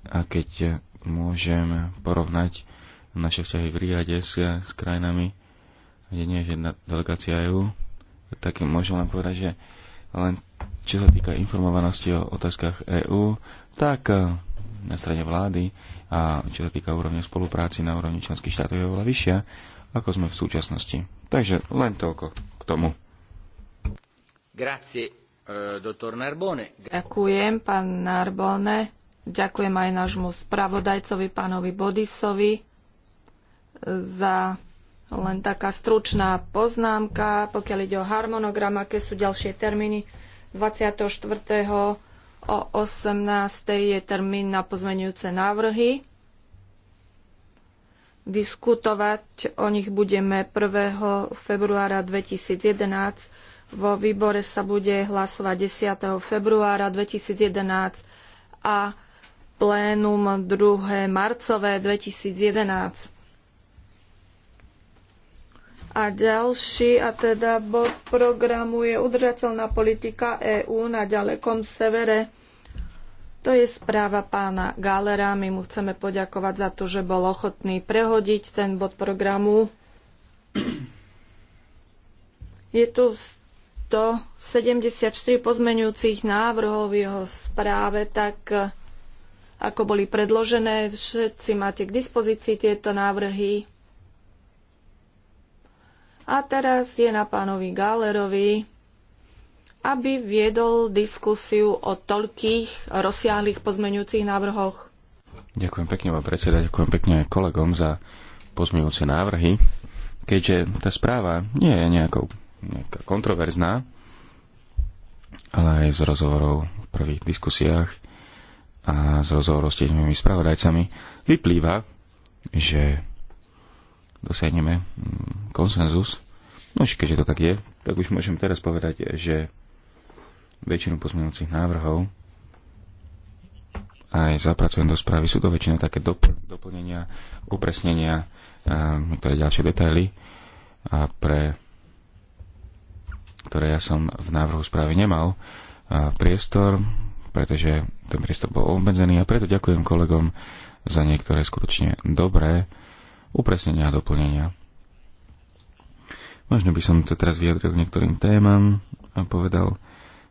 A keď môžem porovnať naše vzťahy v Riade s, s krajinami, kde nie je jedna delegácia EÚ, tak môžem len povedať, že len čo sa týka informovanosti o otázkach EÚ, tak na strane vlády a čo sa týka úrovne spolupráci na úrovni členských štátov je oveľa vyššia, ako sme v súčasnosti. Takže len toľko k tomu. Grazie, eh, dottor Narbone. Ďakujem, pán Narbone. Ďakujem aj nášmu spravodajcovi, pánovi Bodisovi, za len taká stručná poznámka, pokiaľ ide o harmonogram, aké sú ďalšie termíny. 24. O 18. je termín na pozmenujúce návrhy. Diskutovať o nich budeme 1. februára 2011. Vo výbore sa bude hlasovať 10. februára 2011 a plénum 2. marcové 2011. A ďalší, a teda bod programu je udržateľná politika EÚ na ďalekom severe. To je správa pána Galera. My mu chceme poďakovať za to, že bol ochotný prehodiť ten bod programu. Je tu 174 pozmenujúcich návrhov v jeho správe, tak eh, ako boli predložené, všetci máte k dispozícii tieto návrhy. A teraz je na pánovi Gálerovi, aby viedol diskusiu o toľkých rozsiahlých pozmeňujúcich návrhoch. Ďakujem pekne, pán predseda, ďakujem pekne aj kolegom za pozmeňujúce návrhy. Keďže tá správa nie je nejakou, nejaká kontroverzná, ale aj z rozhovorov v prvých diskusiách a z rozhovorov s tými spravodajcami vyplýva, že dosiahneme mm, konsenzus. No už keďže to tak je, tak už môžem teraz povedať, že väčšinu pozmenujúcich návrhov aj zapracujem do správy. Sú to väčšina také dopl- doplnenia, upresnenia, niektoré ďalšie detaily, a pre ktoré ja som v návrhu správy nemal a priestor, pretože ten priestor bol obmedzený a preto ďakujem kolegom za niektoré skutočne dobré upresnenia a doplnenia. Možno by som sa teraz vyjadril niektorým témam a povedal,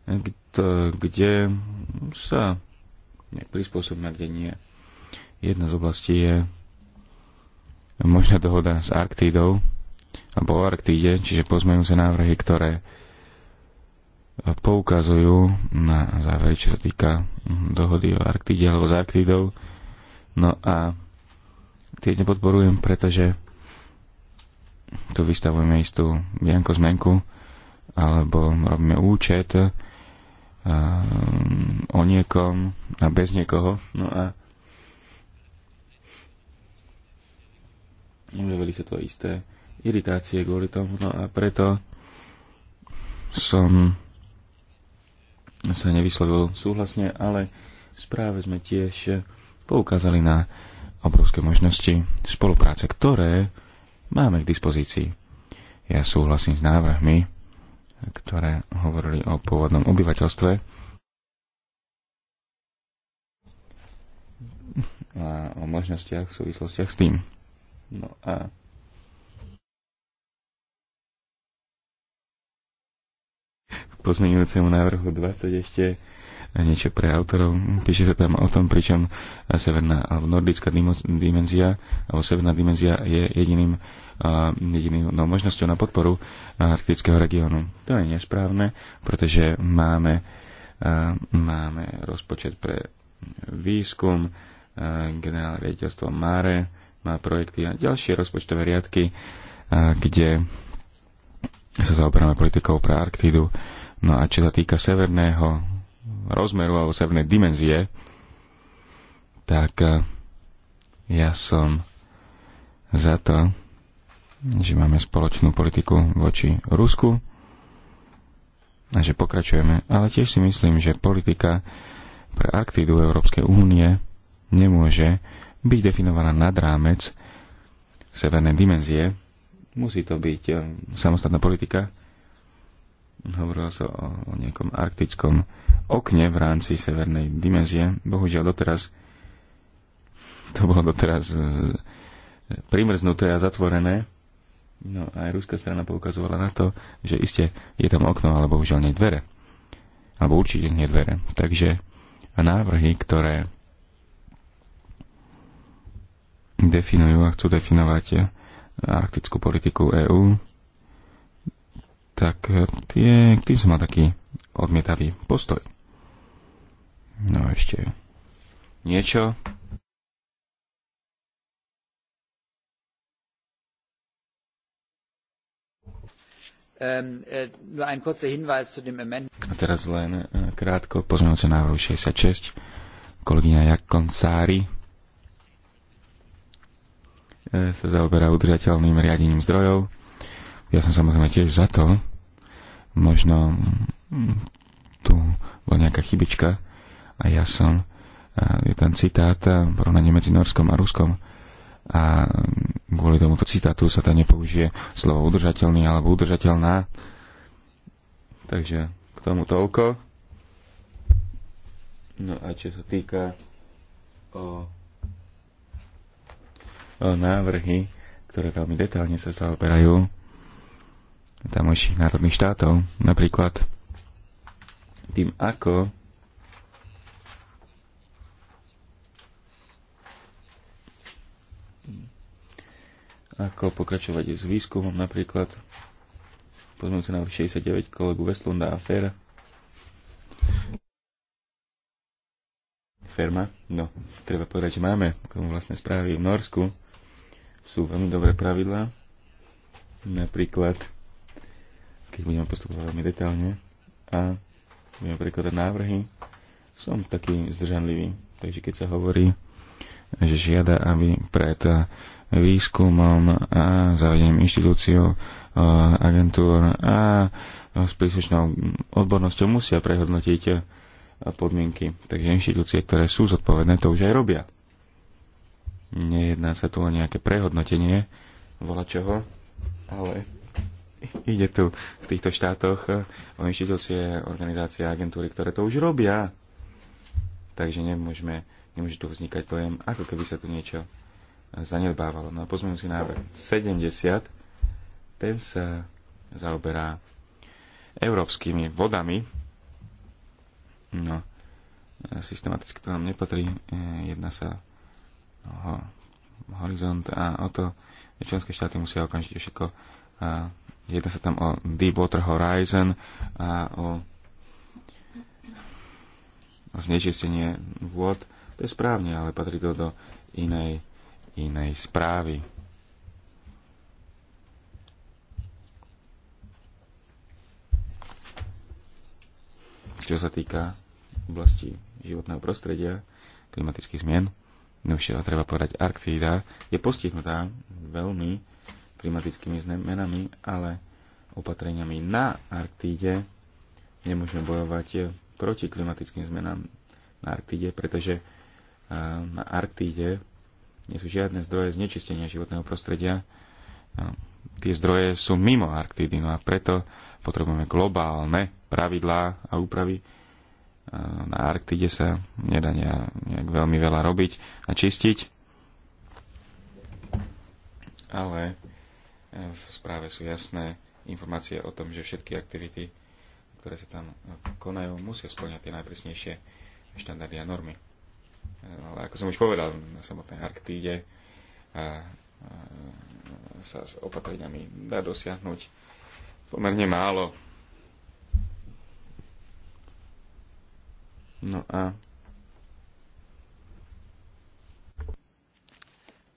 kde sa a kde nie. Jedna z oblastí je možná dohoda s Arktídou, alebo o Arktíde, čiže pozmejú sa návrhy, ktoré poukazujú na záver, čo sa týka dohody o Arktíde alebo s Arktídou. No a tie nepodporujem, pretože tu vystavujeme istú bianko zmenku alebo robíme účet a, o niekom a bez niekoho. No a objavili sa to isté iritácie kvôli tomu, no a preto som sa nevyslovil súhlasne, ale v správe sme tiež poukázali na obrovské možnosti spolupráce, ktoré máme k dispozícii. Ja súhlasím s návrhmi, ktoré hovorili o pôvodnom obyvateľstve. A o možnostiach v súvislostiach s tým. No a pozmeňujúcemu návrhu 20 ešte niečo pre autorov. Píše sa tam o tom, pričom severná alebo nordická dimenzia alebo severná dimenzia je jediným, jediným no, možnosťou na podporu arktického regiónu. To je nesprávne, pretože máme, máme rozpočet pre výskum, generálne riaditeľstvo MARE má projekty a ďalšie rozpočtové riadky, kde sa zaoberáme politikou pre Arktídu. No a čo sa týka severného rozmeru alebo severnej dimenzie, tak e, ja som za to, že máme spoločnú politiku voči Rusku a že pokračujeme. Ale tiež si myslím, že politika pre Arktídu Európskej únie nemôže byť definovaná nad rámec severnej dimenzie. Musí to byť e, samostatná politika, Hovorilo sa o, o nejakom arktickom okne v rámci severnej dimenzie. Bohužiaľ doteraz to bolo doteraz e, primrznuté a zatvorené. No a aj ruská strana poukazovala na to, že iste je tam okno, ale bohužiaľ nie dvere. Alebo určite nie dvere. Takže návrhy, ktoré definujú a chcú definovať e, arktickú politiku EÚ, tak e, tie, tým som mal taký odmietavý postoj. No a ešte niečo. Ehm, e, a teraz len e, krátko pozmeňujúce návrhu 66. Kolegyňa sári. sa zaoberá udržateľným riadením zdrojov ja som samozrejme tiež za to, možno mm, tu bola nejaká chybička a ja som, je tam citát porovnanie medzi Norskom a Ruskom a kvôli tomuto citátu sa tam nepoužije slovo udržateľný alebo udržateľná. Takže k tomu toľko. No a čo sa týka o, o návrhy, ktoré veľmi detálne sa zaoberajú tamojších národných štátov. Napríklad tým, ako ako pokračovať s výskumom napríklad sa na 69 kolegu Westlunda a Fer Ferma no, treba povedať, že máme vlastne správy v Norsku sú veľmi dobré pravidlá napríklad keď budeme postupovať veľmi detálne a budeme prekladať návrhy, som taký zdržanlivý. Takže keď sa hovorí, že žiada, aby pred výskumom a zavedením inštitúciou, e, agentúr a s príslušnou odbornosťou musia prehodnotiť e, podmienky. Takže inštitúcie, ktoré sú zodpovedné, to už aj robia. Nejedná sa tu o nejaké prehodnotenie vola čoho, ale Ide tu v týchto štátoch eh, o inštitúcie, organizácie a agentúry, ktoré to už robia. Takže nemôžeme, nemôže tu vznikať dojem, ako keby sa tu niečo eh, zanedbávalo. No a si návrh 70, ten sa zaoberá európskymi vodami. No, eh, systematicky to nám nepatrí. Jedna sa o horizont a o to členské štáty musia okamžite všetko Jedná sa tam o Deepwater Horizon a o znečistenie vôd. To je správne, ale patrí to do inej, inej správy. Čo sa týka oblasti životného prostredia, klimatických zmien, novšie treba povedať, Arktída je postihnutá veľmi klimatickými zmenami, ale opatreniami na Arktíde nemôžeme bojovať proti klimatickým zmenám na Arktíde, pretože e, na Arktíde nie sú žiadne zdroje znečistenia životného prostredia. E, tie zdroje sú mimo Arktídy, no a preto potrebujeme globálne pravidlá a úpravy. E, na Arktide sa nedá nejak veľmi veľa robiť a čistiť, ale v správe sú jasné informácie o tom, že všetky aktivity, ktoré sa tam konajú, musia splňať tie najpresnejšie štandardy a normy. Ale ako som už povedal, na samotnej Arktíde a, a, sa s opatreniami dá dosiahnuť pomerne málo. No a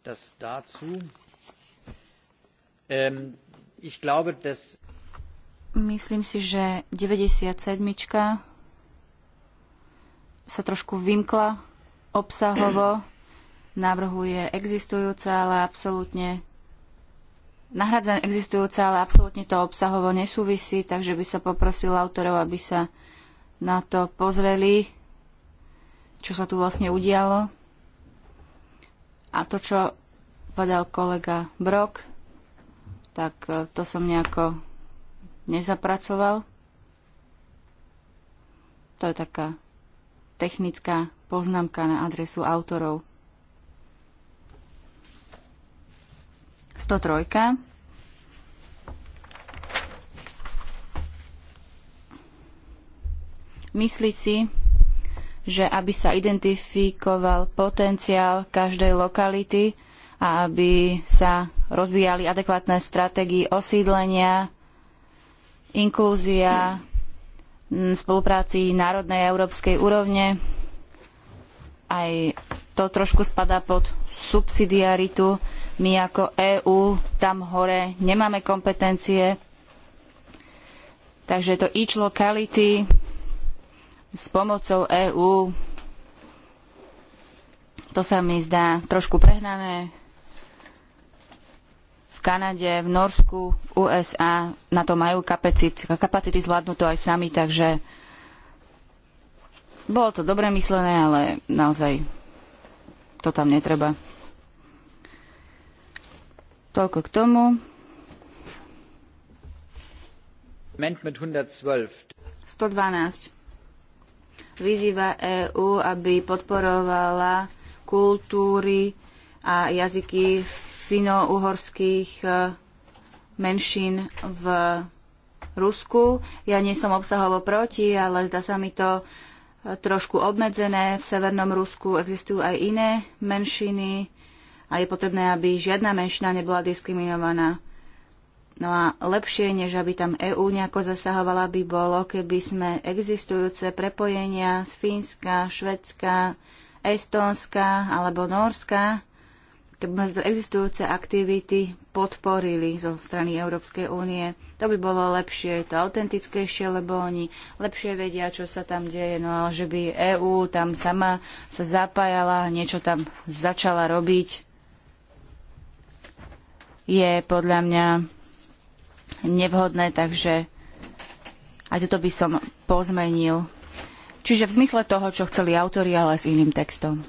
das dazu Ehm, ich glaube, dass Myslím si, že 97. sa trošku vymkla obsahovo. Návrhu je existujúca, ale absolútne nahradza existujúca, ale absolútne to obsahovo nesúvisí, takže by sa poprosil autorov, aby sa na to pozreli, čo sa tu vlastne udialo. A to, čo povedal kolega Brok, tak e, to som nejako nezapracoval. To je taká technická poznámka na adresu autorov. 103. Myslí si, že aby sa identifikoval potenciál každej lokality, a aby sa rozvíjali adekvátne stratégie osídlenia, inklúzia, mm, spolupráci národnej a európskej úrovne. Aj to trošku spadá pod subsidiaritu. My ako EÚ tam hore nemáme kompetencie, takže to each locality s pomocou EÚ, to sa mi zdá trošku prehnané, v Kanade, v Norsku, v USA na to majú kapacity, kapacity zvládnu to aj sami, takže bolo to dobre myslené, ale naozaj to tam netreba. Toľko k tomu. Amendment 112. 112. Vyzýva EÚ, aby podporovala kultúry a jazyky v fino-uhorských e, menšín v Rusku. Ja nie som obsahovo proti, ale zdá sa mi to e, trošku obmedzené. V severnom Rusku existujú aj iné menšiny a je potrebné, aby žiadna menšina nebola diskriminovaná. No a lepšie, než aby tam EÚ nejako zasahovala, by bolo, keby sme existujúce prepojenia z Fínska, Švedska, Estónska alebo Norska Keby sme existujúce aktivity podporili zo strany Európskej únie. To by bolo lepšie, je to autentickejšie, lebo oni lepšie vedia, čo sa tam deje. No ale že by EÚ tam sama sa zapájala, niečo tam začala robiť, je podľa mňa nevhodné, takže aj toto by som pozmenil. Čiže v zmysle toho, čo chceli autori, ale s iným textom.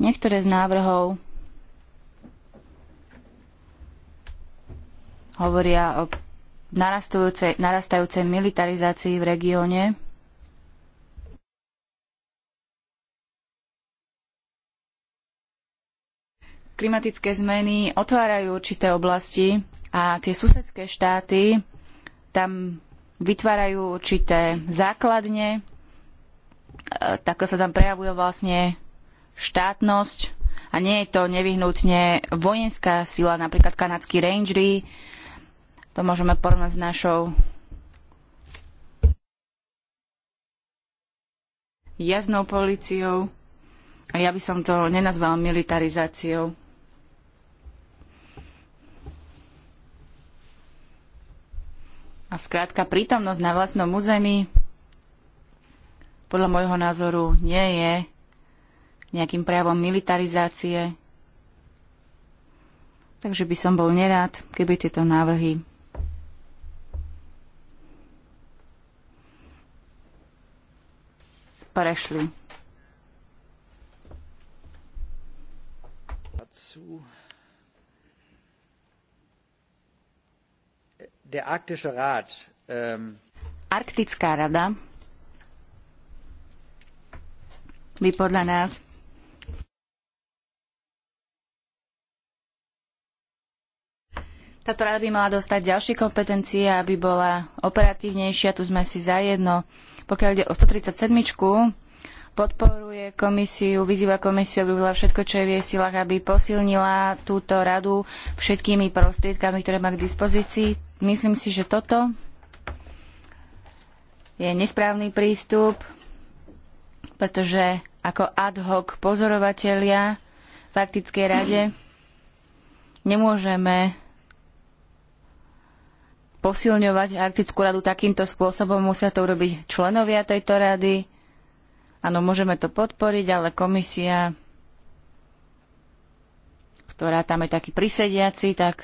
Niektoré z návrhov hovoria o narastajúcej, militarizácii v regióne. Klimatické zmeny otvárajú určité oblasti a tie susedské štáty tam vytvárajú určité základne. E, Takto sa tam prejavuje vlastne štátnosť a nie je to nevyhnutne vojenská sila, napríklad kanadskí rangery. To môžeme porovnať s našou jazdnou policiou. A ja by som to nenazval militarizáciou. A skrátka prítomnosť na vlastnom území podľa môjho názoru nie je nejakým prejavom militarizácie. Takže by som bol nerád, keby tieto návrhy prešli. Ähm, Arktická rada by podľa nás Táto rada by mala dostať ďalšie kompetencie, aby bola operatívnejšia, tu sme si zajedno. Pokiaľ ide o 137, podporuje komisiu, vyzýva komisiu, aby bola všetko, čo je v jej silách, aby posilnila túto radu všetkými prostriedkami, ktoré má k dispozícii. Myslím si, že toto je nesprávny prístup, pretože ako ad hoc pozorovatelia v faktickej rade nemôžeme posilňovať Arktickú radu takýmto spôsobom, musia to urobiť členovia tejto rady. Áno, môžeme to podporiť, ale komisia, ktorá tam je taký prisediaci, tak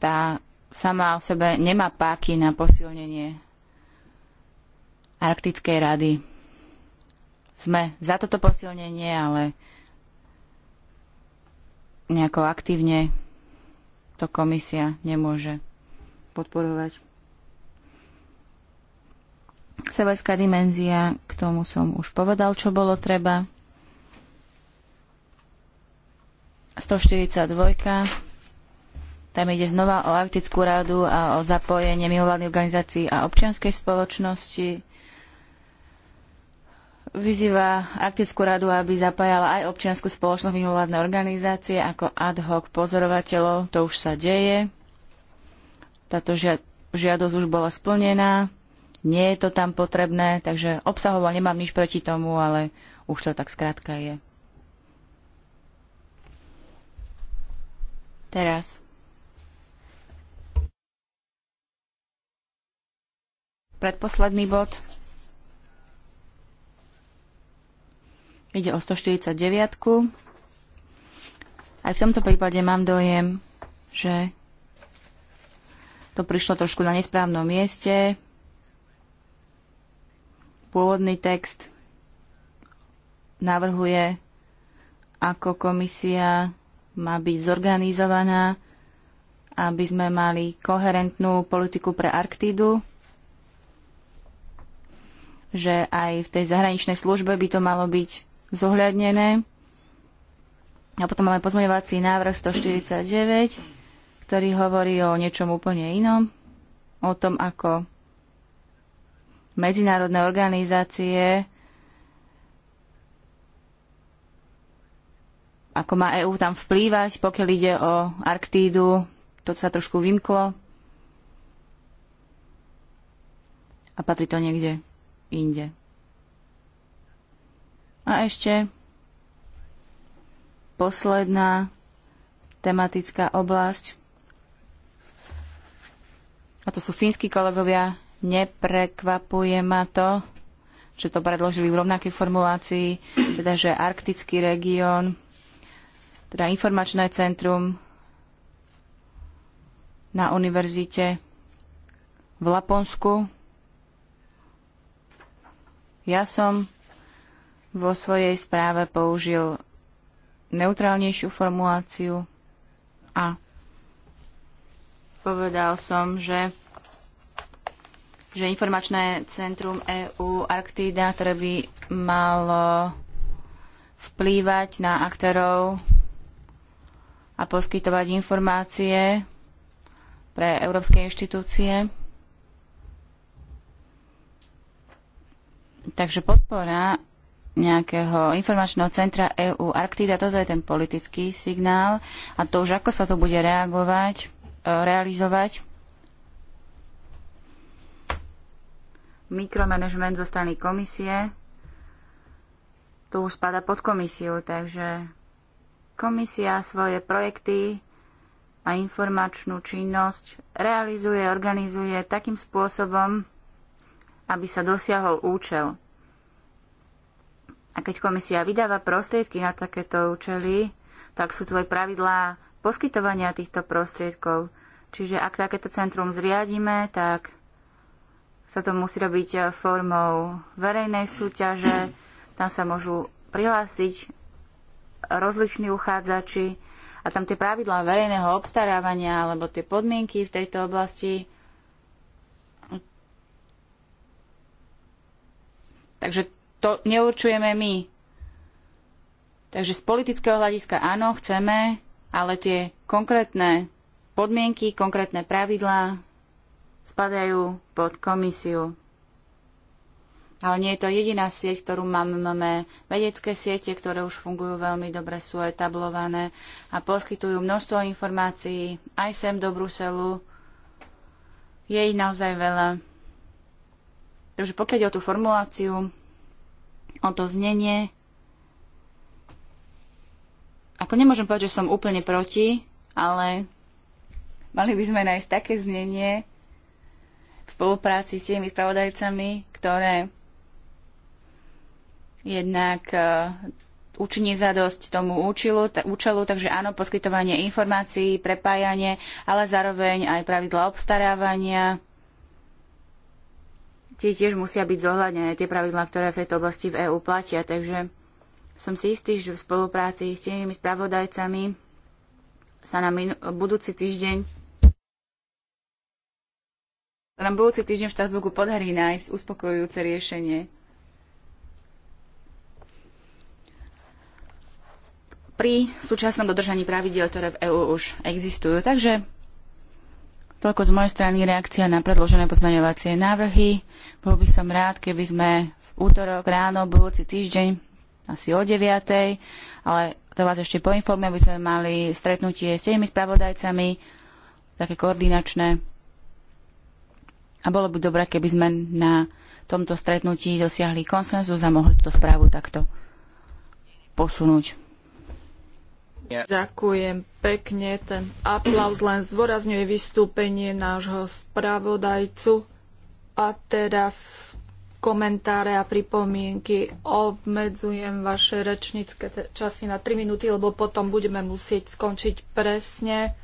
tá sama o sebe nemá páky na posilnenie Arktickej rady. Sme za toto posilnenie, ale nejako aktívne to komisia nemôže podporovať. Sebeská dimenzia, k tomu som už povedal, čo bolo treba. 142. Tam ide znova o Arktickú radu a o zapojenie milovaných organizácií a občianskej spoločnosti. Vyzýva Arktickú radu, aby zapájala aj občiansku spoločnosť mimovládne organizácie ako ad hoc pozorovateľov. To už sa deje. Táto žiadosť už bola splnená, nie je to tam potrebné, takže obsahovo nemám nič proti tomu, ale už to tak skrátka je. Teraz. Predposledný bod. Ide o 149. Aj v tomto prípade mám dojem, že to prišlo trošku na nesprávnom mieste. Pôvodný text navrhuje, ako komisia má byť zorganizovaná, aby sme mali koherentnú politiku pre Arktídu že aj v tej zahraničnej službe by to malo byť zohľadnené. A potom máme pozmeňovací návrh 149 ktorý hovorí o niečom úplne inom, o tom, ako medzinárodné organizácie ako má EÚ tam vplývať, pokiaľ ide o Arktídu. To sa trošku vymklo. A patrí to niekde inde. A ešte posledná tematická oblasť, a to sú fínsky kolegovia, neprekvapuje ma to, že to predložili v rovnakej formulácii, teda že arktický región, teda informačné centrum na univerzite v Laponsku. Ja som vo svojej správe použil neutrálnejšiu formuláciu a Povedal som, že že informačné centrum EU Arktída, ktoré by malo vplývať na aktérov a poskytovať informácie pre európske inštitúcie. Takže podpora nejakého informačného centra EU Arktida, toto je ten politický signál a to už ako sa to bude reagovať realizovať. Mikromanagement zo strany komisie. Tu už spada pod komisiu, takže komisia svoje projekty a informačnú činnosť realizuje, organizuje takým spôsobom, aby sa dosiahol účel. A keď komisia vydáva prostriedky na takéto účely, tak sú tu aj pravidlá poskytovania týchto prostriedkov. Čiže ak takéto centrum zriadíme, tak sa to musí robiť eh, formou verejnej súťaže. Tam sa môžu prihlásiť rozliční uchádzači a tam tie pravidlá verejného obstarávania alebo tie podmienky v tejto oblasti. Takže to neurčujeme my. Takže z politického hľadiska áno, chceme ale tie konkrétne podmienky, konkrétne pravidlá spadajú pod komisiu. Ale nie je to jediná sieť, ktorú máme. Máme vedecké siete, ktoré už fungujú veľmi dobre, sú etablované a poskytujú množstvo informácií aj sem do Bruselu. Je ich naozaj veľa. Takže pokiaľ o tú formuláciu, o to znenie, ako nemôžem povedať, že som úplne proti, ale mali by sme nájsť také znenie v spolupráci s tými spravodajcami, ktoré jednak uh, učiní zadosť tomu účilu, t- účelu, takže áno, poskytovanie informácií, prepájanie, ale zároveň aj pravidla obstarávania. Tie tiež musia byť zohľadnené, tie pravidlá, ktoré v tejto oblasti v EÚ platia, takže som si istý, že v spolupráci s tými spravodajcami sa na budúci týždeň sa nám budúci týždeň v Štrasburgu podarí nájsť uspokojujúce riešenie. pri súčasnom dodržaní pravidiel, ktoré v EÚ už existujú. Takže toľko z mojej strany reakcia na predložené pozmeňovacie návrhy. Bol by som rád, keby sme v útorok ráno, budúci týždeň, asi o 9. Ale to vás ešte poinformujem, aby sme mali stretnutie s tými spravodajcami, také koordinačné. A bolo by dobré, keby sme na tomto stretnutí dosiahli konsenzus a mohli túto správu takto posunúť. Ďakujem pekne. Ten aplauz len zdôrazňuje vystúpenie nášho spravodajcu. A teraz komentáre a pripomienky. Obmedzujem vaše rečnícke časy na 3 minúty, lebo potom budeme musieť skončiť presne.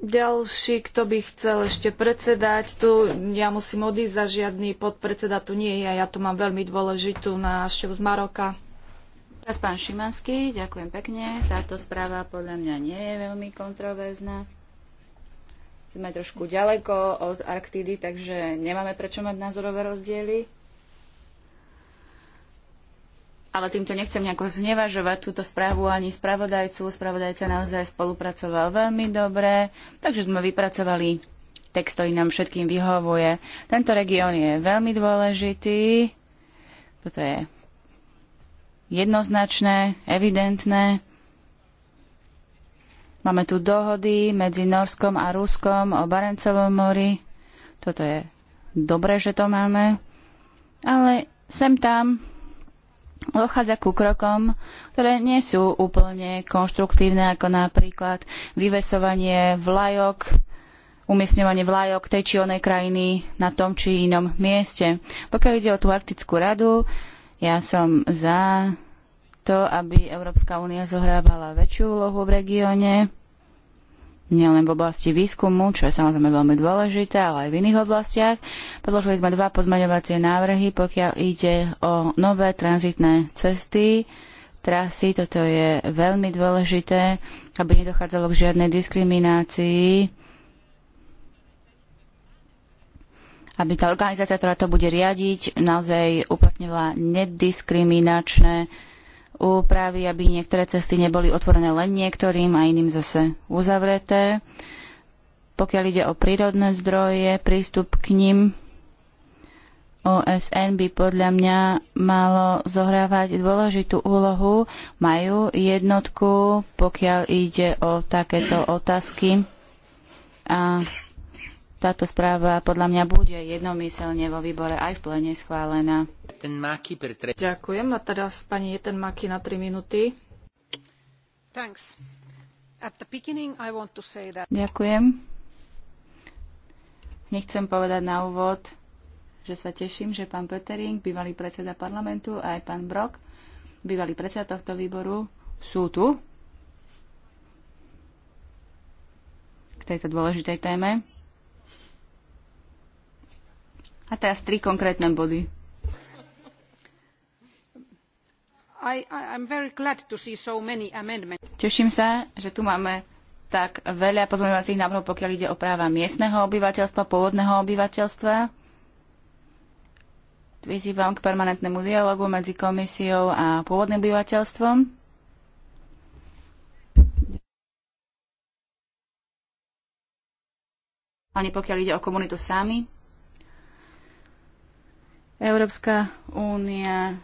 Ďalší, kto by chcel ešte predsedať, tu ja musím odísť za žiadny podpredseda, tu nie je a ja tu mám veľmi dôležitú návštevu z Maroka. Teraz pán Šimanský, ďakujem pekne. Táto správa podľa mňa nie je veľmi kontroverzná. Sme trošku ďaleko od Arktídy, takže nemáme prečo mať názorové rozdiely. Ale týmto nechcem nejako znevažovať túto správu ani spravodajcu. Spravodajca naozaj spolupracoval veľmi dobre, takže sme vypracovali text, ktorý nám všetkým vyhovuje. Tento región je veľmi dôležitý, toto je jednoznačné, evidentné. Máme tu dohody medzi Norskom a Ruskom o Barencovom mori. Toto je dobré, že to máme. Ale sem tam dochádza ku krokom, ktoré nie sú úplne konštruktívne, ako napríklad vyvesovanie vlajok, umiestňovanie vlajok tej či onej krajiny na tom či inom mieste. Pokiaľ ide o tú Arktickú radu, ja som za to, aby Európska únia zohrávala väčšiu úlohu v regióne, nielen v oblasti výskumu, čo je samozrejme veľmi dôležité, ale aj v iných oblastiach. Predložili sme dva pozmeňovacie návrhy, pokiaľ ide o nové tranzitné cesty, trasy. Toto je veľmi dôležité, aby nedochádzalo k žiadnej diskriminácii aby tá organizácia, ktorá to bude riadiť, naozaj uplatnila nediskriminačné úpravy, aby niektoré cesty neboli otvorené len niektorým a iným zase uzavreté. Pokiaľ ide o prírodné zdroje, prístup k nim OSN by podľa mňa malo zohrávať dôležitú úlohu. Majú jednotku, pokiaľ ide o takéto otázky. A táto správa podľa mňa bude jednomyselne vo výbore aj v plene schválená. Tre... Ďakujem. A teraz pani Jetenmaki na 3 minúty. That... Ďakujem. Nechcem povedať na úvod, že sa teším, že pán Petering, bývalý predseda parlamentu a aj pán Brok, bývalý predseda tohto výboru, sú tu k tejto dôležitej téme. A teraz tri konkrétne body. Teším sa, že tu máme tak veľa pozmeňovacích návrhov, pokiaľ ide o práva miestneho obyvateľstva, pôvodného obyvateľstva. Vyzývam k permanentnému dialogu medzi komisiou a pôvodným obyvateľstvom. Ani pokiaľ ide o komunitu sami, Európska únia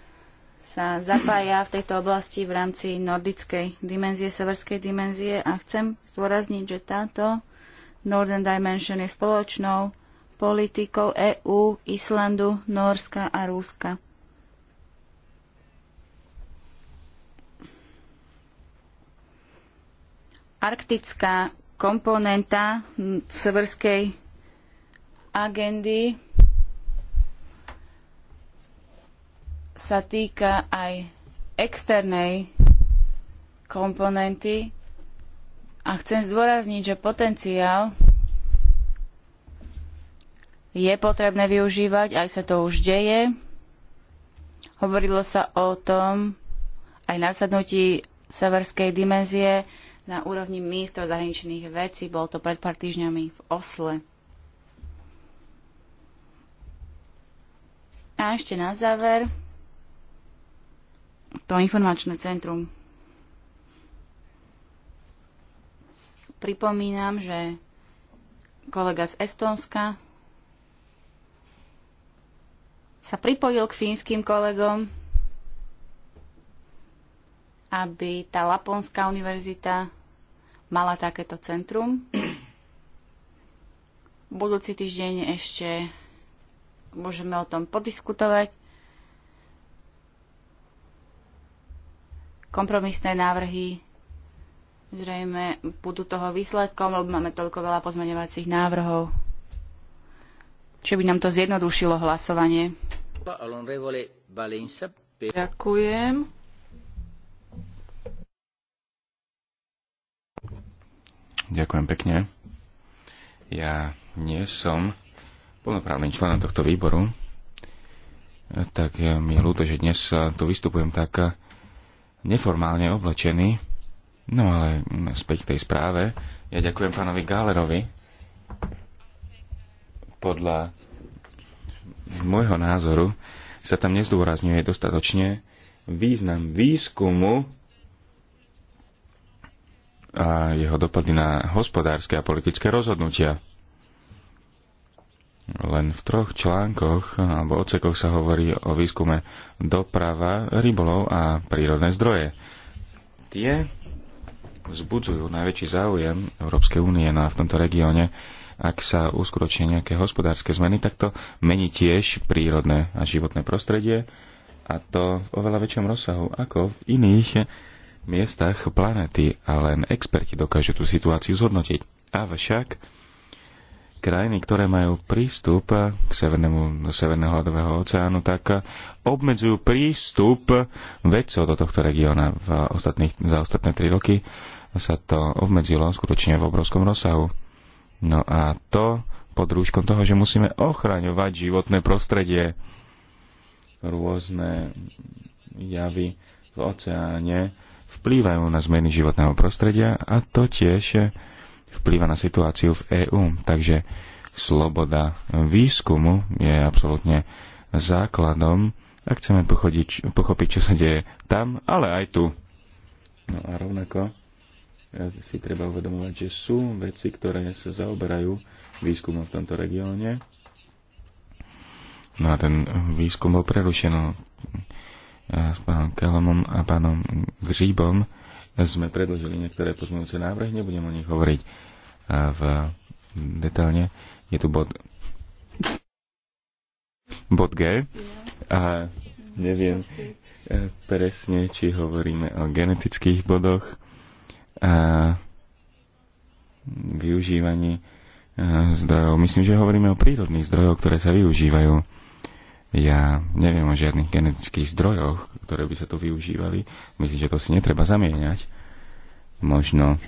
sa zapája v tejto oblasti v rámci nordickej dimenzie, severskej dimenzie a chcem zdôrazniť, že táto Northern Dimension je spoločnou politikou EÚ, Islandu, Norska a Rúska. Arktická komponenta severskej agendy sa týka aj externej komponenty a chcem zdôrazniť, že potenciál je potrebné využívať, aj sa to už deje. Hovorilo sa o tom aj na sadnutí severskej dimenzie na úrovni ministrov zahraničných vecí. Bolo to pred pár týždňami v Osle. A ešte na záver to informačné centrum. Pripomínam, že kolega z Estónska sa pripojil k fínskym kolegom, aby tá Laponská univerzita mala takéto centrum. Budúci týždeň ešte môžeme o tom podiskutovať. kompromisné návrhy zrejme budú toho výsledkom, lebo máme toľko veľa pozmeňovacích návrhov. Či by nám to zjednodušilo hlasovanie. Ďakujem. Ďakujem pekne. Ja nie som plnoprávnym členom tohto výboru, tak mi je ľúto, že dnes tu vystupujem tak neformálne oblečený, No ale späť k tej správe. Ja ďakujem pánovi Gálerovi. Podľa môjho názoru sa tam nezdôrazňuje dostatočne význam výskumu a jeho dopady na hospodárske a politické rozhodnutia. Len v troch článkoch alebo ocekoch sa hovorí o výskume doprava, rybolov a prírodné zdroje. Tie vzbudzujú najväčší záujem Európskej únie no a v tomto regióne ak sa uskutočnia nejaké hospodárske zmeny, tak to mení tiež prírodné a životné prostredie a to v oveľa väčšom rozsahu ako v iných miestach planéty a len experti dokážu tú situáciu zhodnotiť. Avšak krajiny, ktoré majú prístup k severnému, severného ľadového oceánu, tak obmedzujú prístup vedcov do tohto regióna. V ostatných, za ostatné tri roky sa to obmedzilo skutočne v obrovskom rozsahu. No a to pod rúškom toho, že musíme ochraňovať životné prostredie, rôzne javy v oceáne vplývajú na zmeny životného prostredia a to tiež vplýva na situáciu v EÚ. Takže sloboda výskumu je absolútne základom, ak chceme pochodiť, pochopiť, čo sa deje tam, ale aj tu. No a rovnako e, si treba uvedomovať, že sú veci, ktoré sa zaoberajú výskumom v tomto regióne. No a ten výskum bol prerušený e, s pánom Kelomom a pánom Gříbom sme predložili niektoré pozmujúce návrhy, nebudem o nich hovoriť v mm, detailne. Je tu bod... Bod G. A neviem e, presne, či hovoríme o genetických bodoch a využívaní e, zdrojov. Myslím, že hovoríme o prírodných zdrojoch, ktoré sa využívajú. Ja neviem o žiadnych genetických zdrojoch, ktoré by sa tu využívali. Myslím, že to si netreba zamieňať. Možno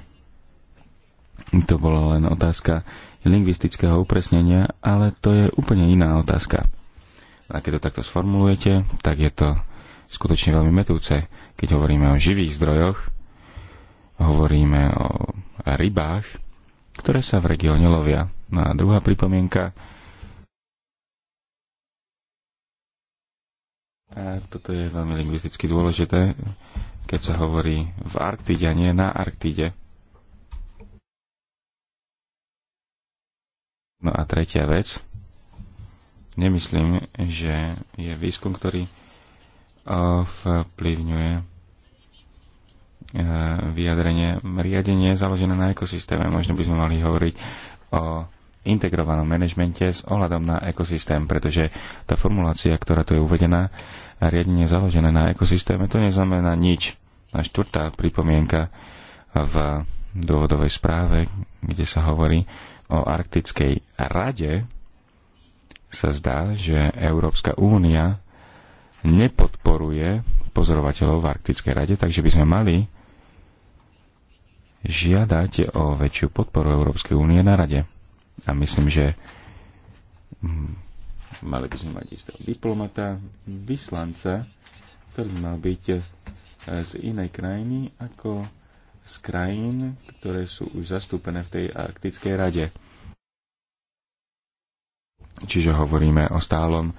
to bola len otázka lingvistického upresnenia, ale to je úplne iná otázka. A keď to takto sformulujete, tak je to skutočne veľmi metúce. Keď hovoríme o živých zdrojoch, hovoríme o rybách, ktoré sa v regióne lovia. No a druhá pripomienka. A toto je veľmi lingvisticky dôležité, keď sa hovorí v Arktíde a nie na Arktíde. No a tretia vec, nemyslím, že je výskum, ktorý eh, vplyvňuje eh, vyjadrenie riadenie založené na ekosystéme. Možno by sme mali hovoriť o integrovanom manažmente s ohľadom na ekosystém, pretože tá formulácia, ktorá tu je uvedená, riadenie založené na ekosystéme, to neznamená nič. A štvrtá pripomienka v dôvodovej správe, kde sa hovorí, o Arktickej rade, sa zdá, že Európska únia nepodporuje pozorovateľov v Arktickej rade, takže by sme mali žiadať o väčšiu podporu Európskej únie na rade. A myslím, že mm, mali by sme mať istého diplomata, vyslanca, ktorý mal byť eh, z inej krajiny ako z krajín, ktoré sú už zastúpené v tej arktickej rade. Čiže hovoríme o stálom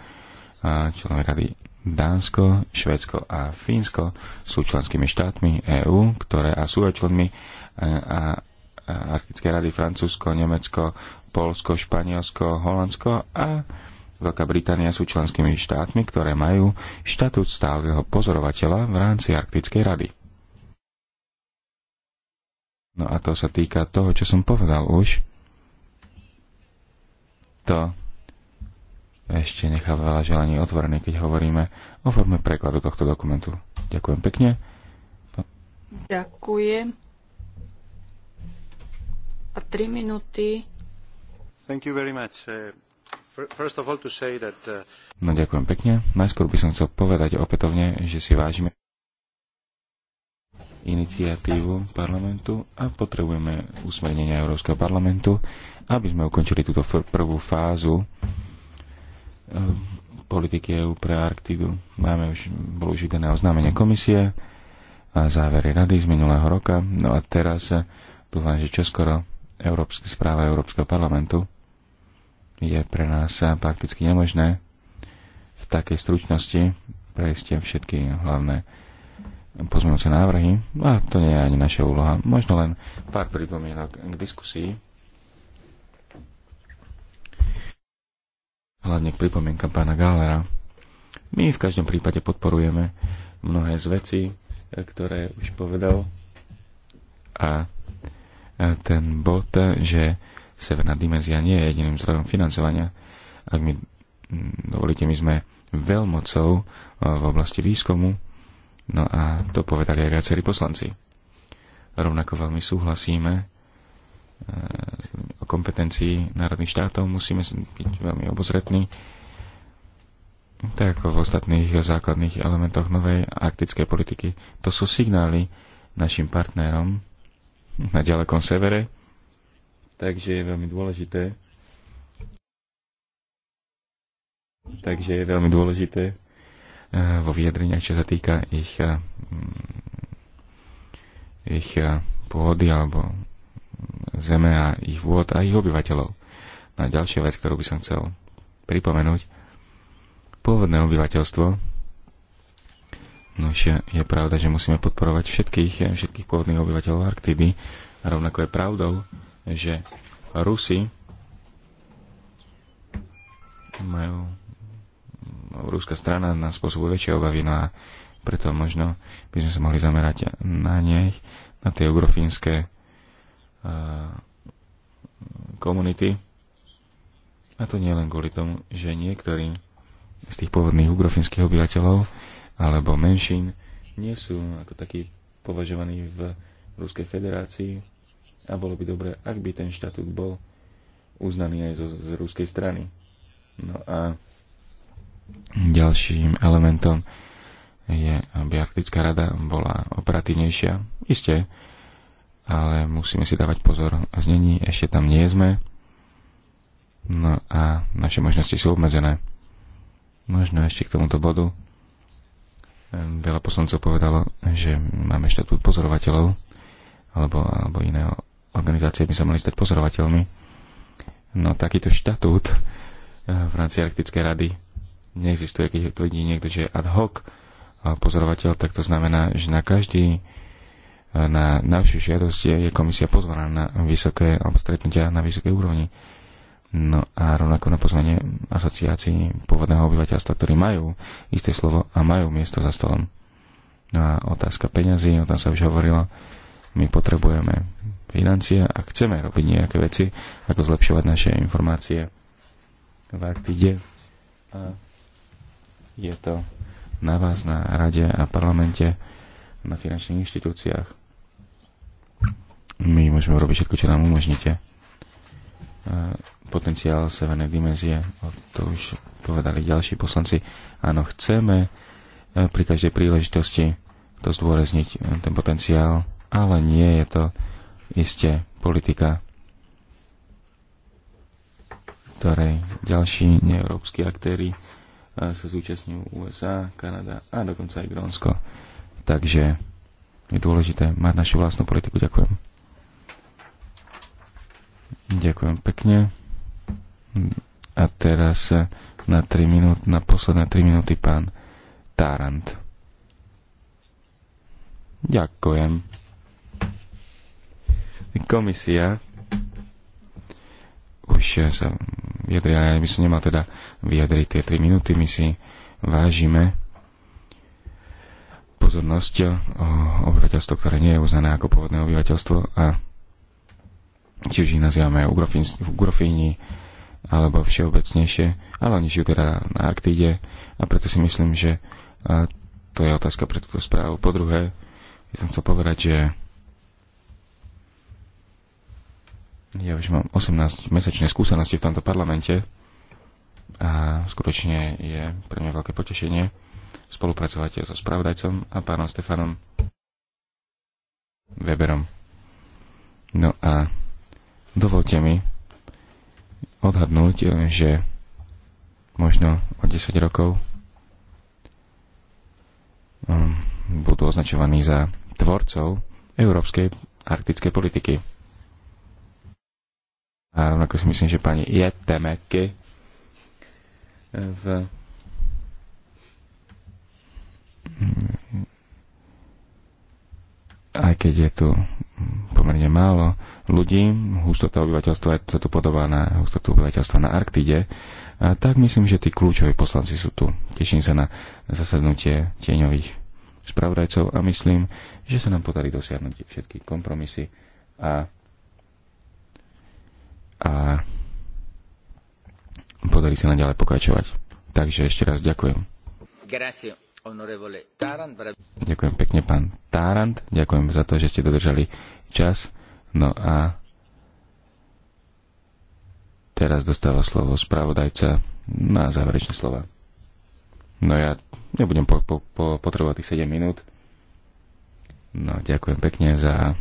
členom rady Dánsko, Švedsko a Fínsko sú členskými štátmi EÚ, ktoré a sú aj členmi e, a, a rady Francúzsko, Nemecko, Polsko, Španielsko, Holandsko a Veľká Británia sú členskými štátmi, ktoré majú štatút stáleho pozorovateľa v rámci Arktickej rady. No a to sa týka toho, čo som povedal už. To ešte necháva želanie otvorené, keď hovoríme o forme prekladu tohto dokumentu. Ďakujem pekne. Ďakujem. A tri minúty. Thank you very much. Uh, first of all to say that, uh, No ďakujem pekne. Najskôr by som chcel povedať opätovne, že si vážime iniciatívu parlamentu a potrebujeme usmernenia Európskeho parlamentu, aby sme ukončili túto prvú fázu eh, politiky EU pre Arktidu. Máme už, bolo už vydané oznámenie komisie a závery rady z minulého roka. No a teraz eh, dúfam, že čoskoro Európska správa Európskeho parlamentu je pre nás eh, prakticky nemožné v takej stručnosti prejsť všetky hlavné pozmeňujúce návrhy. No a to nie je ani naša úloha. Možno len pár pripomienok k diskusii. Hlavne k pripomienkam pána Gálera. My v každom prípade podporujeme mnohé z vecí, ktoré už povedal. A ten bod, že Severná dimenzia nie je jediným zdrojom financovania. Ak mi dovolíte, my sme veľmocou e, v oblasti výskumu, No a to povedali aj viacerí poslanci. Rovnako veľmi súhlasíme e, o kompetencii národných štátov. Musíme byť veľmi obozretní, tak ako v ostatných základných elementoch novej arktickej politiky. To sú signály našim partnerom na ďalekom severe, takže je veľmi dôležité, takže je veľmi dôležité Eh, vo vyjadreniach, čo sa týka ich, eh, mm, ich eh, pôdy alebo zeme a ich vôd a ich obyvateľov. No a ďalšia vec, ktorú by som chcel pripomenúť, pôvodné obyvateľstvo, No je pravda, že musíme podporovať všetkých, všetkých pôvodných obyvateľov Arktidy. A rovnako je pravdou, že Rusi majú ruská strana nám spôsobuje väčšie obavy, no a preto možno by sme sa mohli zamerať na nej, na tie eurofínske komunity. Uh, a to nie len kvôli tomu, že niektorí z tých pôvodných ugrofínskych obyvateľov alebo menšín nie sú ako takí považovaní v Ruskej federácii a bolo by dobré, ak by ten štatút bol uznaný aj zo, z ruskej strany. No a Ďalším elementom je, aby Arktická rada bola operatívnejšia. Isté, ale musíme si dávať pozor a znení, ešte tam nie sme. No a naše možnosti sú obmedzené. Možno ešte k tomuto bodu. Veľa poslancov povedalo, že máme štatút pozorovateľov alebo, alebo iné organizácie by sa mali stať pozorovateľmi. No takýto štatút v rámci Arktickej rady neexistuje. Keď tvrdí niekto, že je ad hoc pozorovateľ, tak to znamená, že na každý e, na navšiu žiadosť je komisia pozvaná na vysoké alebo stretnutia na vysokej úrovni. No a rovnako na pozvanie asociácií pôvodného obyvateľstva, ktorí majú isté slovo a majú miesto za stolom. No a otázka peňazí, o tom sa už hovorilo, my potrebujeme financie a chceme robiť nejaké veci, ako zlepšovať naše informácie v Arktide. A je to na vás, na rade a parlamente, na finančných inštitúciách. My môžeme robiť všetko, čo nám umožnite. Potenciál severnej dimenzie, to už povedali ďalší poslanci. Áno, chceme e, pri každej príležitosti to zdôrazniť, e, ten potenciál, ale nie je to isté politika, ktorej ďalší neeurópsky aktéry sa zúčastňujú USA, Kanada a dokonca aj Grónsko. Takže je dôležité mať našu vlastnú politiku. Ďakujem. Ďakujem pekne. A teraz na, 3 minút, na posledné 3 minúty pán Tarant. Ďakujem. Komisia už sa vyjadrila, ja by som nemal teda vyjadriť tie 3 minúty. My si vážime pozornosť o eh, obyvateľstvo, ktoré nie je uznané ako pôvodné obyvateľstvo a tiež ich nazývame Grofíni alebo všeobecnejšie, ale oni žijú teda na Arktíde a preto si myslím, že eh, to je otázka pre túto správu. Po druhé, by som chcel povedať, že ja už mám 18-mesačné skúsenosti v tomto parlamente a skutočne je pre mňa veľké potešenie spolupracovať so spravodajcom a pánom Stefanom Weberom. No a dovolte mi odhadnúť, že možno o 10 rokov um, budú označovaní za tvorcov európskej arktickej politiky. A rovnako si myslím, že pani Jetemeky v aj keď je tu pomerne málo ľudí, hustota obyvateľstva sa tu podobá na hustotu obyvateľstva na Arktide, a tak myslím, že tí kľúčoví poslanci sú tu. Teším sa na zasadnutie tieňových spravodajcov a myslím, že sa nám podarí dosiahnuť všetky kompromisy a, a podarí sa naďalej pokračovať. Takže ešte raz ďakujem. Ďakujem pekne, pán Tarant. Ďakujem za to, že ste dodržali čas. No a teraz dostáva slovo spravodajca na záverečné slova. No ja nebudem po, po, po, potrebovať tých 7 minút. No ďakujem pekne za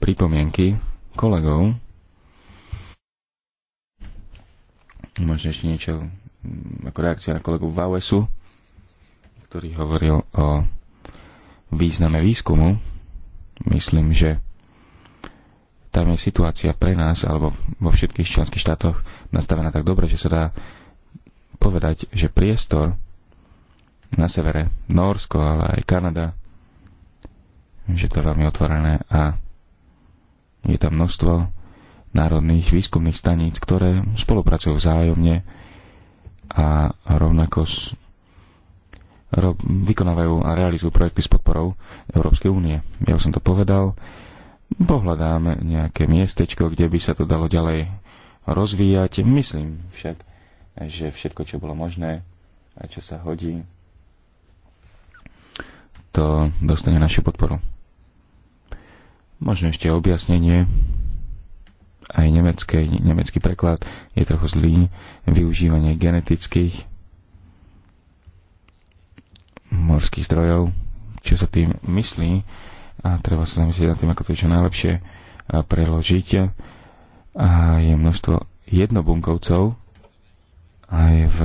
pripomienky kolegov. Možno ešte niečo mm, ako reakcia na kolegu Vauesu, ktorý hovoril o význame výskumu. Myslím, že tam je situácia pre nás, alebo vo všetkých členských štátoch nastavená tak dobre, že sa dá povedať, že priestor na severe, Norsko, ale aj Kanada, že to je veľmi otvorené a je tam množstvo národných výskumných staníc, ktoré spolupracujú vzájomne a rovnako s, ro, vykonávajú a realizujú projekty s podporou Európskej únie. Ja už som to povedal. Pohľadáme nejaké miestečko, kde by sa to dalo ďalej rozvíjať. Myslím však, že všetko, čo bolo možné a čo sa hodí, to dostane našu podporu. Možno ešte objasnenie aj nemecké, nemecký preklad je trochu zlý, využívanie genetických morských zdrojov, čo sa tým myslí a treba sa zamyslieť nad tým, ako to čo najlepšie preložiť. A je množstvo jednobunkovcov aj v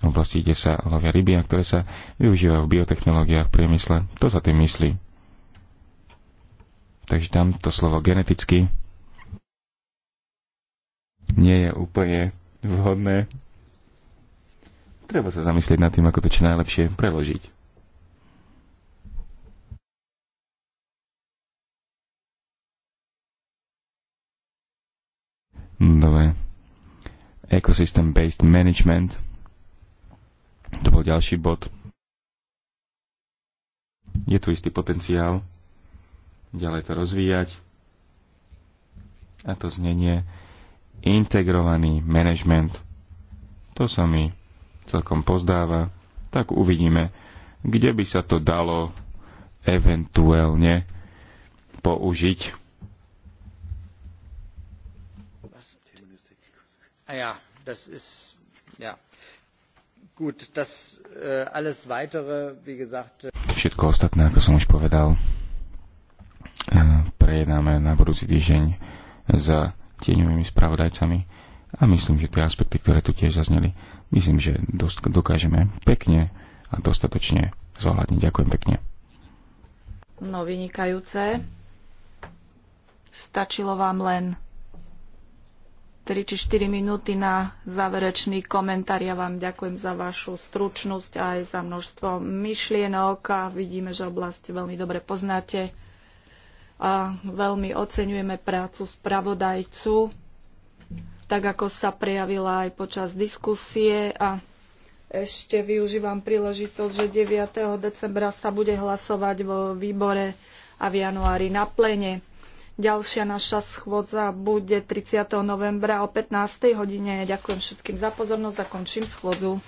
oblasti, kde sa lovia ryby a ktoré sa využívajú v biotechnológiách, v priemysle. To sa tým myslí. Takže tam to slovo geneticky nie je úplne vhodné. Treba sa zamyslieť nad tým, ako to čo najlepšie preložiť. Dobre. Ecosystem Based Management. To bol ďalší bod. Je tu istý potenciál ďalej to rozvíjať. A to znenie integrovaný manažment. To sa mi celkom pozdáva, tak uvidíme, kde by sa to dalo eventuálne použiť. Ah ja, das ist, ja. Gut, das uh, alles weitere, wie gesagt... Äh Všetko ostatné, ako som už povedal, äh, prejednáme na budúci týždeň za tieňovými spravodajcami a myslím, že tie aspekty, ktoré tu tiež zazneli, myslím, že dokážeme pekne a dostatočne zohľadniť. Ďakujem pekne. No, vynikajúce. Stačilo vám len 3 či 4 minúty na záverečný komentár. Ja vám ďakujem za vašu stručnosť aj za množstvo myšlienok a vidíme, že oblasti veľmi dobre poznáte a veľmi oceňujeme prácu spravodajcu, tak ako sa prejavila aj počas diskusie a ešte využívam príležitosť, že 9. decembra sa bude hlasovať vo výbore a v januári na plene. Ďalšia naša schôdza bude 30. novembra o 15. hodine. Ďakujem všetkým za pozornosť a končím schôdzu.